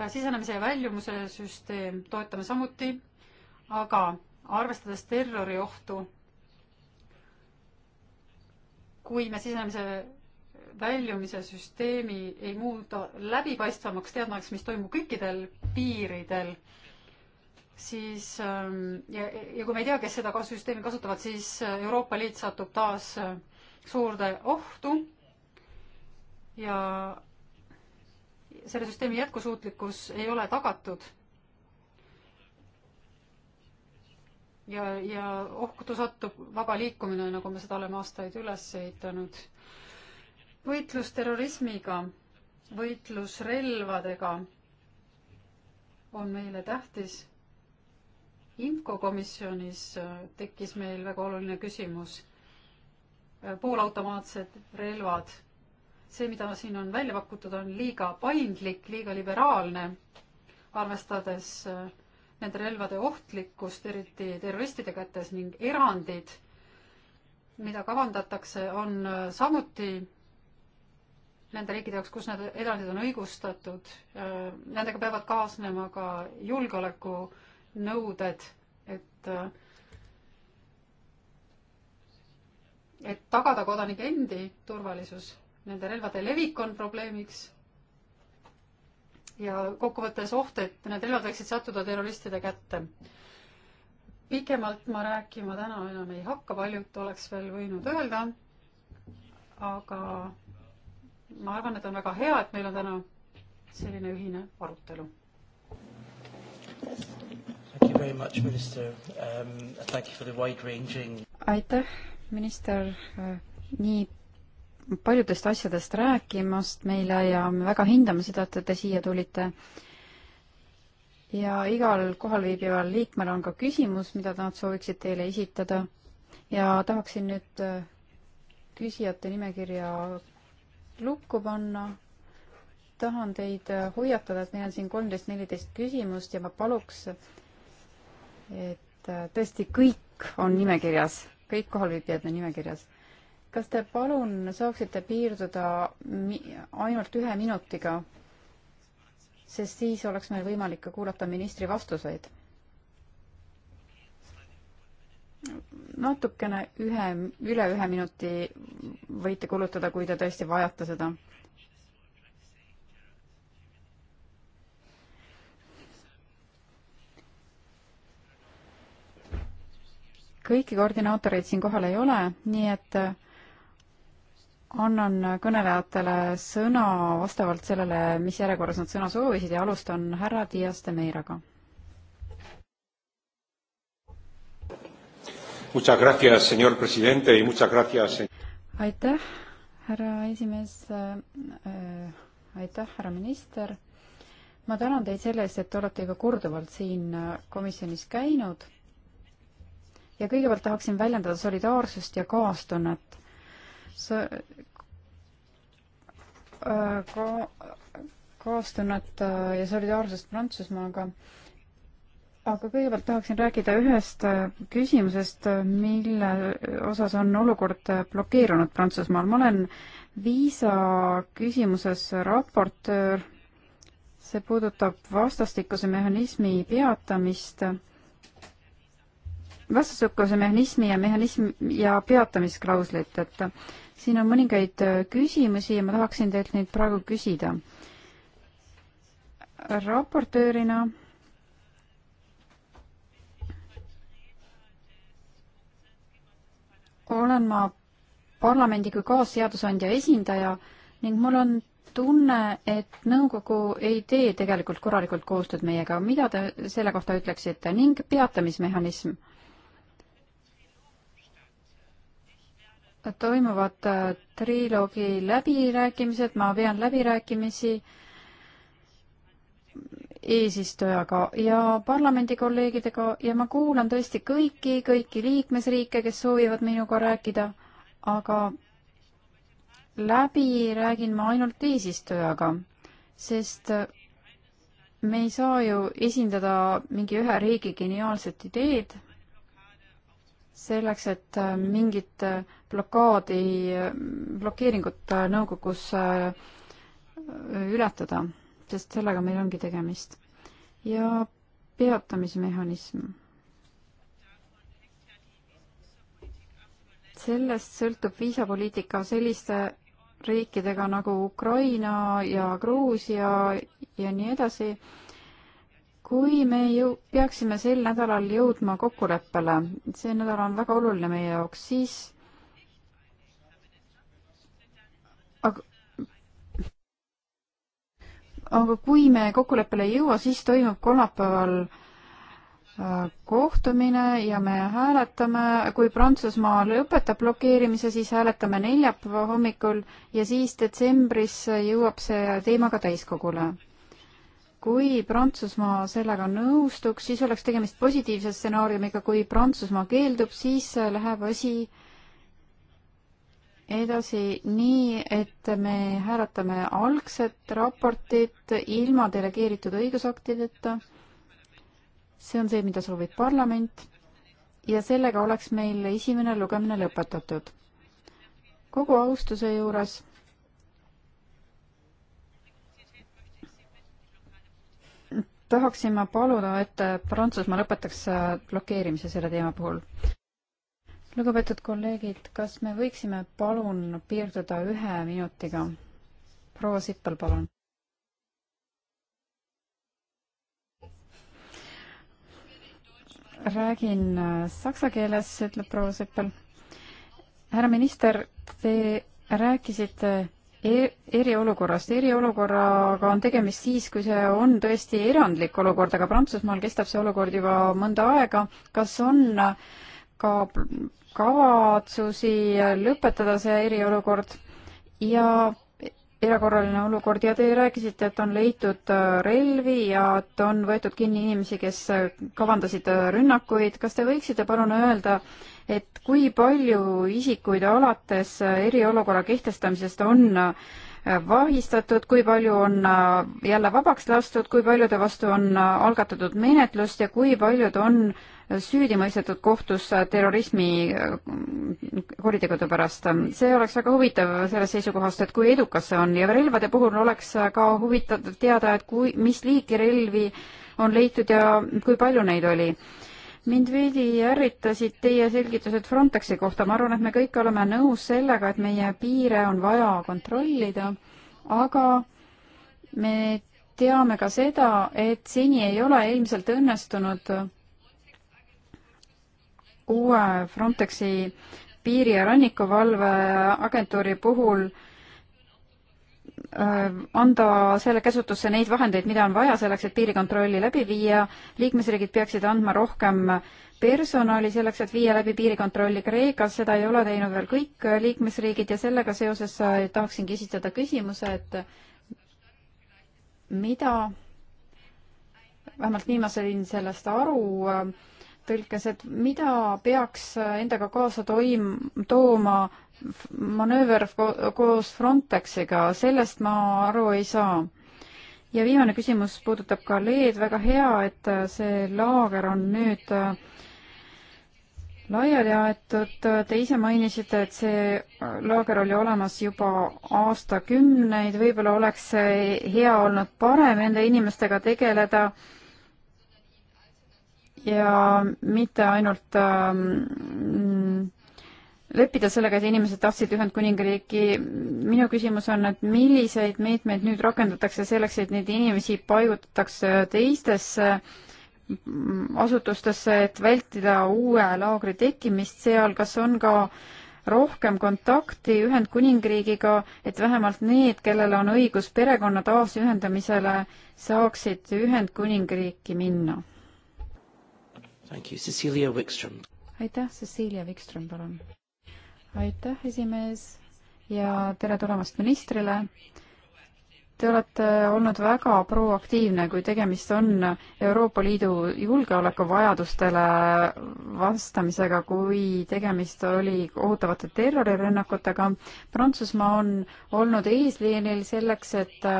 Speaker 1: Äh, sisenemise ja väljumuse süsteem toetame samuti, aga arvestades terroriohtu, kui me sisenemise väljumise süsteemi ei muuda läbipaistvamaks, teadmaks, mis toimub kõikidel piiridel, siis ähm, ja, ja kui me ei tea, kes seda süsteemi kasutavad, siis äh, Euroopa Liit satub taas äh, suurde ohtu ja selle süsteemi jätkusuutlikkus ei ole tagatud. ja, ja ohtu satub vaba liikumine, nagu me seda oleme aastaid üles ehitanud. võitlus terrorismiga, võitlus relvadega on meile tähtis. infokomisjonis äh, tekkis meil väga oluline küsimus äh, poolautomaatsed relvad see, mida siin on välja pakutud, on liiga paindlik, liiga liberaalne, arvestades äh, nende relvade ohtlikkust, eriti terroristide kätes ning erandid, mida kavandatakse, on äh, samuti nende riikide jaoks, kus need erandid on õigustatud, äh, nendega peavad kaasnema ka julgeolekunõuded, et et tagada kodanike endi turvalisus nende relvade levik on probleemiks ja kokkuvõttes oht, et need relvad võiksid sattuda terroristide kätte. pikemalt ma rääkima täna enam ei hakka, paljut oleks veel võinud öelda, aga ma arvan, et on väga hea, et meil on täna selline ühine
Speaker 2: arutelu. Um,
Speaker 1: aitäh, minister, uh, nii paljudest asjadest rääkimast meile ja me väga hindame seda, et te siia tulite. ja igal kohal viibival liikmel on ka küsimus, mida nad sooviksid teile esitada. ja tahaksin nüüd äh, küsijate nimekirja lukku panna. tahan teid äh, hoiatada, et meil on siin kolmteist, neliteist küsimust ja ma paluks, et äh, tõesti kõik on nimekirjas, kõik kohalviibijad on nimekirjas kas te palun saaksite piirduda ainult ühe minutiga, sest siis oleks meil võimalik ka kuulata ministri vastuseid. natukene ühe, üle ühe minuti võite kulutada, kui te tõesti vajate seda. kõiki koordinaatoreid siin kohal ei ole, nii et annan kõnelejatele sõna vastavalt sellele, mis järjekorras nad sõna soovisid ja alustan härra Dias de Meiraga. aitäh, härra esimees äh, aitäh, härra minister. ma tänan teid selle eest, et te olete ka korduvalt siin komisjonis käinud. ja kõigepealt tahaksin väljendada solidaarsust ja kaastunnet Äh, ka kaastunnet äh, ja solidaarsust Prantsusmaaga. aga kõigepealt tahaksin rääkida ühest äh, küsimusest, mille osas on olukord blokeerunud Prantsusmaal. ma olen viisa küsimuses raportöör, see puudutab vastastikuse mehhanismi peatamist, vastastikuse mehhanismi ja mehhanism ja peatamisklauslit, et siin on mõningaid äh, küsimusi ja ma tahaksin teilt neid praegu küsida. raportöörina olen ma parlamendi kui kaasseadusandja esindaja ning mul on tunne, et nõukogu ei tee tegelikult korralikult koostööd meiega. mida te selle kohta ütleksite ning peatamismehhanism? toimuvad äh, triloogi läbirääkimised, ma vean läbirääkimisi eesistujaga ja parlamendi kolleegidega ja ma kuulan tõesti kõiki, kõiki liikmesriike, kes soovivad minuga rääkida, aga läbi räägin ma ainult eesistujaga, sest äh, me ei saa ju esindada mingi ühe riigi geniaalset ideed selleks, et äh, mingit äh, blokaadi, äh, blokeeringut nõukogus ületada, sest sellega meil ongi tegemist. ja peatamismehhanism. sellest sõltub viisapoliitika selliste riikidega nagu Ukraina ja Gruusia ja nii edasi kui me jõu-, peaksime sel nädalal jõudma kokkuleppele, see nädal on väga oluline meie jaoks, siis aga aga kui me kokkuleppele ei jõua, siis toimub kolmapäeval äh, kohtumine ja me hääletame, kui Prantsusmaa lõpetab blokeerimise, siis hääletame neljapäeva hommikul ja siis detsembris jõuab see teema ka täiskogule kui Prantsusmaa sellega nõustuks, siis oleks tegemist positiivse stsenaariumiga, kui Prantsusmaa keeldub, siis läheb asi edasi nii, et me hääletame algset raportit ilma delegeeritud õigusaktideta. see on see, mida soovib parlament ja sellega oleks meil esimene lugemine lõpetatud. kogu austuse juures tahaksin ma paluda, et Prantsusmaa lõpetaks blokeerimise selle teema puhul. lugupeetud kolleegid, kas me võiksime palun piirduda ühe minutiga? proua Sippel, palun. räägin saksa keeles, ütleb proua Sippel. härra minister, te rääkisite E-, eriolukorrast. eriolukorraga on tegemist siis, kui see on tõesti erandlik olukord, aga Prantsusmaal kestab see olukord juba mõnda aega. kas on ka kavatsusi lõpetada see eriolukord ja erakorraline olukord ja te rääkisite, et on leitud relvi ja et on võetud kinni inimesi, kes kavandasid rünnakuid. kas te võiksite palun öelda, et kui palju isikuid alates eriolukorra kehtestamisest on äh, vahistatud, kui palju on äh, jälle vabaks lastud, kui paljude vastu on äh, algatatud menetlust ja kui paljud on süüdi mõistetud kohtus terrorismi kuritegude pärast. see oleks väga huvitav sellest seisukohast, et kui edukas see on ja relvade puhul oleks ka huvitav teada, et kui, mis liiki relvi on leitud ja kui palju neid oli mind veidi ärritasid teie selgitused Frontexi kohta, ma arvan, et me kõik oleme nõus sellega, et meie piire on vaja kontrollida, aga me teame ka seda, et seni ei ole ilmselt õnnestunud uue Frontexi piiri- ja rannikuvalveagentuuri puhul äh, Äh, anda selle käsutusse neid vahendeid, mida on vaja selleks, et piirikontrolli läbi viia. liikmesriigid peaksid andma rohkem personali selleks, et viia läbi piirikontrolli Kreekas, seda ei ole teinud veel kõik liikmesriigid ja sellega seoses äh, tahaksingi esitada küsimuse, et mida, vähemalt nii ma sain sellest aru, äh, tõlkes, et mida peaks endaga kaasa toim-, tooma manööver koos Frontexiga, sellest ma aru ei saa. ja viimane küsimus puudutab ka Leed, väga hea, et see laager on nüüd äh, laiali aetud, te ise mainisite, et see laager oli olemas juba aastakümneid, võib-olla oleks hea olnud parem nende inimestega tegeleda ja mitte ainult ähm, leppida sellega, et inimesed tahtsid Ühendkuningriiki. minu küsimus on, et milliseid meetmeid nüüd rakendatakse selleks, et neid inimesi paigutatakse teistesse asutustesse, et vältida uue laagri tekkimist seal, kas on ka rohkem kontakti Ühendkuningriigiga, et vähemalt need, kellel on õigus perekonna taasühendamisele, saaksid Ühendkuningriiki minna?
Speaker 2: aitäh, Cecilia
Speaker 1: Wikström, palun! aitäh, esimees ja tere tulemast ministrile. Te olete olnud väga proaktiivne, kui tegemist on Euroopa Liidu julgeolekuvajadustele vastamisega, kui tegemist oli kohutavate terrorirünnakutega. Prantsusmaa on olnud eesliinil selleks, et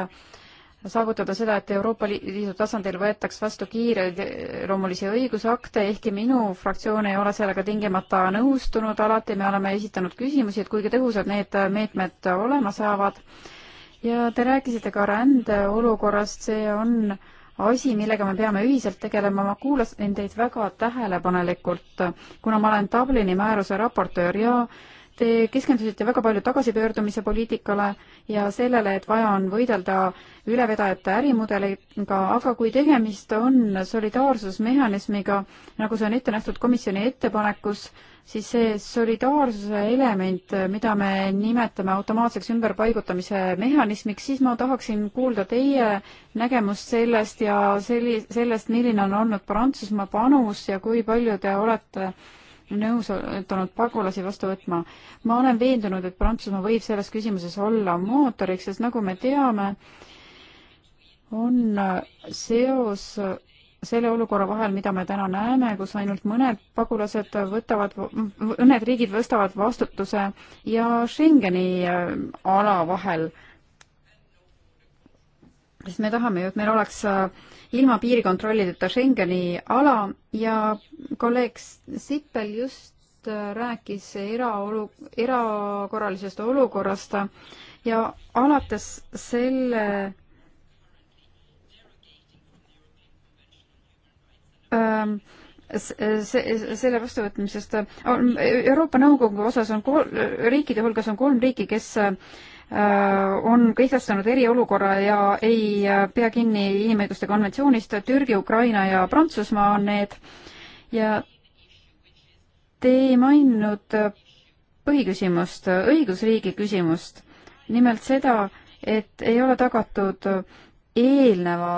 Speaker 1: saavutada seda, et Euroopa Liidu tasandil võetaks vastu kiireid loomulisi õigusakte, ehkki minu fraktsioon ei ole sellega tingimata nõustunud, alati me oleme esitanud küsimusi, et kuigi tõhusad need meetmed olema saavad. ja te rääkisite ka rändeolukorrast, see on asi, millega me peame ühiselt tegelema, ma kuulasin teid väga tähelepanelikult, kuna ma olen Dublini määruse raportöör ja äh, Te keskendusite väga palju tagasipöördumise poliitikale ja sellele, et vaja on võidelda ülevedajate ärimudeliga, aga kui tegemist on solidaarsusmehhanismiga, nagu see on ette nähtud komisjoni ettepanekus, siis see solidaarsuse element, mida me nimetame automaatseks ümberpaigutamise mehhanismiks, siis ma tahaksin kuulda teie nägemust sellest ja selli-, sellest, milline on olnud Prantsusmaa panus ja kui palju te olete nõus olnud pagulasi vastu võtma. ma olen veendunud, et Prantsusmaa võib selles küsimuses olla mootoriks, sest nagu me teame, on seos selle olukorra vahel, mida me täna näeme, kus ainult mõned pagulased võtavad, mõned riigid võtavad vastutuse ja Schengeni ala vahel sest me tahame ju, et meil oleks äh, ilma piirikontrollideta Schengeni ala ja kolleeg Sippel just äh, rääkis eraolu, erakorralisest olukorrast ja alates selle ähm, see, selle vastuvõtmisest, äh, Euroopa Nõukogu osas on kol-, riikide hulgas on kolm riiki, kes Äh, on kehtestanud eriolukorra ja ei äh, pea kinni inimõiguste konventsioonist. Türgi, Ukraina ja Prantsusmaa on need. ja te ei maininud äh, põhiküsimust, õigusriigi küsimust. nimelt seda, et ei ole tagatud eelneva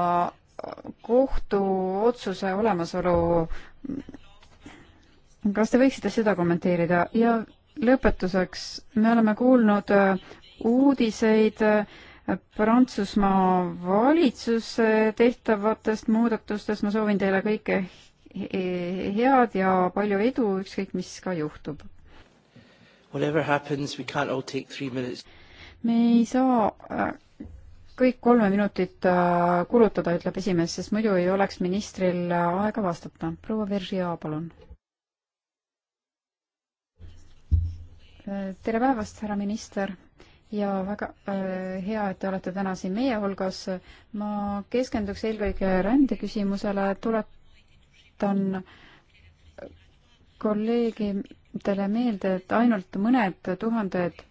Speaker 1: kohtuotsuse olemasolu. kas te võiksite seda kommenteerida ja lõpetuseks, me oleme kuulnud uudiseid äh, Prantsusmaa valitsuse tehtavatest muudatustest, ma soovin teile kõike head ja palju edu, ükskõik mis ka juhtub. me ei saa äh, kõik kolme minutit äh, kulutada, ütleb esimees, sest muidu ei oleks ministril aega vastata. proua Veržia, palun. tere päevast, härra minister ja väga äh, hea, et te olete täna siin meie hulgas. ma keskenduks eelkõige rändeküsimusele, tuletan kolleegidele meelde, et ainult mõned tuhanded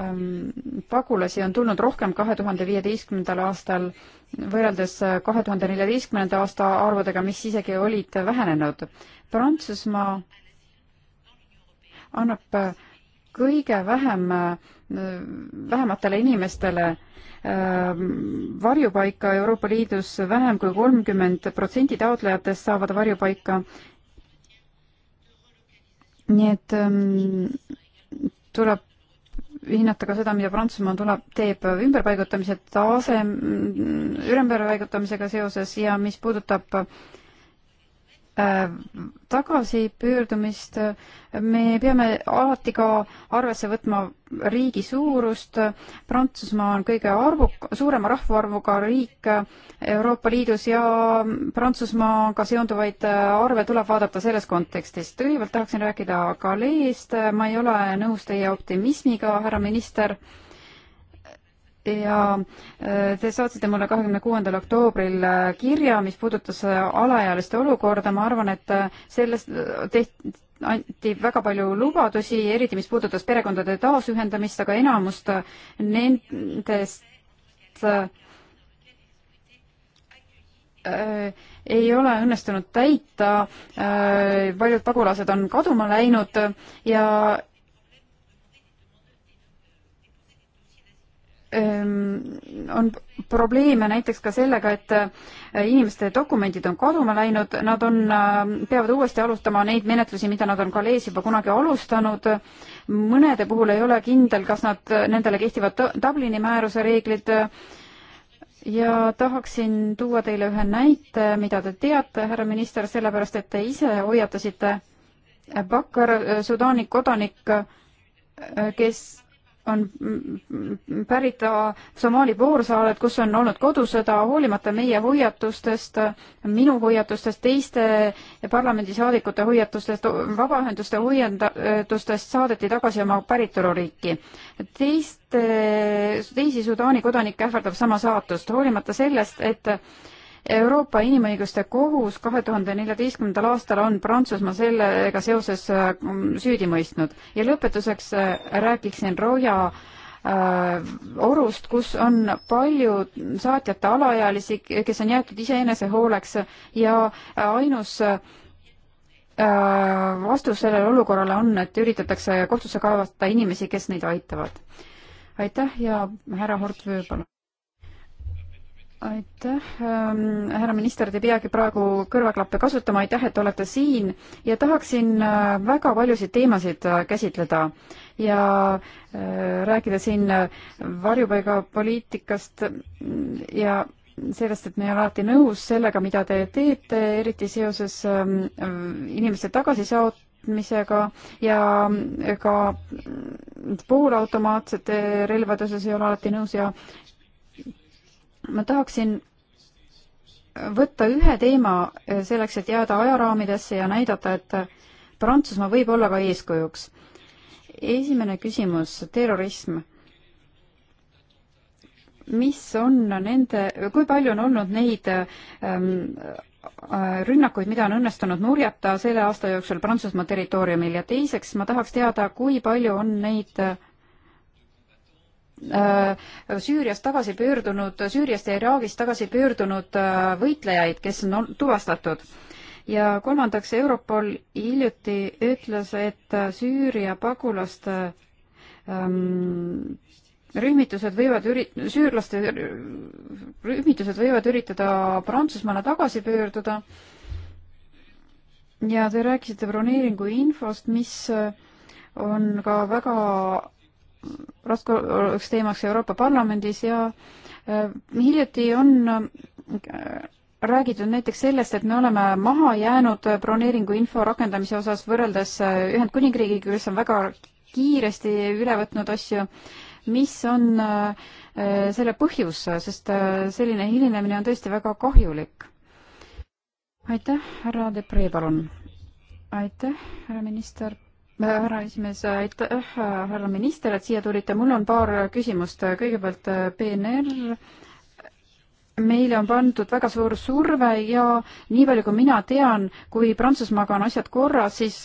Speaker 1: ähm, pagulasi on tulnud rohkem kahe tuhande viieteistkümnendal aastal võrreldes kahe tuhande neljateistkümnenda aasta arvudega, mis isegi olid vähenenud. Prantsusmaa annab äh, kõige vähem, vähematele inimestele ähm, varjupaika Euroopa Liidus vähem kui kolmkümmend protsenti taotlejatest saavad varjupaika. nii et ähm, tuleb hinnata ka seda, mida Prantsusmaa tuleb, teeb ümberpaigutamise tase, ümberpaigutamisega seoses ja mis puudutab äh, tagasipöördumist, me peame alati ka arvesse võtma riigi suurust, Prantsusmaa on kõige arvu, suurema rahvaarvuga riik Euroopa Liidus ja Prantsusmaaga seonduvaid arve tuleb vaadata selles kontekstis. kõigepealt tahaksin rääkida Galeest, ma ei ole nõus teie optimismiga, härra minister ja äh, te saatsite mulle kahekümne kuuendal oktoobril äh, kirja, mis puudutas äh, alaealiste olukorda, ma arvan, et sellest tehti anti väga palju lubadusi, eriti mis puudutas perekondade taasühendamist, aga enamust nendest ei ole õnnestunud täita, paljud pagulased on kaduma läinud ja on probleeme näiteks ka sellega, et äh, inimeste dokumendid on kaduma läinud, nad on, äh, peavad uuesti alustama neid menetlusi, mida nad on Galees juba kunagi alustanud. mõnede puhul ei ole kindel, kas nad, äh, nendele kehtivad Dublini määruse reeglid. ja tahaksin tuua teile ühe näite, mida te teate, härra minister, sellepärast et te ise hoiatasite Bakar, Sudaani kodanik, kes on pärit Somaali poolsaarelt, kus on olnud kodusõda, hoolimata meie hoiatustest, minu hoiatustest, teiste parlamendisaadikute hoiatustest, vabaühenduste hoiatustest saadeti tagasi oma päritoluriiki. teist, teisi Sudaani kodanikke ähvardab sama saatust, hoolimata sellest, et Euroopa Inimõiguste Kohus kahe tuhande neljateistkümnendal aastal on Prantsusmaa sellega seoses äh, süüdi mõistnud. ja lõpetuseks äh, räägiksin Roja äh, orust, kus on palju saatjate alaealisi, kes on jäetud iseenese hooleks ja ainus vastus sellele olukorrale on, et üritatakse kohtusse kaevata inimesi, kes neid aitavad. aitäh ja härra Hort Vöö, palun aitäh, ähm, härra minister, te ei peagi praegu kõrvaklappe kasutama, aitäh, et olete siin ja tahaksin äh, väga paljusid teemasid äh, käsitleda ja äh, rääkida siin varjupaigapoliitikast mm, ja sellest, et me ei ole alati nõus sellega, mida te teete, eriti seoses ähm, inimeste tagasisaat-, võtmisega ja ka mm, poolautomaatsete relvade osas ei ole alati nõus ja ma tahaksin võtta ühe teema selleks, et jääda ajaraamidesse ja näidata, et Prantsusmaa võib olla ka eeskujuks. esimene küsimus, terrorism. mis on nende, kui palju on olnud neid ähm, äh, rünnakuid, mida on õnnestunud nurjata selle aasta jooksul Prantsusmaa territooriumil ja teiseks ma tahaks teada, kui palju on neid äh, Äh, Süüriast tagasi pöördunud, Süüriast ja Iraagist tagasi pöördunud äh, võitlejaid, kes on tuvastatud. ja kolmandaks, Europol hiljuti ütles, et äh, Süüria pagulaste ähm, rühmitused võivad üri-, süürlaste rühmitused võivad üritada Prantsusmaale tagasi pöörduda ja te rääkisite broneeringu infost, mis on ka väga raskeks teemaks Euroopa Parlamendis ja äh, hiljuti on äh, räägitud näiteks sellest, et me oleme maha jäänud broneeringuinfo rakendamise osas võrreldes äh, Ühendkuningriigiga, kes on väga kiiresti üle võtnud asju. mis on selle põhjus, sest selline hilinemine on tõesti väga kahjulik? aitäh, härra Depree, palun. aitäh, härra minister Äh, härra esimees, aitäh, äh, härra minister, et siia tulite. mul on paar küsimust. kõigepealt äh, PNR. meile on pandud väga suur surve ja nii palju, kui mina tean, kui Prantsusmaaga on asjad korras, siis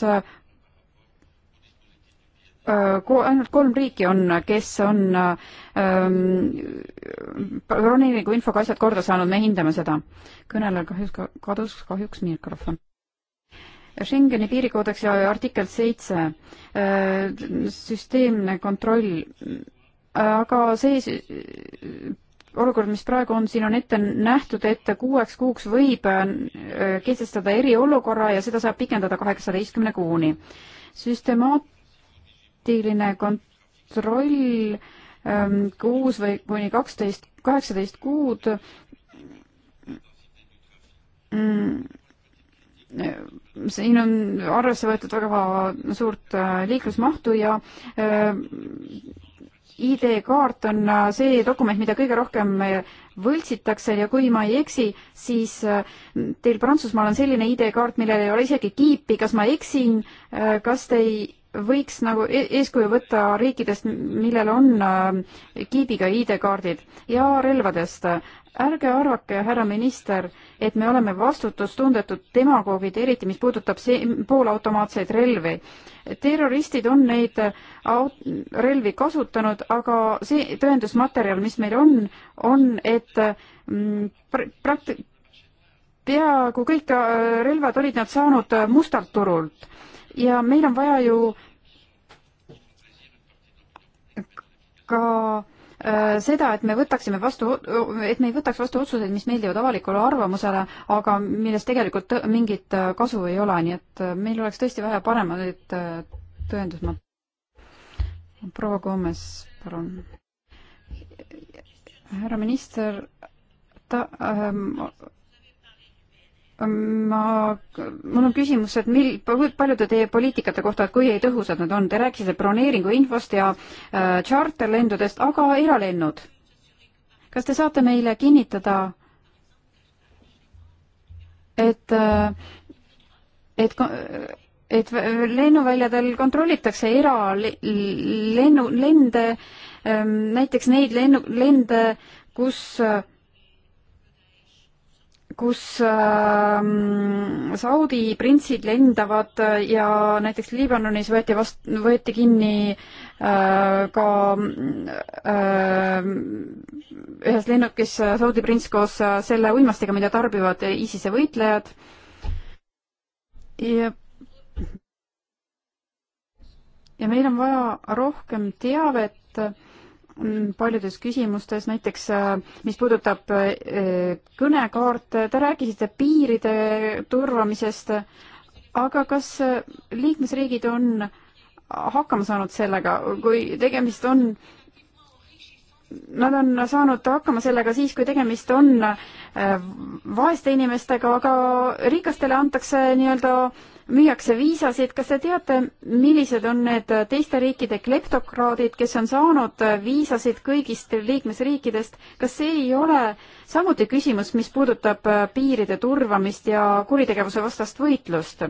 Speaker 1: ainult kolm riiki on, kes on ähm, broneeringu ähm, infoga asjad korda saanud, me hindame seda. kõnelejal kahjuks kadus kahjuks mikrofon Schengeni piirikoodeksi artikkel seitse, äh, süsteemne kontroll, aga see olukord, mis praegu on, siin on ette nähtud, et kuueks kuuks võib äh, kehtestada eriolukorra ja seda saab pikendada kaheksateistkümne kuuni. süstemaatiline kontroll ähm, kuus või kuni kaksteist, kaheksateist kuud mm, siin on arvesse võetud väga suurt äh, liiklusmahtu ja äh, ID-kaart on äh, see dokument, mida kõige rohkem võltsitakse ja kui ma ei eksi, siis teil Prantsusmaal on selline ID-kaart, millel ei ole isegi kiipi, kas ma eksin, kas te ei võiks nagu e-, eeskuju võtta riikidest, millel on äh, kiibiga ID-kaardid ja relvadest. ärge arvake, härra minister, et me oleme vastutustundetud demagoogid, eriti mis puudutab poolautomaatseid relvi. terroristid on neid relvi kasutanud, aga see tõendusmaterjal, mis meil on, on, et mm, prakt-, peaaegu kõik äh, relvad olid nad saanud äh, mustalt turult ja meil on vaja ju ka äh, seda, et me võtaksime vastu, et me ei võtaks vastu otsuseid, mis meeldivad avalikule arvamusele, aga millest tegelikult mingit äh, kasu ei ole, nii et äh, meil oleks tõesti vaja paremaid tõendusmat-. proua Koomes, palun. härra minister, ta ähm, ma, mul on küsimus, et mil, paljude teie poliitikate kohta, et kui tõhusad nad on, te rääkisite broneeringu infost ja äh, charterlendudest, aga eralennud. kas te saate meile kinnitada, et äh,, et et lennuväljadel kontrollitakse eralennu, lende, ähm, näiteks neid lennu, lende, kus äh, kus äh, Saudi printsid lendavad ja näiteks Liibanonis võeti vast-, võeti kinni äh, ka äh, ühes lennukis Saudi prints koos äh, selle uimastiga, mida tarbivad ISISe võitlejad. ja ja meil on vaja rohkem teavet Mm, paljudes küsimustes, näiteks äh, mis puudutab äh, kõnekaarte, te rääkisite piiride turvamisest, aga kas äh, liikmesriigid on hakkama saanud sellega, kui tegemist on äh, nad on saanud hakkama sellega siis, kui tegemist on äh, vaeste inimestega, aga rikastele antakse nii-öelda, müüakse viisasid. kas te teate, millised on need teiste riikide kleptokraadid, kes on saanud viisasid kõigist liikmesriikidest? kas see ei ole samuti küsimus, mis puudutab äh, piiride turvamist ja kuritegevuse vastast võitlust?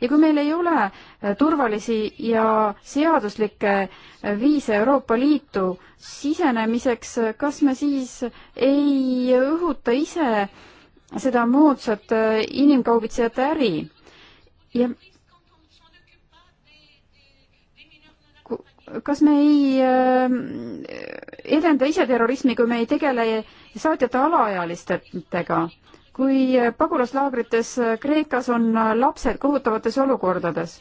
Speaker 1: ja kui meil ei ole äh, turvalisi ja seaduslikke äh, viise Euroopa Liitu sisenemiseks, äh, kas me siis ei õhuta ise seda moodsat inimkaubitsejate äri ja kas me ei edenda ise terrorismi, kui me ei tegele saatjate alaealistega? kui pagulaslaagrites Kreekas on lapsed kohutavates olukordades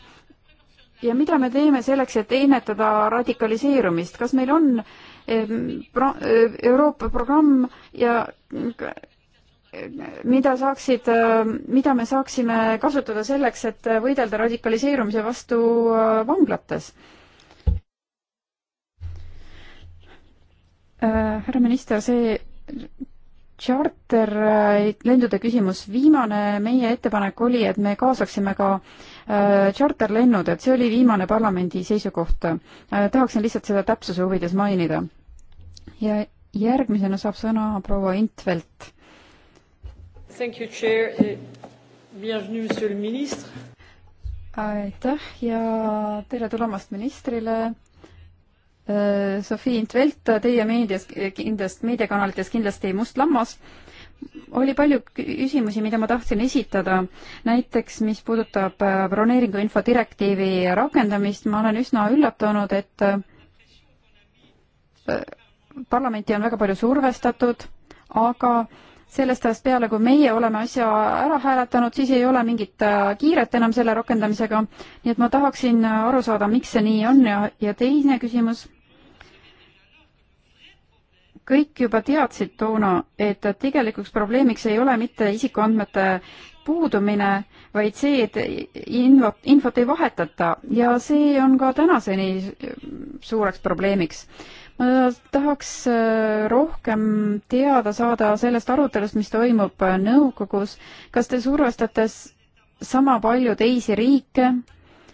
Speaker 1: ja mida me teeme selleks, et ennetada radikaliseerumist, kas meil on eh, eh, Euroopa programm ja eh, mida saaksid, mida me saaksime kasutada selleks, et võidelda radikaliseerumise vastu vanglates? härra minister, see tšarterlendude küsimus, viimane meie ettepanek oli, et me kaasaksime ka äh, tšarterlennud, et see oli viimane parlamendi seisukoht äh,. tahaksin lihtsalt seda täpsuse huvides mainida. ja järgmisena saab sõna proua Intvelt. Eh, aitäh ja tere tulemast ministrile Sofii Intvelt, teie meedias, kindlasti, meediakanalites kindlasti Must lammas, oli palju küsimusi, mida ma tahtsin esitada, näiteks mis puudutab äh, broneeringuinfo direktiivi rakendamist, ma olen üsna üllatunud, et äh, parlamenti on väga palju survestatud, aga sellest ajast peale, kui meie oleme asja ära hääletanud, siis ei ole mingit äh, kiiret enam selle rakendamisega. nii et ma tahaksin aru saada, miks see nii on ja, ja teine küsimus kõik juba teadsid toona, et tegelikuks probleemiks ei ole mitte isikuandmete puudumine, vaid see, et infot, infot ei vahetata ja see on ka tänaseni suureks probleemiks. ma tahaks äh, rohkem teada saada sellest arutelust, mis toimub äh, nõukogus. kas te survestate sama palju teisi riike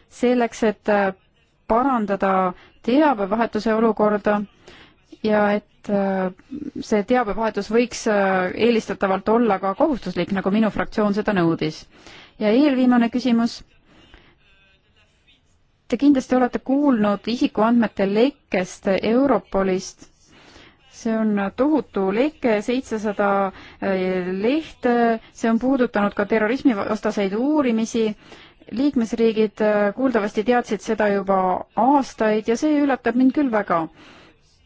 Speaker 1: selleks, et äh, parandada teabevahetuse olukorda ja et et äh, see teabevahetus võiks äh, eelistatavalt olla ka kohustuslik, nagu minu fraktsioon seda nõudis. ja eelviimane küsimus. Te kindlasti olete kuulnud isikuandmete lekkest Europolist see on tohutu leke, seitsesada äh, lehte, see on puudutanud ka terrorismivastaseid uurimisi. liikmesriigid kuuldavasti teadsid seda juba aastaid ja see üllatab mind küll väga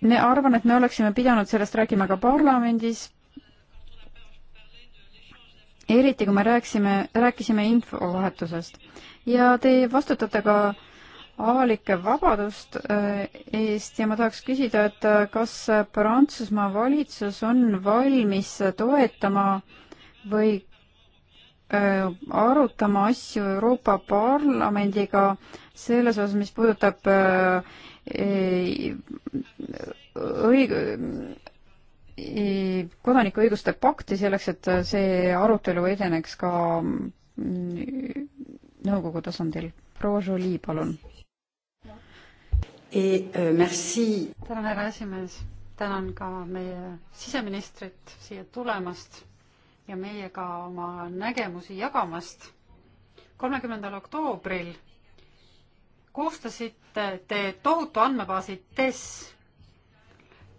Speaker 1: me arvan, et me oleksime pidanud sellest rääkima ka parlamendis, eriti kui me rääkisime, rääkisime infovahetusest. ja te vastutate ka avalike vabaduste äh, eest ja ma tahaks küsida, et äh, kas Prantsusmaa valitsus on valmis toetama või äh, arutama asju Euroopa Parlamendiga selles osas, mis puudutab äh, õig-, kodanikuõiguste pakti selleks, et see arutelu edeneks ka mm, nõukogu tasandil. proua Jolie, palun. Euh, tänan, härra esimees. tänan ka meie siseministrit siia tulemast ja meiega oma nägemusi jagamast. kolmekümnendal oktoobril koostasite te tohutu andmebaasi TES,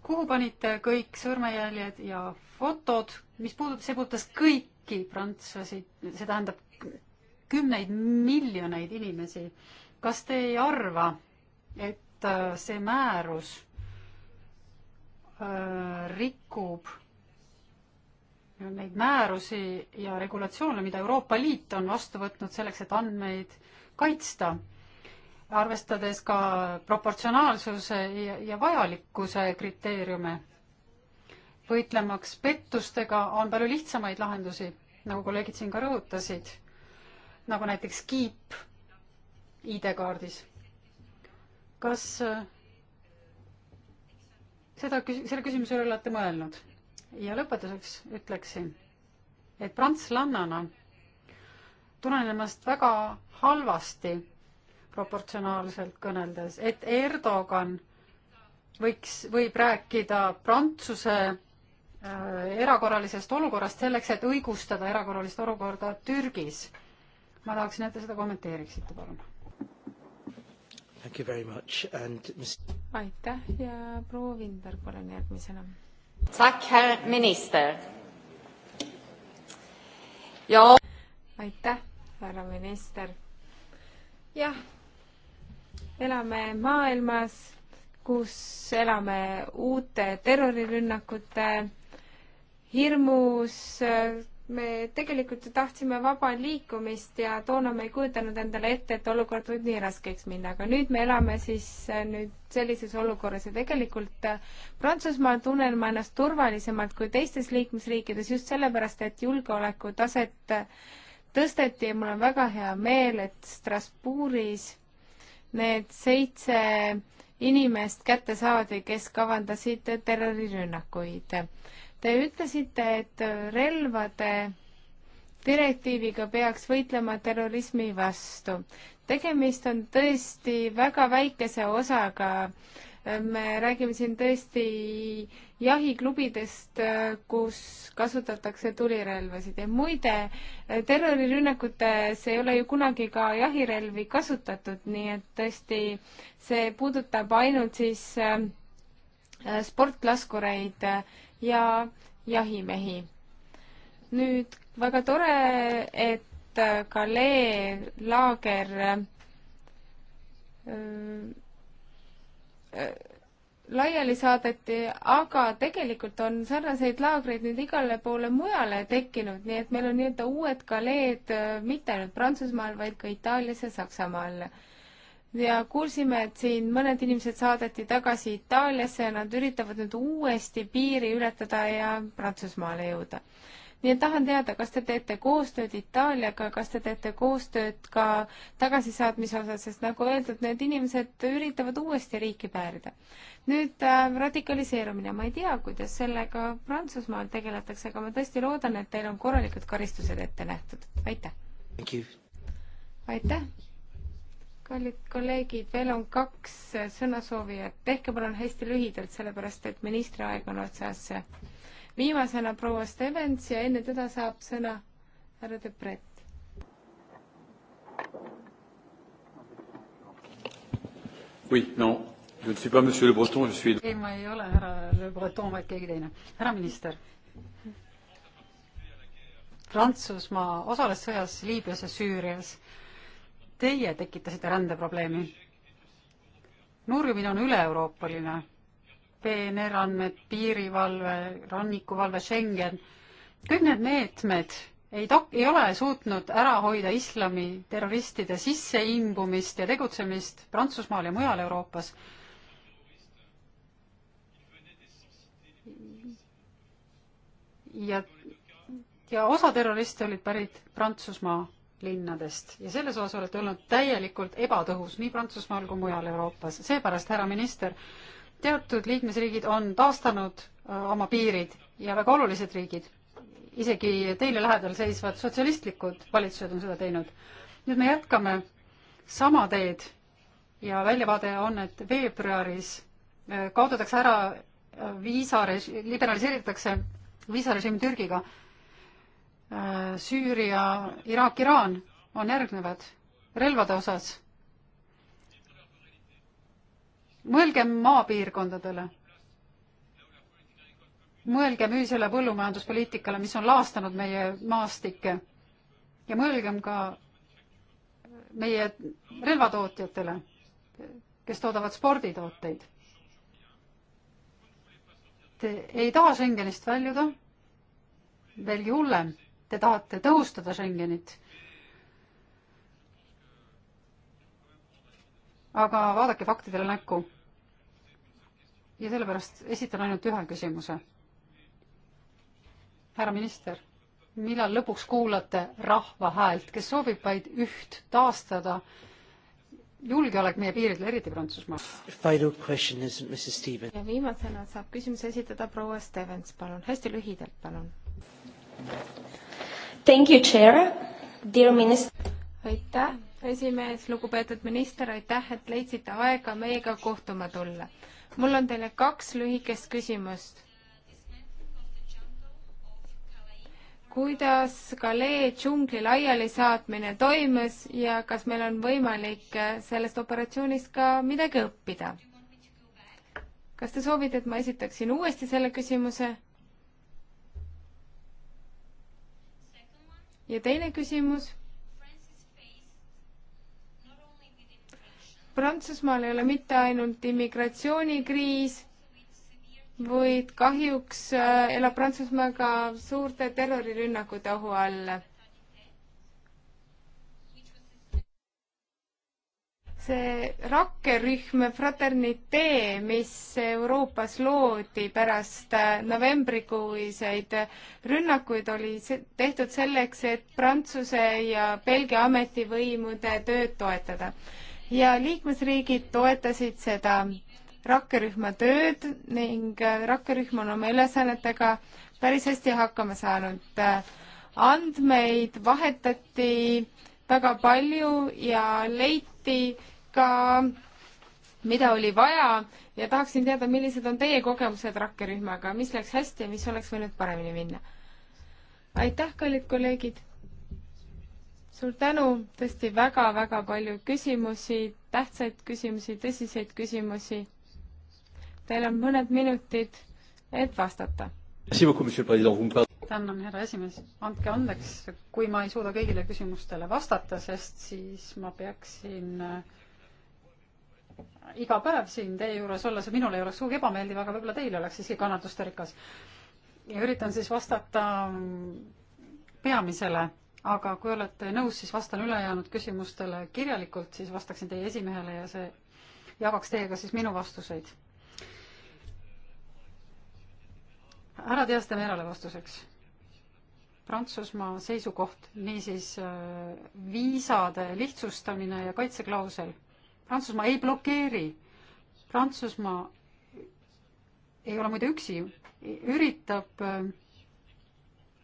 Speaker 1: kuhu panite kõik sõrmejäljed ja fotod, mis puudutab, see puudutas kõiki prantslasi, see tähendab kümneid miljoneid inimesi. kas te ei arva, et äh, see määrus öö, äh, rikub neid määrusi ja regulatsioone, mida Euroopa Liit on vastu võtnud selleks, et andmeid kaitsta? arvestades ka proportsionaalsuse ja, ja vajalikkuse kriteeriume. võitlemaks pettustega on palju lihtsamaid lahendusi, nagu kolleegid siin ka rõhutasid, nagu näiteks kiip ID-kaardis. kas äh, seda, selle küsimuse üle olete mõelnud? ja lõpetuseks ütleksin, et prantslannana tunnen ennast väga halvasti proportsionaalselt kõneldes, et Erdogan võiks, võib rääkida Prantsuse äh, erakorralisest olukorrast selleks, et õigustada erakorralist olukorda Türgis. ma tahaksin, et te seda kommenteeriksite, palun.
Speaker 3: aitäh ja proua Vinder,
Speaker 2: palun järgmisena.
Speaker 3: aitäh, härra minister. jah elame maailmas, kus elame uute terrorirünnakute hirmus, me tegelikult ju tahtsime vaba liikumist ja toona me ei kujutanud endale ette, et olukord võib nii raskeks minna, aga nüüd me elame siis äh, nüüd sellises olukorras ja tegelikult äh, Prantsusmaal tunnen ma ennast turvalisemalt kui teistes liikmesriikides just sellepärast, et julgeolekutaset äh, tõsteti ja mul on väga hea meel, et Strasbourgis need seitse inimest kätte saadi, kes kavandasid terrorirünnakuid. Te ütlesite, et relvade direktiiviga peaks võitlema terrorismi vastu. tegemist on tõesti väga väikese osaga me räägime siin tõesti jahiklubidest, kus kasutatakse tulirelvasid ja muide, terrorirünnakutes ei ole ju kunagi ka jahirelvi kasutatud, nii et tõesti see puudutab ainult siis äh, sportlaskureid ja jahimehi. nüüd väga tore, et Kalee äh, laager öö, äh, laiali saadeti, aga tegelikult on sarnaseid laagreid nüüd igale poole mujale tekkinud, nii et meil on nii-öelda uued galeed äh, mitte ainult Prantsusmaal, vaid ka Itaalias ja Saksamaal. ja kuulsime, et siin mõned inimesed saadeti tagasi Itaaliasse ja nad üritavad nüüd uuesti piiri ületada ja Prantsusmaale jõuda nii et tahan teada, kas te teete koostööd Itaaliaga, kas te teete koostööd ka tagasisaatmise osas, sest nagu öeldud, need inimesed üritavad uuesti riiki päärida. nüüd äh, radikaliseerumine, ma ei tea, kuidas sellega Prantsusmaal tegeletakse, aga ma tõesti loodan, et teil on korralikud karistused ette nähtud, aitäh! aitäh! kallid kolleegid, veel on kaks sõnasoovijat, tehke palun hästi lühidalt, sellepärast et ministri aeg on otsas viimasena proua Stevens ja enne teda saab sõna härra Depret.
Speaker 1: Oui, non, je ne suis pas monsieur Le Breton, je suis. ei, ma ei ole härra Le Breton, vaid keegi teine. härra minister. Prantsusmaa osales sõjas Liibüas ja Süürias. Teie tekitasite rändeprobleemi. nurjumine on üle-euroopaline PNR-andmed, piirivalve, rannikuvalve, Schengen, kõik need meetmed ei tok-, ei ole suutnud ära hoida islami terroristide sisseimbumist ja tegutsemist Prantsusmaal ja mujal Euroopas. ja, ja osa terroriste olid pärit Prantsusmaa linnadest ja selles osas olete olnud täielikult ebatõhus nii Prantsusmaal kui mujal Euroopas. seepärast, härra minister, teatud liikmesriigid on taastanud äh, oma piirid ja väga olulised riigid, isegi teile lähedal seisvad sotsialistlikud valitsused on seda teinud. nüüd me jätkame sama teed ja väljavaade on, et veebruaris äh, kaotatakse ära äh, viisa, liberaliseeritakse viisarežiim Türgiga. Süüria, Iraak, Iraan on järgnevad relvade osas mõelgem maapiirkondadele. mõelgem ühisele põllumajanduspoliitikale, mis on laastanud meie maastikke ja mõelgem ka meie relvatootjatele, kes toodavad sporditooteid. Te ei taha Schengenist väljuda, veelgi hullem, te tahate tõhustada Schengenit. aga vaadake faktidele näkku ja sellepärast esitan ainult ühe küsimuse. härra minister, millal lõpuks kuulate rahva häält, kes soovib vaid üht taastada julgeolek
Speaker 3: meie piiridel, eriti Prantsusmaal? ja viimasena saab küsimuse esitada proua Stevens, palun, hästi lühidalt, palun. Thank you, chair, dear minister. aitäh, esimees, lugupeetud minister, aitäh, et leidsite aega meiega kohtuma tulla mul on teile kaks lühikest küsimust. kuidas Kalee džungli laialisaatmine toimus ja kas meil on võimalik sellest operatsioonist ka midagi õppida? kas te soovite, et ma esitaksin uuesti selle küsimuse? ja teine küsimus Prantsusmaal ei ole mitte ainult immigratsioonikriis, vaid kahjuks äh, elab Prantsusmaa ka suurte terrorirünnakute ohu all. see rakkerühm Fraternitee, mis Euroopas loodi pärast äh, novembrikuiseid rünnakuid, oli tehtud selleks, et Prantsuse ja Belgia ametivõimude tööd toetada ja liikmesriigid toetasid seda rakkerühma tööd ning äh, rakkerühm on oma ülesannetega päris hästi hakkama saanud. Äh, andmeid vahetati väga palju ja leiti ka, mida oli vaja ja tahaksin teada, millised on teie kogemused rakkerühmaga, mis läks hästi ja mis oleks võinud paremini minna? aitäh, kallid kolleegid! suur tänu, tõesti väga-väga palju küsimusi, tähtsaid küsimusi, tõsiseid küsimusi. Teil on mõned minutid, et vastata. tänan, härra esimees, andke andeks, kui
Speaker 1: ma ei suuda kõigile küsimustele vastata, sest siis ma peaksin äh, iga päev siin teie juures olles ja minul ei oleks sugugi ebameeldiv, aga võib-olla teil oleks siiski kannatusterikas. ja üritan siis vastata mm, peamisele aga kui olete nõus, siis vastan ülejäänud küsimustele kirjalikult, siis vastaksin teie esimehele ja see jagaks teiega siis minu vastuseid. härra Dias de Merale vastuseks. Prantsusmaa seisukoht, niisiis äh, viisade lihtsustamine ja kaitseklausel. Prantsusmaa ei blokeeri. Prantsusmaa ei ole muide üksi, üritab äh,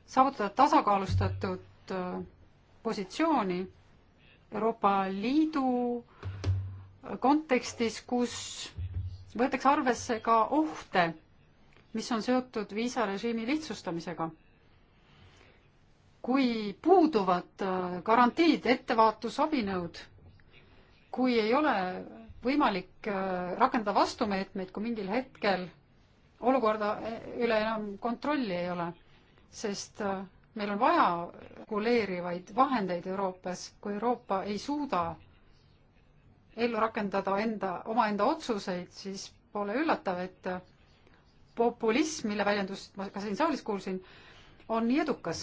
Speaker 1: saavutada tasakaalustatud tugevat äh, positsiooni Euroopa Liidu äh, kontekstis, kus võetakse arvesse ka ohte, mis on seotud viisarežiimi lihtsustamisega. kui puuduvad äh, garantiid, ettevaatusabinõud, kui ei ole võimalik rakendada vastumeetmeid, kui mingil hetkel olukorda üle enam kontrolli ei ole, sest meil on vaja reguleerivaid vahendeid Euroopas, kui Euroopa ei suuda ellu rakendada enda, omaenda otsuseid, siis pole üllatav, et populism, mille väljendust ma ka siin saalis kuulsin, on nii edukas.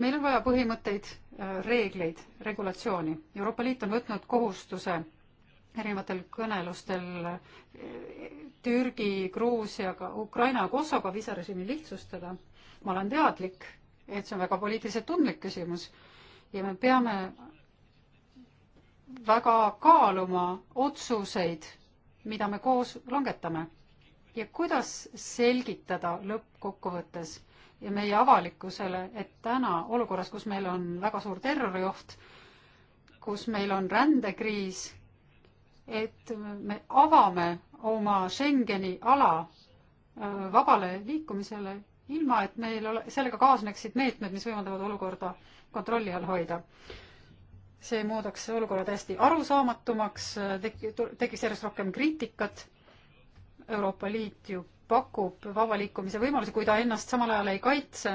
Speaker 1: meil on vaja põhimõtteid, äh, reegleid, regulatsiooni. Euroopa Liit on võtnud kohustuse erinevatel kõnelustel äh, Türgi, Gruusiaga, Ukraina, Kosovo viisarežiimi lihtsustada. ma olen teadlik et see on väga poliitiliselt tundlik küsimus ja me peame väga kaaluma otsuseid, mida me koos langetame ja kuidas selgitada lõppkokkuvõttes ja meie avalikkusele, et täna olukorras, kus meil on väga suur terrorioht, kus meil on rändekriis, et me avame oma Schengeni ala äh, vabale liikumisele ilma et meil ole, sellega kaasneksid meetmed, mis võimaldavad olukorda kontrolli all hoida. see muudaks olukorra täiesti arusaamatumaks, tek-, tekiks järjest rohkem kriitikat, Euroopa Liit ju pakub vaba liikumise võimalusi, kui ta ennast samal ajal ei kaitse,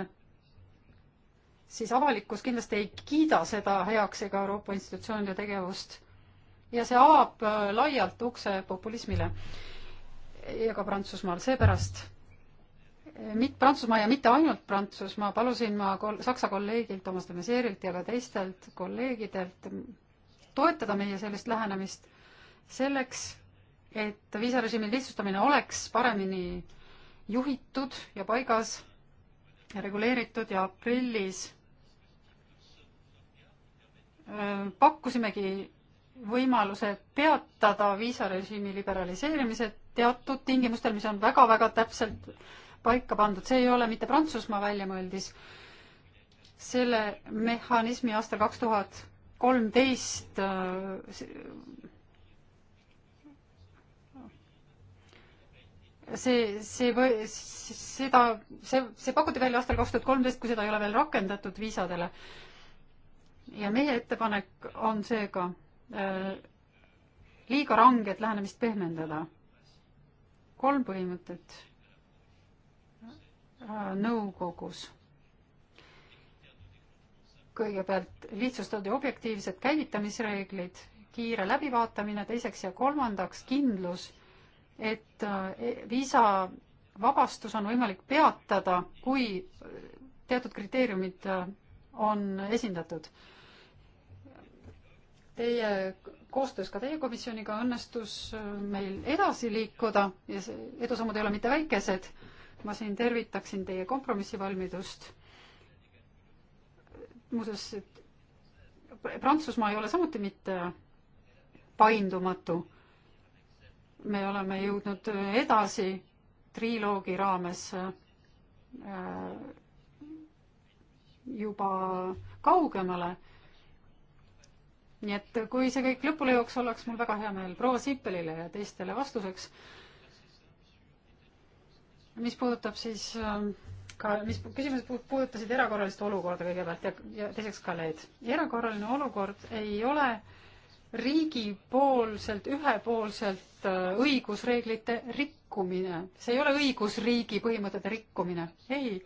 Speaker 1: siis avalikkus kindlasti ei kiida seda heaks ega Euroopa institutsioonide tegevust. ja see avab äh, laialt ukse populismile ja ka Prantsusmaal, seepärast mit-, Prantsusmaa ja mitte ainult Prantsusmaa, palusin ma kol-, Saksa kolleegilt Toomas de Maizierilt ja ka teistelt kolleegidelt toetada meie sellist lähenemist selleks, et viisarežiimi lihtsustamine oleks paremini juhitud ja paigas ja reguleeritud ja aprillis äh, pakkusimegi võimaluse peatada viisarežiimi liberaliseerimise teatud tingimustel, mis on väga-väga täpselt paika pandud, see ei ole mitte Prantsusmaa välja mõeldis, selle mehhanismi aastal kaks tuhat kolmteist äh, see, see või seda, see, see pakuti välja aastal kaks tuhat kolmteist, kui seda ei ole veel rakendatud viisadele. ja meie ettepanek on seega äh, liiga ranget lähenemist pehmendada. kolm põhimõtet Äh, nõukogus. kõigepealt lihtsustatud ja objektiivsed käivitamisreeglid, kiire läbivaatamine, teiseks ja kolmandaks kindlus, et äh, e, viisavabastus on võimalik peatada, kui äh, teatud kriteeriumid on esindatud. Teie koostöös ka teie komisjoniga õnnestus meil edasi liikuda ja edusammud ei ole mitte väikesed ma siin tervitaksin teie kompromissivalmidust. muuseas, et Prantsusmaa ei ole samuti mitte paindumatu. me oleme jõudnud edasi triloogi raames äh, juba kaugemale. nii et kui see kõik lõpule jooks, oleks mul väga hea meel proua Sippelile ja teistele vastuseks mis puudutab siis ähm, ka, mis küsimused puudutasid erakorralist olukorda kõigepealt ja, ja teiseks ka need. erakorraline olukord ei ole riigipoolselt, ühepoolselt äh, õigusreeglite rikkumine. see ei ole õigusriigi põhimõtete rikkumine, ei.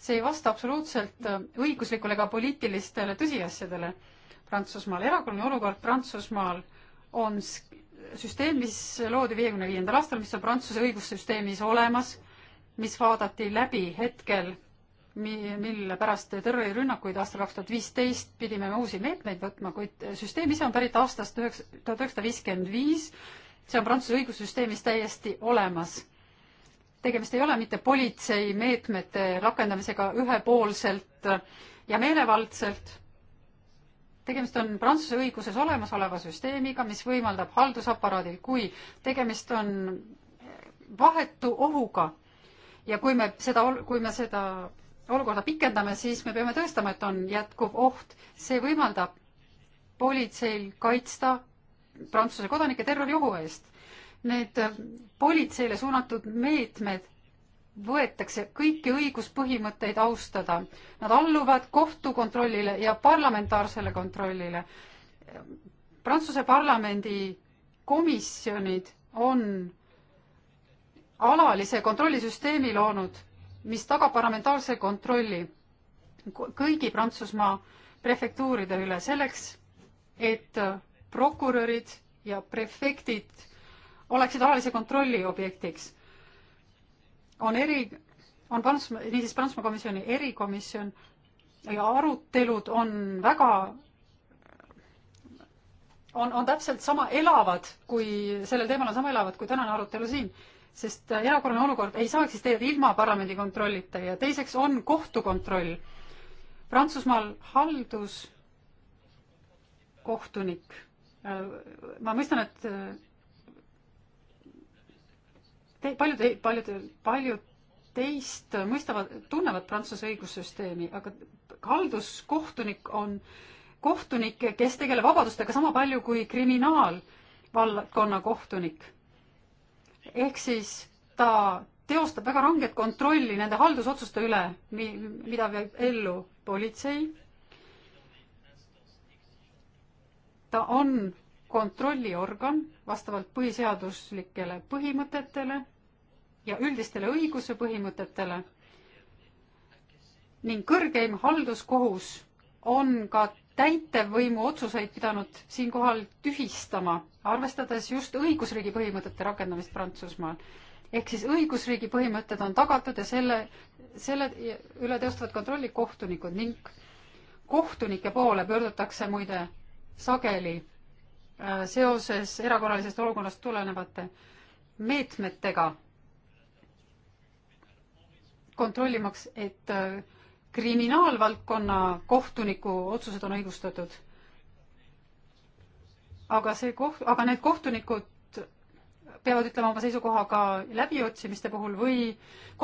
Speaker 1: see ei vasta absoluutselt äh, õiguslikule ega poliitilistele tõsiasjadele Prantsusmaal. erakorraline olukord Prantsusmaal on süsteem, mis loodi viiekümne viiendal aastal, mis on Prantsuse õigussüsteemis olemas, mis vaadati läbi hetkel, mil pärast terrorirünnakuid aastal kaks tuhat viisteist pidime me uusi meetmeid võtma, kuid süsteem ise on pärit aastast üheksa, tuhat üheksasada viiskümmend viis, see on Prantsuse õigussüsteemis täiesti olemas. tegemist ei ole mitte politsei meetmete rakendamisega ühepoolselt ja meelevaldselt tegemist on Prantsuse õiguses olemasoleva süsteemiga, mis võimaldab haldusaparaadil, kui tegemist on vahetu ohuga ja kui me seda, kui me seda olukorda pikendame, siis me peame tõestama, et on jätkuv oht. see võimaldab politseil kaitsta Prantsuse kodanikke terroriohu eest. Need politseile suunatud meetmed võetakse kõiki õiguspõhimõtteid austada. Nad alluvad kohtukontrollile ja parlamentaarsele kontrollile. Prantsuse parlamendi komisjonid on alalise kontrollisüsteemi loonud, mis tagab parlamentaarse kontrolli kõigi Prantsusmaa prefektuuride üle selleks, et prokurörid ja prefektid oleksid alalise kontrolli objektiks on eri, on Prants-, niisiis Prantsusmaa komisjoni erikomisjon ja arutelud on väga, on, on täpselt sama elavad, kui sellel teemal on sama elavad kui tänane arutelu siin sest erakorraline olukord ei saa eksisteerida ilma parlamendi kontrollita ja teiseks on kohtukontroll. Prantsusmaal halduskohtunik, ma mõistan, et te, paljud, paljud, paljud teist mõistavad, tunnevad Prantsuse õigussüsteemi, aga halduskohtunik on kohtunik, kes tegeleb vabadustega sama palju kui kriminaalvaldkonna kohtunik. ehk siis ta teostab väga ranget kontrolli nende haldusotsuste üle, mi-, mida viib ellu politsei. ta on kontrolliorgan vastavalt põhiseaduslikele põhimõtetele ja üldistele õiguse põhimõtetele ning kõrgeim halduskohus on ka täitevvõimu otsuseid pidanud siinkohal tühistama, arvestades just õigusriigi põhimõtete rakendamist Prantsusmaal. ehk siis õigusriigi põhimõtted on tagatud ja selle, selle üle teostavad kontrolli kohtunikud ning kohtunike poole pöördutakse muide sageli Äh, seoses erakorralisest olukorrast tulenevate meetmetega, kontrollimaks, et äh, kriminaalvaldkonna kohtuniku otsused on õigustatud. aga see koht, aga need kohtunikud peavad ütlema oma seisukoha ka läbiotsimiste puhul või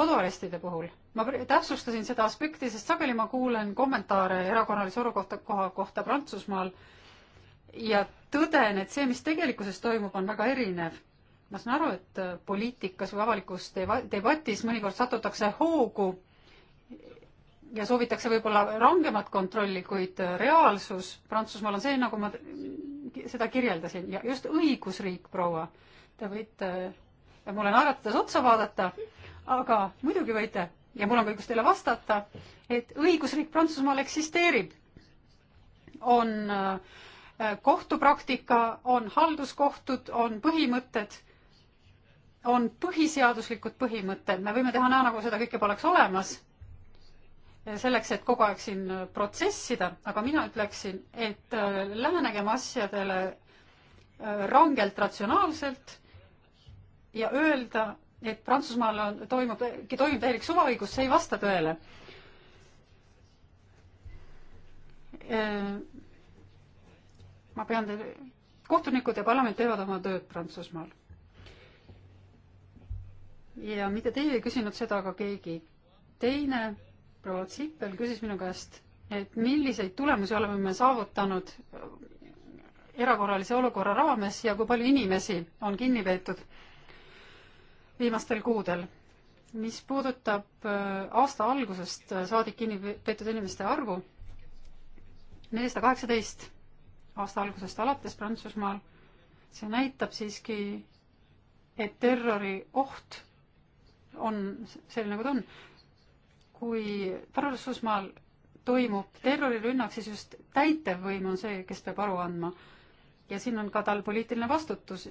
Speaker 1: koduarestide puhul. ma täpsustasin seda aspekti, sest sageli ma kuulen kommentaare erakorralise olukorra kohta Prantsusmaal, kohta ja tõden, et see, mis tegelikkuses toimub, on väga erinev. ma saan aru, et äh, poliitikas või avalikus debatis mõnikord satutakse hoogu ja soovitakse võib-olla rangemat kontrolli, kuid äh, reaalsus Prantsusmaal on see, nagu ma seda kirjeldasin ja just õigusriik, proua, te võite mulle naeratades otsa vaadata, aga muidugi võite ja mul on ka õigus teile vastata, et õigusriik Prantsusmaal eksisteerib. on äh, kohtupraktika, on halduskohtud, on põhimõtted, on põhiseaduslikud põhimõtted, me võime teha näo, nagu seda kõike poleks olemas, eh, selleks, et kogu aeg siin eh, protsessida, aga mina ütleksin, et eh, lähenegem asjadele rangelt ratsionaalselt ja öelda, et Prantsusmaal on, toimub, toimib täielik suvaõigus, see ei vasta tõele ma pean teile, kohtunikud ja parlament teevad oma tööd Prantsusmaal. ja mitte teie ei küsinud seda, aga keegi teine, proua Tsipel küsis minu käest, et milliseid tulemusi oleme me saavutanud erakorralise olukorra raames ja kui palju inimesi on kinni peetud viimastel kuudel. mis puudutab äh, aasta algusest saadik kinni peetud inimeste arvu, nelisada kaheksateist aasta algusest alates Prantsusmaal. see näitab siiski, et terrori oht on selline, nagu ta on. kui Prantsusmaal toimub terrorirünnak, siis just täitevvõim on see, kes peab aru andma. ja siin on ka tal poliitiline vastutus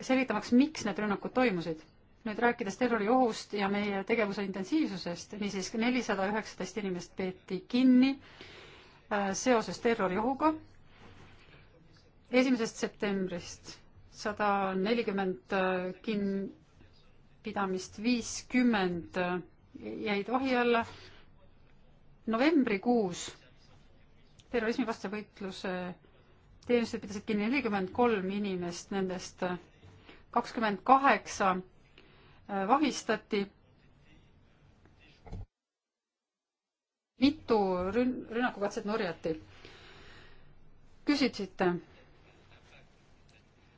Speaker 1: selgitamaks, miks need rünnakud toimusid. nüüd rääkides terroriohust ja meie tegevuse intensiivsusest, niisiis nelisada üheksateist inimest peeti kinni, Äh, seoses terroriohuga. esimesest septembrist sada nelikümmend äh, kinnipidamist, viiskümmend äh, jäid vahi alla. novembrikuus terrorismivastase võitluse teenistused pidasid kinni nelikümmend kolm inimest, nendest kakskümmend kaheksa vahistati mitu rün-, rünnakukatset nurjati. küsisite,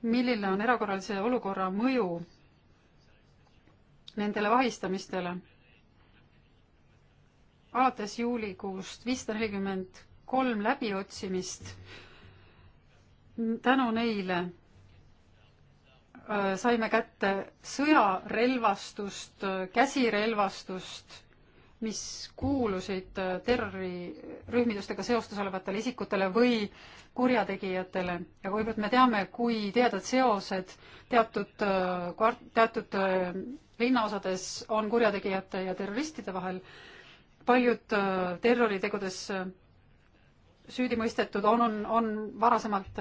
Speaker 1: milline on erakorralise olukorra mõju nendele vahistamistele. alates juulikuust viissada nelikümmend kolm läbiotsimist. tänu neile äh, saime kätte sõjarelvastust, käsirelvastust mis kuulusid äh, terrorirühmitustega seostus olevatele isikutele või kurjategijatele ja kuivõrd me teame, kui teadvad seosed teatud äh, kvart-, teatud äh, linnaosades on kurjategijate ja terroristide vahel, paljud terroritegudes süüdi mõistetud on, on, on varasemalt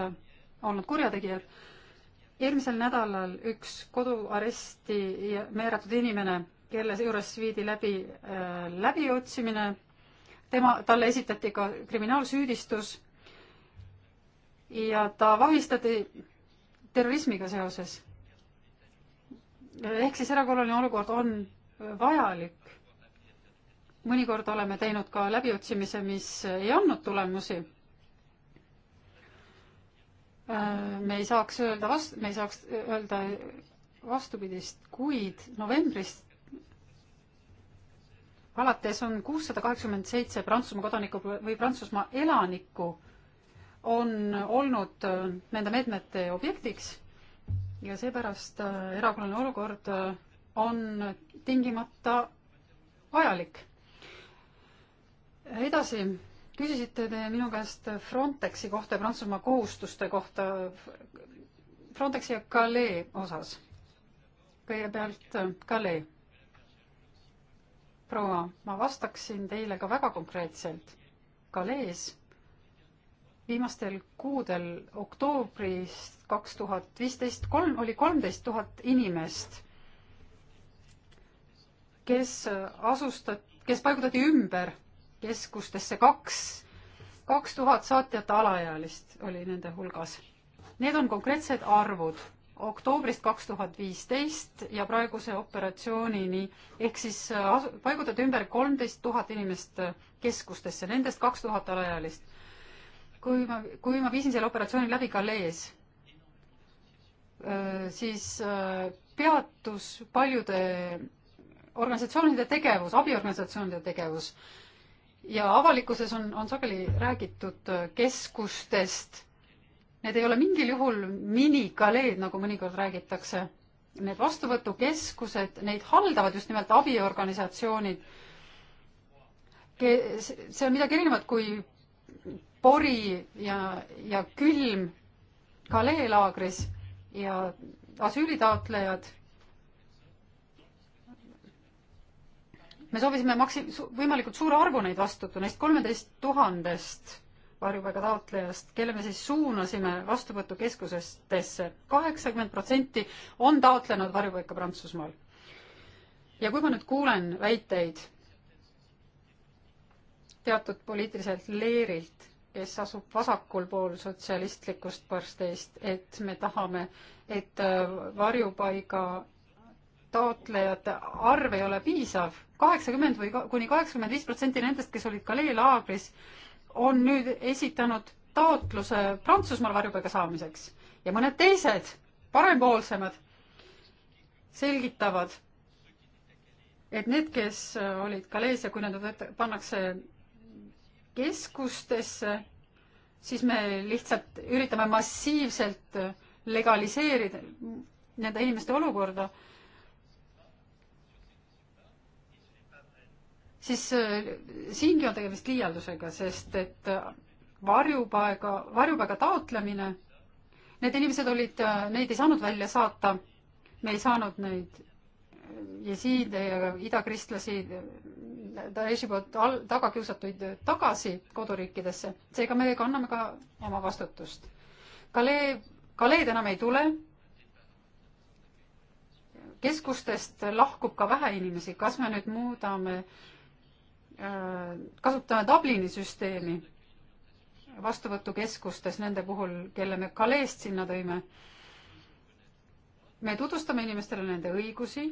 Speaker 1: olnud kurjategijad. eelmisel nädalal üks koduaresti määratud inimene kelle juures viidi läbi äh, läbiotsimine. tema, talle esitati ka kriminaalsüüdistus ja ta vahistati terrorismiga seoses. ehk siis erakorraline olukord on vajalik. mõnikord oleme teinud ka läbiotsimise, mis ei andnud tulemusi. Äh, me ei saaks öelda vastu, me ei saaks öelda vastupidist, kuid novembrist alates on kuussada kaheksakümmend seitse Prantsusmaa kodanikku või Prantsusmaa elanikku on olnud äh, nende meetmete objektiks ja seepärast äh, erakorraline olukord äh, on tingimata vajalik. edasi, küsisite te minu käest Frontexi kohta ja Prantsusmaa kohustuste kohta Frontexi ja Calais osas. kõigepealt Calais proua, ma vastaksin teile ka väga konkreetselt. Galees viimastel kuudel oktoobrist kaks tuhat viisteist kolm, oli kolmteist tuhat inimest, kes asustat-, kes paigutati ümber keskustesse, kaks, kaks tuhat saatjat alaealist oli nende hulgas. Need on konkreetsed arvud oktoobrist kaks tuhat viisteist ja praeguse operatsioonini ehk siis äh, paigutati ümber kolmteist tuhat inimest äh, keskustesse, nendest kaks tuhat alaealist. kui ma, kui ma viisin selle operatsiooni läbi Galees, äh, siis peatus paljude organisatsioonide tegevus, abiorganisatsioonide tegevus ja avalikkuses on, on sageli räägitud keskustest Need ei ole mingil juhul minikaleed, nagu mõnikord räägitakse. Need vastuvõtukeskused, neid haldavad just nimelt abiorganisatsioonid. see on midagi erinevat kui pori ja, ja külm kaleelaagris ja asüülitaotlejad me soovisime maksi-, võimalikult suure arvu neid vastutu, neist kolmeteist tuhandest varjupaiga taotlejast, kelle me siis suunasime vastuvõtukeskusestesse. kaheksakümmend protsenti on taotlenud varjupaika Prantsusmaal. ja kui ma nüüd kuulen väiteid teatud poliitiliselt leerilt, kes asub vasakul pool sotsialistlikust parteist, et me tahame, et äh, varjupaiga taotlejate arv ei ole piisav, kaheksakümmend või kuni kaheksakümmend viis protsenti nendest, kes olid Kalee laagris, on nüüd esitanud taotluse Prantsusmaal varjupaiga saamiseks ja mõned teised parempoolsemad selgitavad, et need, kes olid Calais ja kui nad pannakse keskustesse, siis me lihtsalt üritame massiivselt legaliseerida nende inimeste olukorda siis äh, siingi on tegemist liialdusega, sest et äh, varjupaiga, varjupaiga taotlemine, need inimesed olid, äh, neid ei saanud välja saata, me ei saanud neid jesiide ja idakristlasi Daeshi poolt al-, taga kiusatuid tagasi koduriikidesse, seega me kanname ka oma vastutust. Kalee, Kaleed enam ei tule, keskustest lahkub ka vähe inimesi, kas me nüüd muudame äh, kasutame Dublini süsteemi vastuvõtukeskustes nende puhul, kelle me Kaleest sinna tõime. me tutvustame inimestele nende õigusi.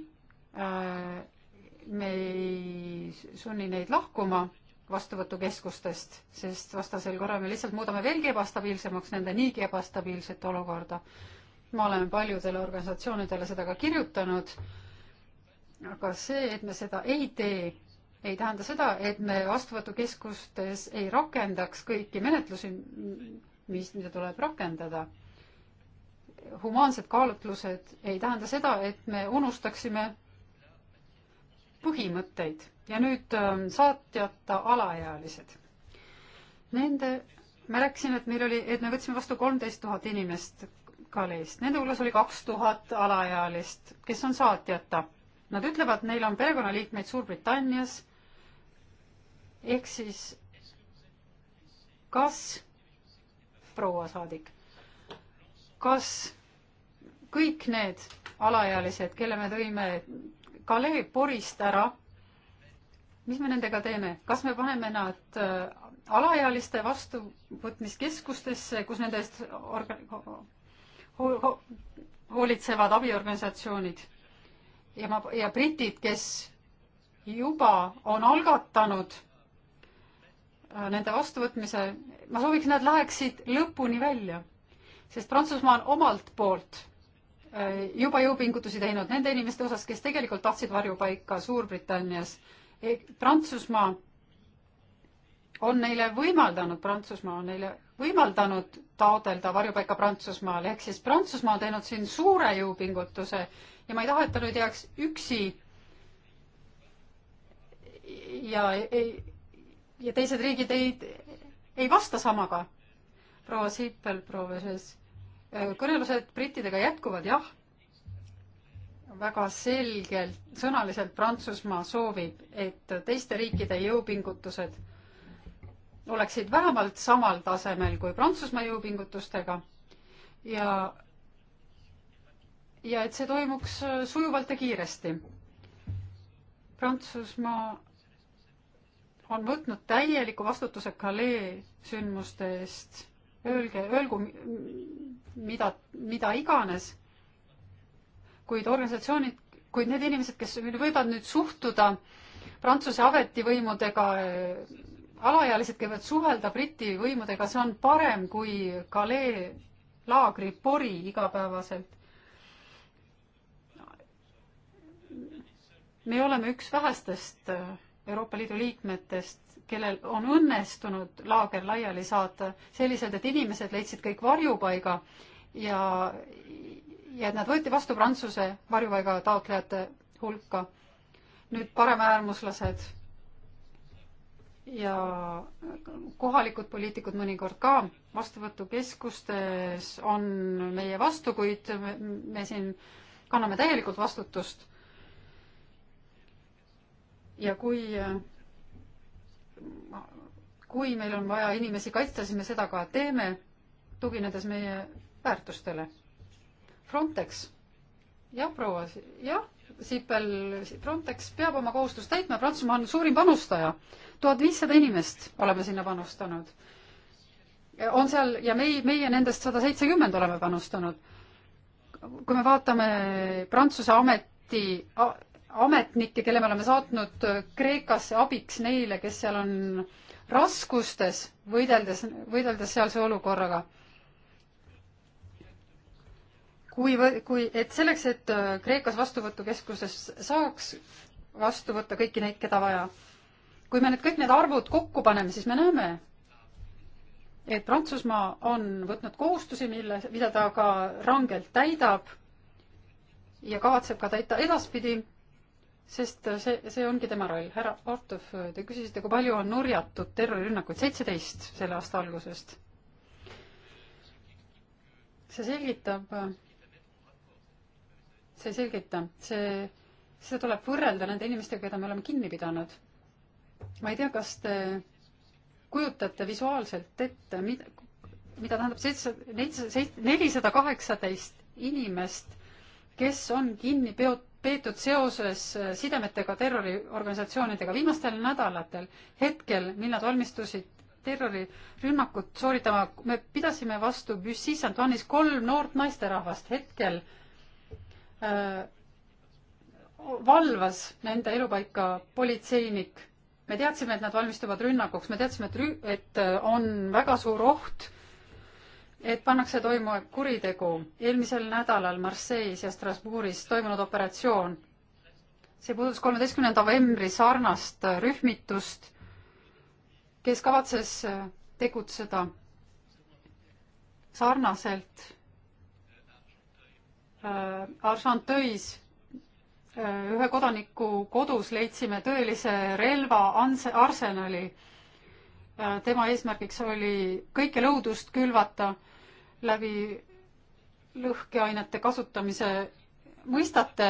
Speaker 1: me ei sunni neid lahkuma vastuvõtukeskustest, sest vastasel korral me lihtsalt muudame veelgi ebastabiilsemaks nende niigi ebastabiilset olukorda. ma olen paljudele organisatsioonidele seda ka kirjutanud. aga see, et me seda ei tee ei tähenda seda, et me vastuvõtukeskustes ei rakendaks kõiki menetlusi, mis, mida tuleb rakendada. humaansed kaalutlused ei tähenda seda, et me unustaksime põhimõtteid ja nüüd ähm, saatjata alaealised. Nende, ma rääkisin, et meil oli, et me võtsime vastu kolmteist tuhat inimest Kalist, nende hulgas oli kaks tuhat alaealist, kes on saatjata Nad ütlevad, neil on perekonnaliikmeid Suurbritannias ehk siis kas, proua saadik, kas kõik need alaealised, kelle me tõime Kalee porist ära, mis me nendega teeme, kas me paneme nad äh, alaealiste vastuvõtmiskeskustesse, kus nende eest orga-, ho ho hoolitsevad abiorganisatsioonid ja ma, ja britid, kes juba on algatanud Äh, nende vastuvõtmise, ma sooviks, nad läheksid lõpuni välja, sest Prantsusmaa on omalt poolt äh, juba jõupingutusi teinud nende inimeste osas, kes tegelikult tahtsid varjupaika Suurbritannias. E, Prantsusmaa on neile võimaldanud, Prantsusmaa on neile võimaldanud taodelda varjupaika Prantsusmaal, ehk siis Prantsusmaa on teinud siin suure jõupingutuse ja ma ei taha, et ta nüüd jääks üksi ja ei, ja teised riigid ei, ei vasta samaga. proua Siipel, proua Veses, äh, kõnelused brittidega jätkuvad, jah. väga selgelt, sõnaliselt Prantsusmaa soovib, et teiste riikide jõupingutused oleksid vähemalt samal tasemel kui Prantsusmaa jõupingutustega ja ja et see toimuks sujuvalt ja kiiresti. Prantsusmaa on võtnud täieliku vastutuse Calais sündmuste eest. Öelge, öelgu mida, mida iganes, kuid organisatsioonid, kuid need inimesed, kes võivad nüüd suhtuda Prantsuse ametivõimudega, alaealised, kes võivad suhelda Briti võimudega, see on parem kui Calais laagri pori igapäevaselt. me oleme üks vähestest Euroopa Liidu liikmetest, kellel on õnnestunud laager laiali saata selliselt, et inimesed leidsid kõik varjupaiga ja, ja et nad võeti vastu Prantsuse varjupaiga taotlejate hulka. nüüd paremäärmuslased ja kohalikud poliitikud mõnikord ka vastuvõtukeskustes on meie vastu, kuid me siin kanname täielikult vastutust ja kui, kui meil on vaja inimesi kaitsta, siis me seda ka teeme, tuginedes meie väärtustele. Frontex, jah, proua, jah, Sipel, Frontex peab oma kohustust täitma, Prantsusmaa on suurim panustaja. tuhat viissada inimest oleme sinna panustanud. on seal ja meie, meie nendest sada seitsekümmend oleme panustanud. kui me vaatame Prantsuse ameti ametnikke, kelle me oleme saatnud Kreekasse abiks neile, kes seal on raskustes, võideldes, võideldes sealse olukorraga. kui, kui, et selleks, et äh, Kreekas vastuvõtukeskuses saaks vastu võtta kõiki neid, keda vaja. kui me nüüd kõik need arvud kokku paneme, siis me näeme, et Prantsusmaa on võtnud kohustusi, mille, mida ta ka rangelt täidab ja kavatseb ka täita edaspidi sest see, see ongi tema roll. härra Ortov, te küsisite, kui palju on nurjatud terrorirünnakuid, seitseteist selle aasta algusest. see selgitab, see ei selgita, see, seda tuleb võrrelda nende inimestega, keda me oleme kinni pidanud. ma ei tea, kas te kujutate visuaalselt ette, mida, mida tähendab seitse, nelisada kaheksateist inimest, kes on kinni peot-, peetud seoses äh, sidemetega terroriorganisatsioonidega viimastel nädalatel, hetkel, mil nad valmistusid terrorirünnakut sooritama, me pidasime vastu Saint-Juanis kolm noort naisterahvast, hetkel äh, valvas nende elupaika politseinik. me teadsime, et nad valmistuvad rünnakuks, me teadsime, et rü-, et äh, on väga suur oht äh, et pannakse toime kuritegu. eelmisel nädalal Marseilles ja Strasbourgis toimunud operatsioon, see puudutas kolmeteistkümnenda novembri sarnast rühmitust, kes kavatses äh, tegutseda sarnaselt äh, Argenteuis äh, ühe kodaniku kodus leidsime tõelise relva arsenali tema eesmärgiks oli kõike lõudust külvata läbi lõhkeainete kasutamise. mõistate,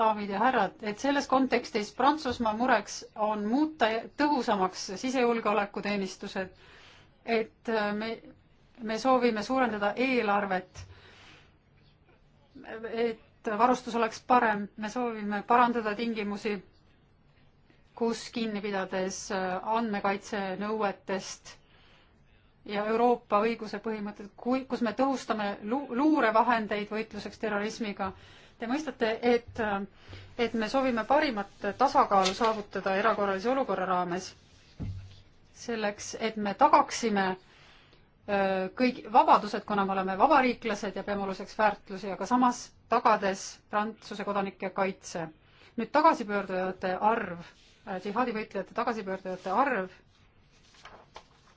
Speaker 1: daamid ja härrad, et selles kontekstis Prantsusmaa mureks on muuta tõhusamaks sisejulgeolekuteenistused, et äh, me, me soovime suurendada eelarvet, et varustus oleks parem, me soovime parandada tingimusi, kus kinni pidades äh, andmekaitse nõuetest ja Euroopa õiguse põhimõtted, kui, kus me tõhustame lu-, luurevahendeid võitluseks terrorismiga. Te mõistate, et, et me soovime parimat tasakaalu saavutada erakorralise olukorra raames, selleks et me tagaksime kõik vabadused, kuna me oleme vabariiklased ja peame oluliseks väärtusi, aga samas tagades Prantsuse kodanike kaitse. nüüd tagasipöördujate arv, äh, džihaadivõitlejate tagasipöördujate arv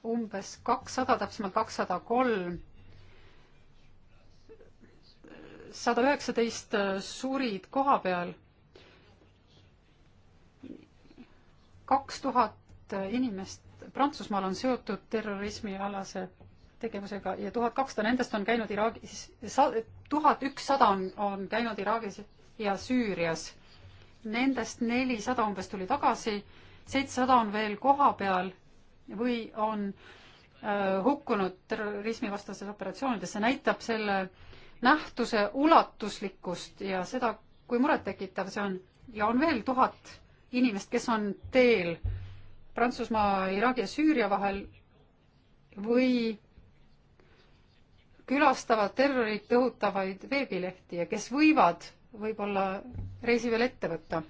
Speaker 1: umbes kakssada, täpsemalt kakssada kolm. sada üheksateist äh, surid koha peal. kaks tuhat äh, inimest Prantsusmaal on seotud terrorismialase tegevusega ja tuhat kakssada nendest on käinud Iraagis, tuhat ükssada on, on käinud Iraagis ja Süürias. Nendest nelisada umbes tuli tagasi, seitsesada on veel koha peal või on äh, hukkunud terrorismivastases operatsioonides, see näitab selle nähtuse ulatuslikkust ja seda, kui murettekitav see on. ja on veel tuhat inimest, kes on teel Prantsusmaa, Iraagi ja Süüria vahel või külastavad terrorit õhutavaid veebilehti ja kes võivad võib-olla reisi veel ette võtta.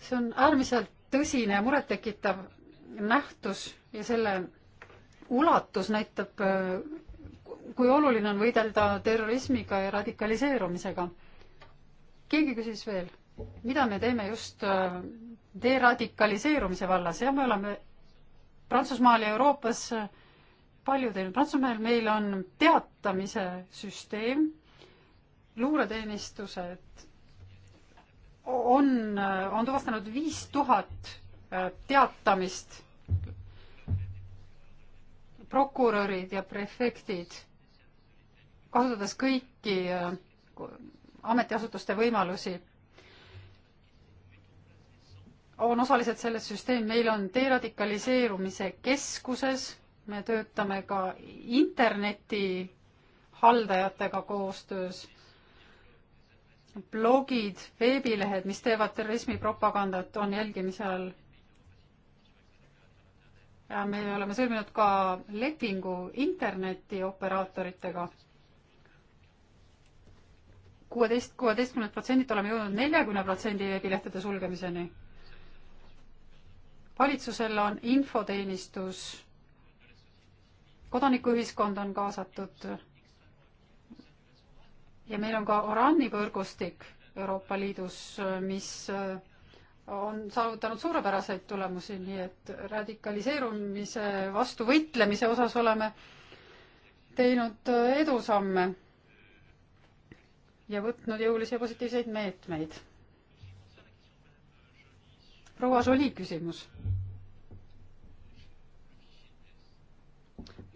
Speaker 1: see on äärmiselt tõsine ja murettekitav nähtus ja selle ulatus näitab, kui oluline on võidelda terrorismiga ja radikaliseerumisega. keegi küsis veel, mida me teeme just äh, deradikaliseerumise vallas, jah, me oleme Prantsusmaal ja Euroopas äh, palju teinud, Prantsusmaal meil on teatamise süsteem, luureteenistused on, äh, on tuvastanud viis tuhat teatamist prokurörid ja prefektid, kasutades kõiki äh, ametiasutuste võimalusi, on osalised selles süsteem, meil on deradikaliseerumise keskuses, me töötame ka interneti haldajatega koostöös, blogid, veebilehed, mis teevad terrorismipropagandat, on jälgimise all me oleme sõlminud ka lepingu internetioperaatoritega. kuueteist, kuueteistkümnelt protsendilt oleme jõudnud neljakümne protsendi veebilehtede sulgemiseni. valitsusel on infoteenistus, kodanikuühiskond on kaasatud ja meil on ka oranni võrgustik Euroopa Liidus, mis on saavutanud suurepäraseid tulemusi, nii et radikaliseerumise vastu võitlemise osas oleme teinud edusamme ja võtnud jõulisi ja positiivseid meetmeid. proua Jolie küsimus.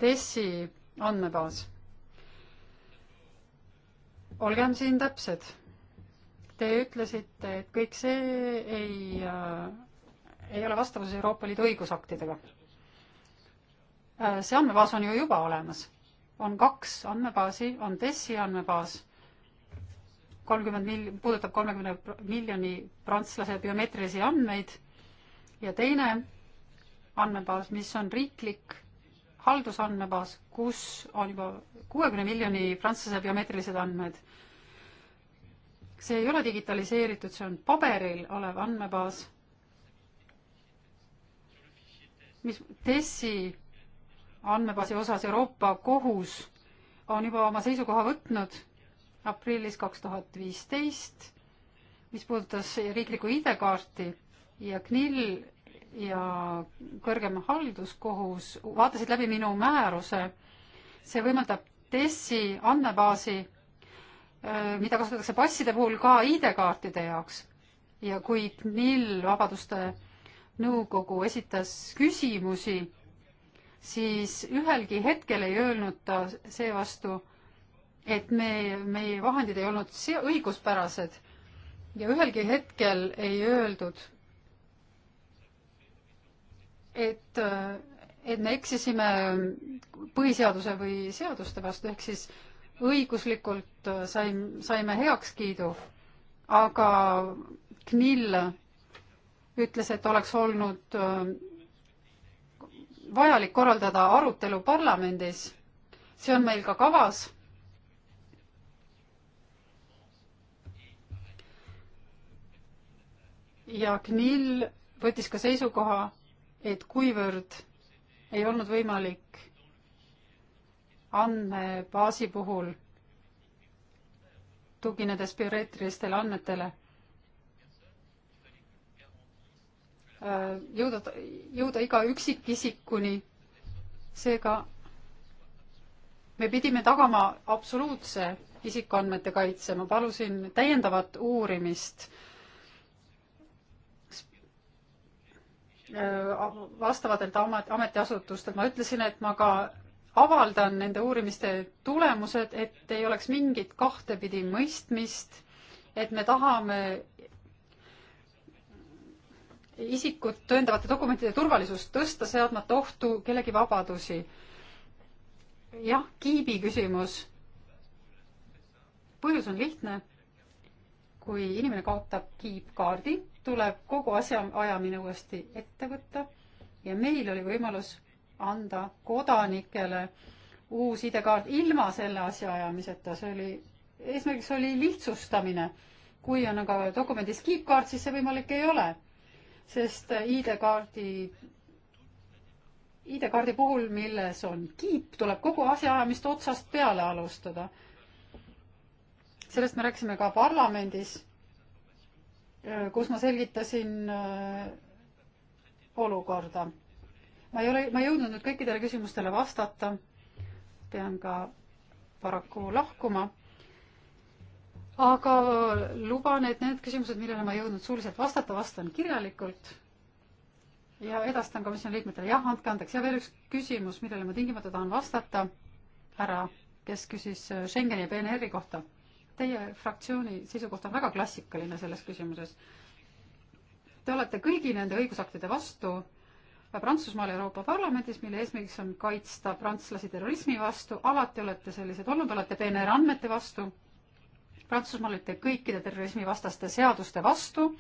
Speaker 1: DES-i andmebaas. olgem siin täpsed Te ütlesite, et kõik see ei, äh, ei ole vastavuses Euroopa Liidu õigusaktidega. Äh, see andmebaas on ju juba olemas. on kaks andmebaasi, on DESi andmebaas, kolmkümmend mil-, puudutab kolmekümne miljoni prantslase biomeetrilisi andmeid ja teine andmebaas, mis on riiklik haldusandmebaas, kus on juba kuuekümne miljoni prantslase biomeetrilised andmed see ei ole digitaliseeritud, see on paberil olev andmebaas, mis TESi andmebaasi osas Euroopa Kohus on juba oma seisukoha võtnud aprillis kaks tuhat viisteist, mis puudutas riiklikku ID-kaarti ja CNIL ja kõrgem halduskohus vaatasid läbi minu määruse, see võimaldab TESi andmebaasi Äh, mida kasutatakse passide puhul ka ID-kaartide jaoks. ja kui CNIL Vabaduste Nõukogu esitas küsimusi, siis ühelgi hetkel ei öelnud ta seevastu, et me, meie vahendid ei olnud õiguspärased ja ühelgi hetkel ei öeldud, et, äh, et me eksisime põhiseaduse või seaduste vastu, ehk siis äh, õiguslikult äh, sain, saime heakskiidu, aga CNIL ütles, et oleks olnud äh, vajalik korraldada arutelu parlamendis. see on meil ka kavas. ja CNIL võttis ka seisukoha, et kuivõrd ei olnud võimalik andmebaasi puhul, tuginedes bioreetrilistele andmetele, äh, jõuda, jõuda iga üksikisikuni, seega me pidime tagama absoluutse isikuandmete kaitse, ma palusin täiendavat uurimist äh, vastavatelt amet, ametiasutustelt, ma ütlesin, et ma ka avaldan nende uurimiste tulemused, et ei oleks mingit kahtepidi mõistmist, et me tahame isikut tõendavate dokumentide turvalisust tõsta, seadmata ohtu kellegi vabadusi. jah, kiibi küsimus. põhjus on lihtne. kui inimene kaotab kiipkaardi, tuleb kogu asjaajamine uuesti ette võtta ja meil oli võimalus anda kodanikele uus ID-kaart ilma selle asjaajamiseta, see oli, eesmärgiks oli lihtsustamine. kui on aga dokumendis kiipkaart, siis see võimalik ei ole, sest ID-kaardi ID-kaardi puhul, milles on kiip, tuleb kogu asjaajamist otsast peale alustada. sellest me rääkisime ka parlamendis, kus ma selgitasin äh, olukorda ma ei ole, ma ei jõudnud nüüd kõikidele küsimustele vastata. pean ka paraku lahkuma. aga luban, et need küsimused, millele ma ei jõudnud suuliselt vastata, vastan kirjalikult. ja edastan komisjoni liikmetele, jah, andke andeks, ja veel üks küsimus, millele ma tingimata tahan vastata. härra, kes küsis äh, Schengeni ja PNR-i kohta. Teie fraktsiooni seisukoht on väga klassikaline selles küsimuses. Te olete kõigi nende õigusaktide vastu Prantsusmaal Euroopa Parlamendis, mille eesmärgiks on kaitsta prantslasi terrorismi vastu, alati olete sellised olnud, olete PNR andmete vastu, Prantsusmaal olite kõikide terrorismivastaste seaduste vastu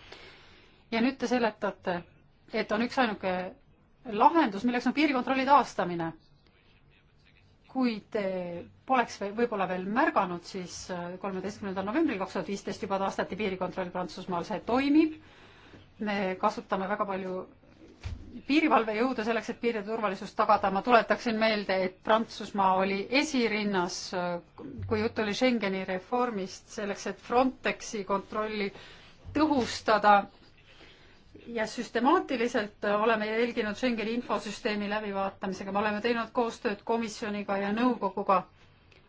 Speaker 1: ja nüüd te seletate, et on üksainuke lahendus, milleks on piirikontrolli taastamine. kui te poleks võib-olla veel märganud, siis äh, kolmeteistkümnendal novembril kaks tuhat viisteist juba taastati piirikontroll Prantsusmaal, see toimib me kasutame väga palju piirivalvejõude selleks, et piiride turvalisust tagada, ma tuletaksin meelde, et Prantsusmaa oli esirinnas, kui jutt oli Schengeni reformist, selleks, et Frontexi kontrolli tõhustada ja süstemaatiliselt oleme jälginud Schengeni infosüsteemi läbivaatamisega, me oleme teinud koostööd komisjoniga ja nõukoguga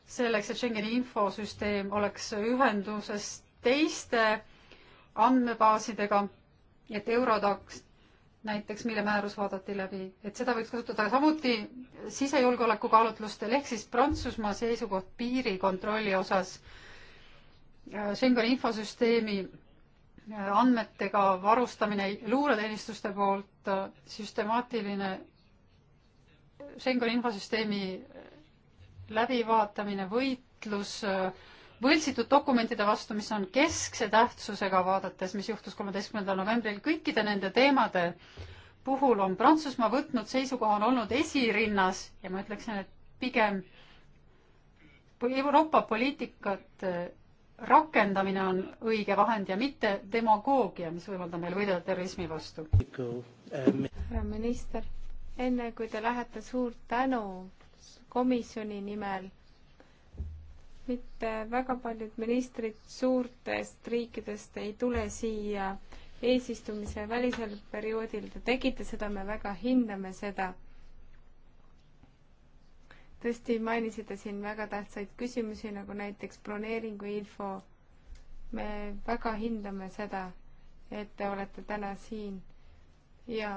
Speaker 1: selleks, et Schengeni infosüsteem oleks ühenduses teiste andmebaasidega, et Eurodax näiteks, mille määrus vaadati läbi, et seda võiks kasutada samuti sisejulgeoleku kaalutlustel, ehk siis Prantsusmaa seisukoht piirikontrolli osas äh, Schengeni infosüsteemi äh, andmetega varustamine luureteenistuste poolt, äh, süstemaatiline Schengeni infosüsteemi läbivaatamine, võitlus äh, võltsitud dokumentide vastu, mis on keskse tähtsusega, vaadates, mis juhtus kolmeteistkümnendal novembril, kõikide nende teemade puhul on Prantsusmaa võtnud seisukoha, on olnud esirinnas ja ma ütleksin, et pigem Euroopa poliitikate äh, rakendamine on õige vahend ja mitte demagoogia, mis võimaldab meil võidelda terrorismi vastu.
Speaker 2: härra
Speaker 3: minister, enne kui te lähete, suur tänu komisjoni nimel mitte väga paljud ministrid suurtest riikidest ei tule siia eesistumise välisel perioodil. Te tegite seda, me väga hindame seda. tõesti mainisite siin väga tähtsaid küsimusi, nagu näiteks broneeringuinfo. me väga hindame seda, et te olete täna siin ja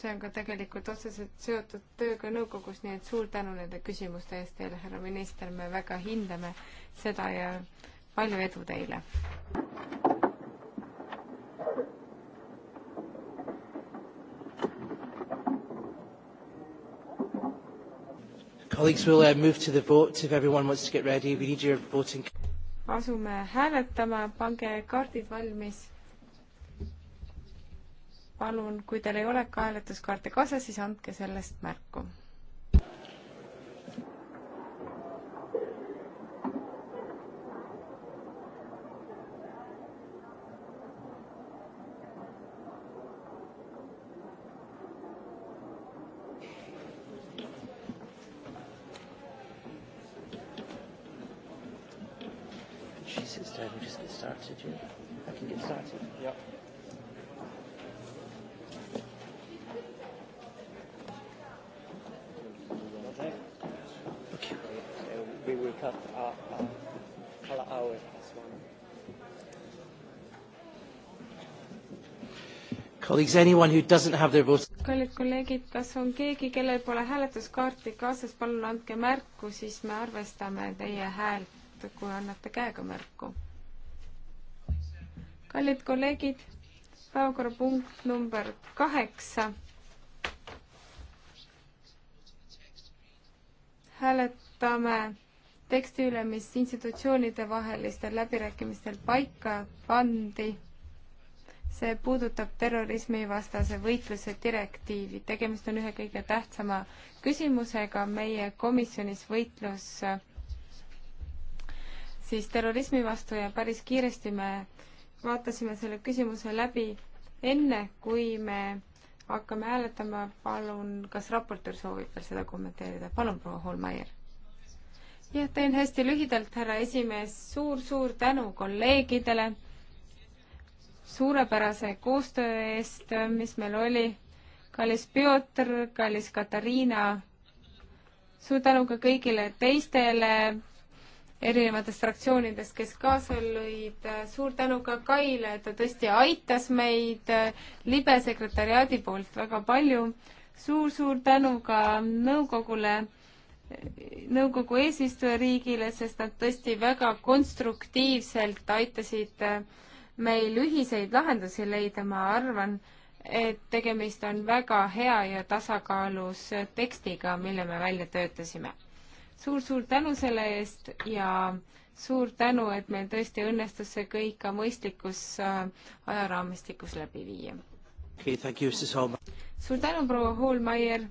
Speaker 3: see on ka tegelikult otseselt seotud tööga nõukogus, nii et suur tänu nende küsimuste eest teile, härra minister, me väga hindame seda ja palju edu teile!
Speaker 2: Colleagues, we'll uh, move to the vote if everyone wants to get ready. We need your voting.
Speaker 3: asume hääletama, pange kaardid valmis palun, kui teil ei ole ka hääletuskaarte kaasas, siis andke sellest märku
Speaker 2: colleagues, anyone who doesn't have their vote.
Speaker 3: kallid kolleegid, kas on keegi, kellel pole hääletuskaarti kaasas, palun andke märku, siis me arvestame teie häält, kui annate käega märku. kallid kolleegid, päevakorrapunkt number kaheksa. hääletame teksti üle, mis institutsioonide vahelistel läbirääkimistel paika pandi see puudutab terrorismivastase võitluse direktiivi. tegemist on ühe kõige tähtsama küsimusega meie komisjonis võitlus äh, siis terrorismi vastu ja päris kiiresti me vaatasime selle küsimuse läbi enne, kui me hakkame hääletama, palun, kas raportöör soovib veel seda kommenteerida? palun, proua Holmeier. jah, teen hästi lühidalt, härra esimees suur,, suur-suur tänu kolleegidele suurepärase koostöö eest, mis meil oli. kallis Piotr, kallis Katariina, suur tänu ka kõigile teistele erinevatest fraktsioonidest, kes kaasa lõid. suur tänu ka Kaile, ta tõesti aitas meid libe sekretäriaadi poolt väga palju suur,. suur-suur tänu ka nõukogule, nõukogu eesistujariigile, sest nad tõesti väga konstruktiivselt aitasid äh, meil ühiseid lahendusi leida, ma arvan, et tegemist on väga hea ja tasakaalus tekstiga, mille me välja töötasime suur,. suur-suur tänu selle eest ja suur tänu, et meil tõesti õnnestus see kõik ka mõistlikus äh, ajaraamistikus läbi viia okay,. suur tänu, proua Hoolmeier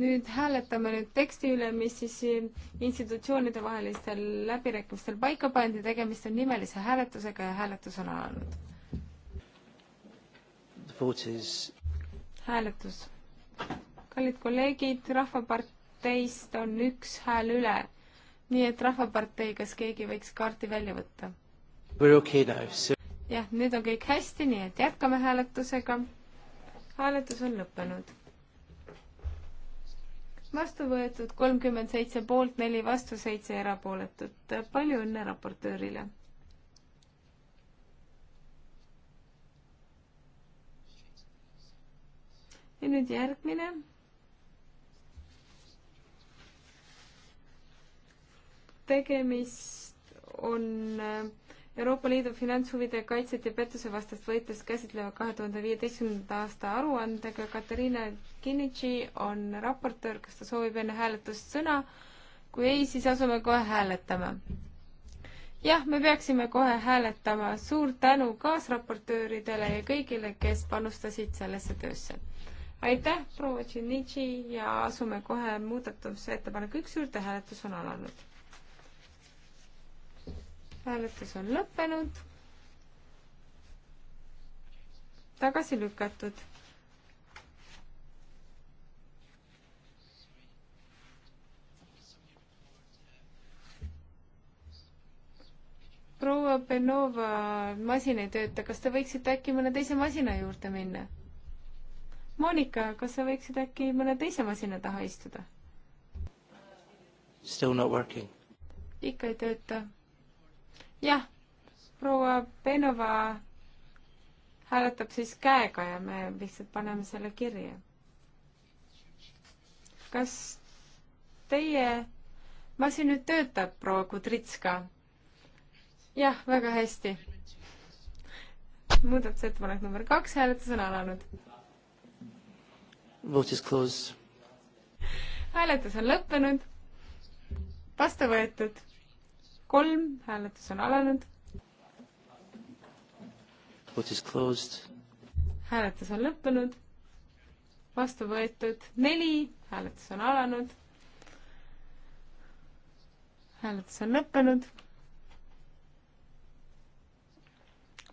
Speaker 3: nüüd hääletame nüüd teksti üle, mis siis eh, institutsioonide vahelistel läbirääkimistel paika pandi, tegemist on nimelise hääletusega ja hääletus on alanud. hääletus. kallid kolleegid, Rahvaparteist on üks hääl üle. nii et Rahvapartei, kas keegi võiks kaardi välja võtta? jah, nüüd on kõik hästi, nii et jätkame hääletusega. hääletus on lõppenud vastu võetud kolmkümmend seitse poolt, neli vastu, seitse erapooletut. palju õnne raportöörile. ja nüüd järgmine. tegemist on äh, Euroopa Liidu finantshuvide kaitset ja pettusevastast võitlust käsitleva kahe tuhande viieteistkümnenda aasta aruandega. Katariina Kinnitši on raportöör, kas ta soovib enne hääletust sõna? kui ei, siis asume kohe hääletama. jah, me peaksime kohe hääletama. suur tänu kaasraportööridele ja kõigile, kes panustasid sellesse töösse. aitäh, proua Tšinnitši ja asume kohe muudatusettepaneku üks juurde, hääletus on alanud hääletus on lõppenud. tagasi lükatud. proua Benova masin ei tööta, kas te võiksite äkki mõne teise masina juurde minna? Monika, kas sa võiksid äkki mõne teise masina taha istuda?
Speaker 2: Still not working.
Speaker 3: ikka ei tööta jah, proua Benova hääletab siis käega ja me lihtsalt paneme selle kirja. kas teie masin nüüd töötab, proua Kudritska? jah, väga hästi. muudatusettepanek number kaks, hääletus on alanud.
Speaker 2: Vote is closed.
Speaker 3: hääletus on lõppenud, vastu võetud kolm, hääletus on alanud. hääletus on lõppenud. vastu võetud neli, hääletus on alanud. hääletus on lõppenud.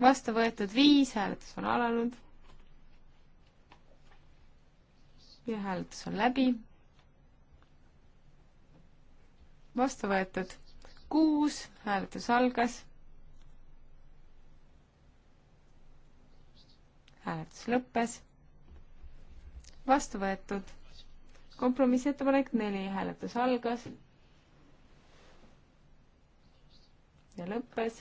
Speaker 3: vastu võetud viis, hääletus on alanud. ja hääletus on läbi. vastu võetud kuus, hääletus algas. hääletus lõppes. vastu võetud. kompromissettepanek neli, hääletus algas. ja lõppes.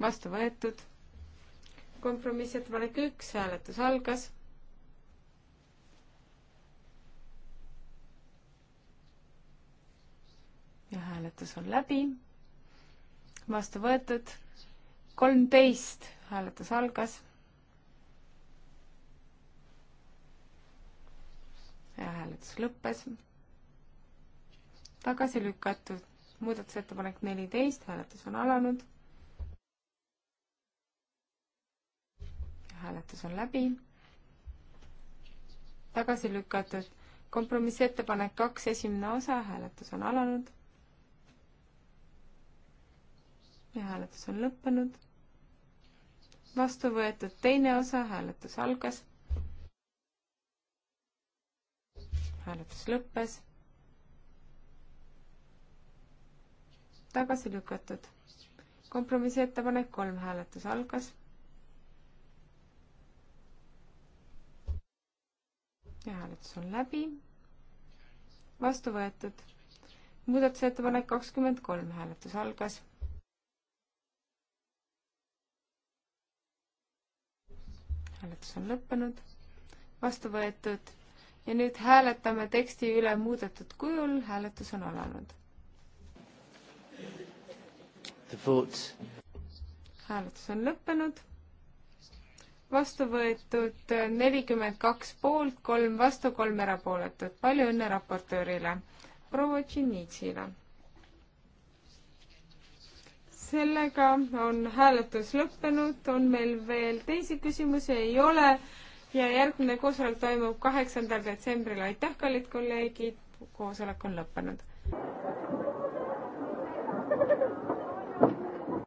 Speaker 3: vastu võetud. kompromissettepanek üks, hääletus algas ja hääletus on läbi. vastu võetud. kolmteist, hääletus algas. ja hääletus lõppes. tagasi lükatud. muudatusettepanek neliteist, hääletus on alanud. hääletus on läbi. tagasi lükatud kompromissettepanek kaks, esimene osa, hääletus on alanud. ja hääletus on lõppenud. vastu võetud teine osa, hääletus algas. hääletus lõppes. tagasi lükatud. kompromissi ettepanek kolm, hääletus algas. ja hääletus on läbi. vastu võetud. muudatusettepanek kakskümmend kolm, hääletus algas hääletus on lõppenud, vastu võetud ja nüüd hääletame teksti üle muudetud kujul, hääletus on alanud. hääletus on lõppenud, vastu võetud nelikümmend kaks poolt, kolm vastu, kolm erapooletut, palju õnne raportöörile, proua Tšinitšile sellega on hääletus lõppenud, on meil veel teisi küsimusi, ei ole ja järgmine koosolek toimub kaheksandal detsembril, aitäh, kallid kolleegid, koosolek on lõppenud.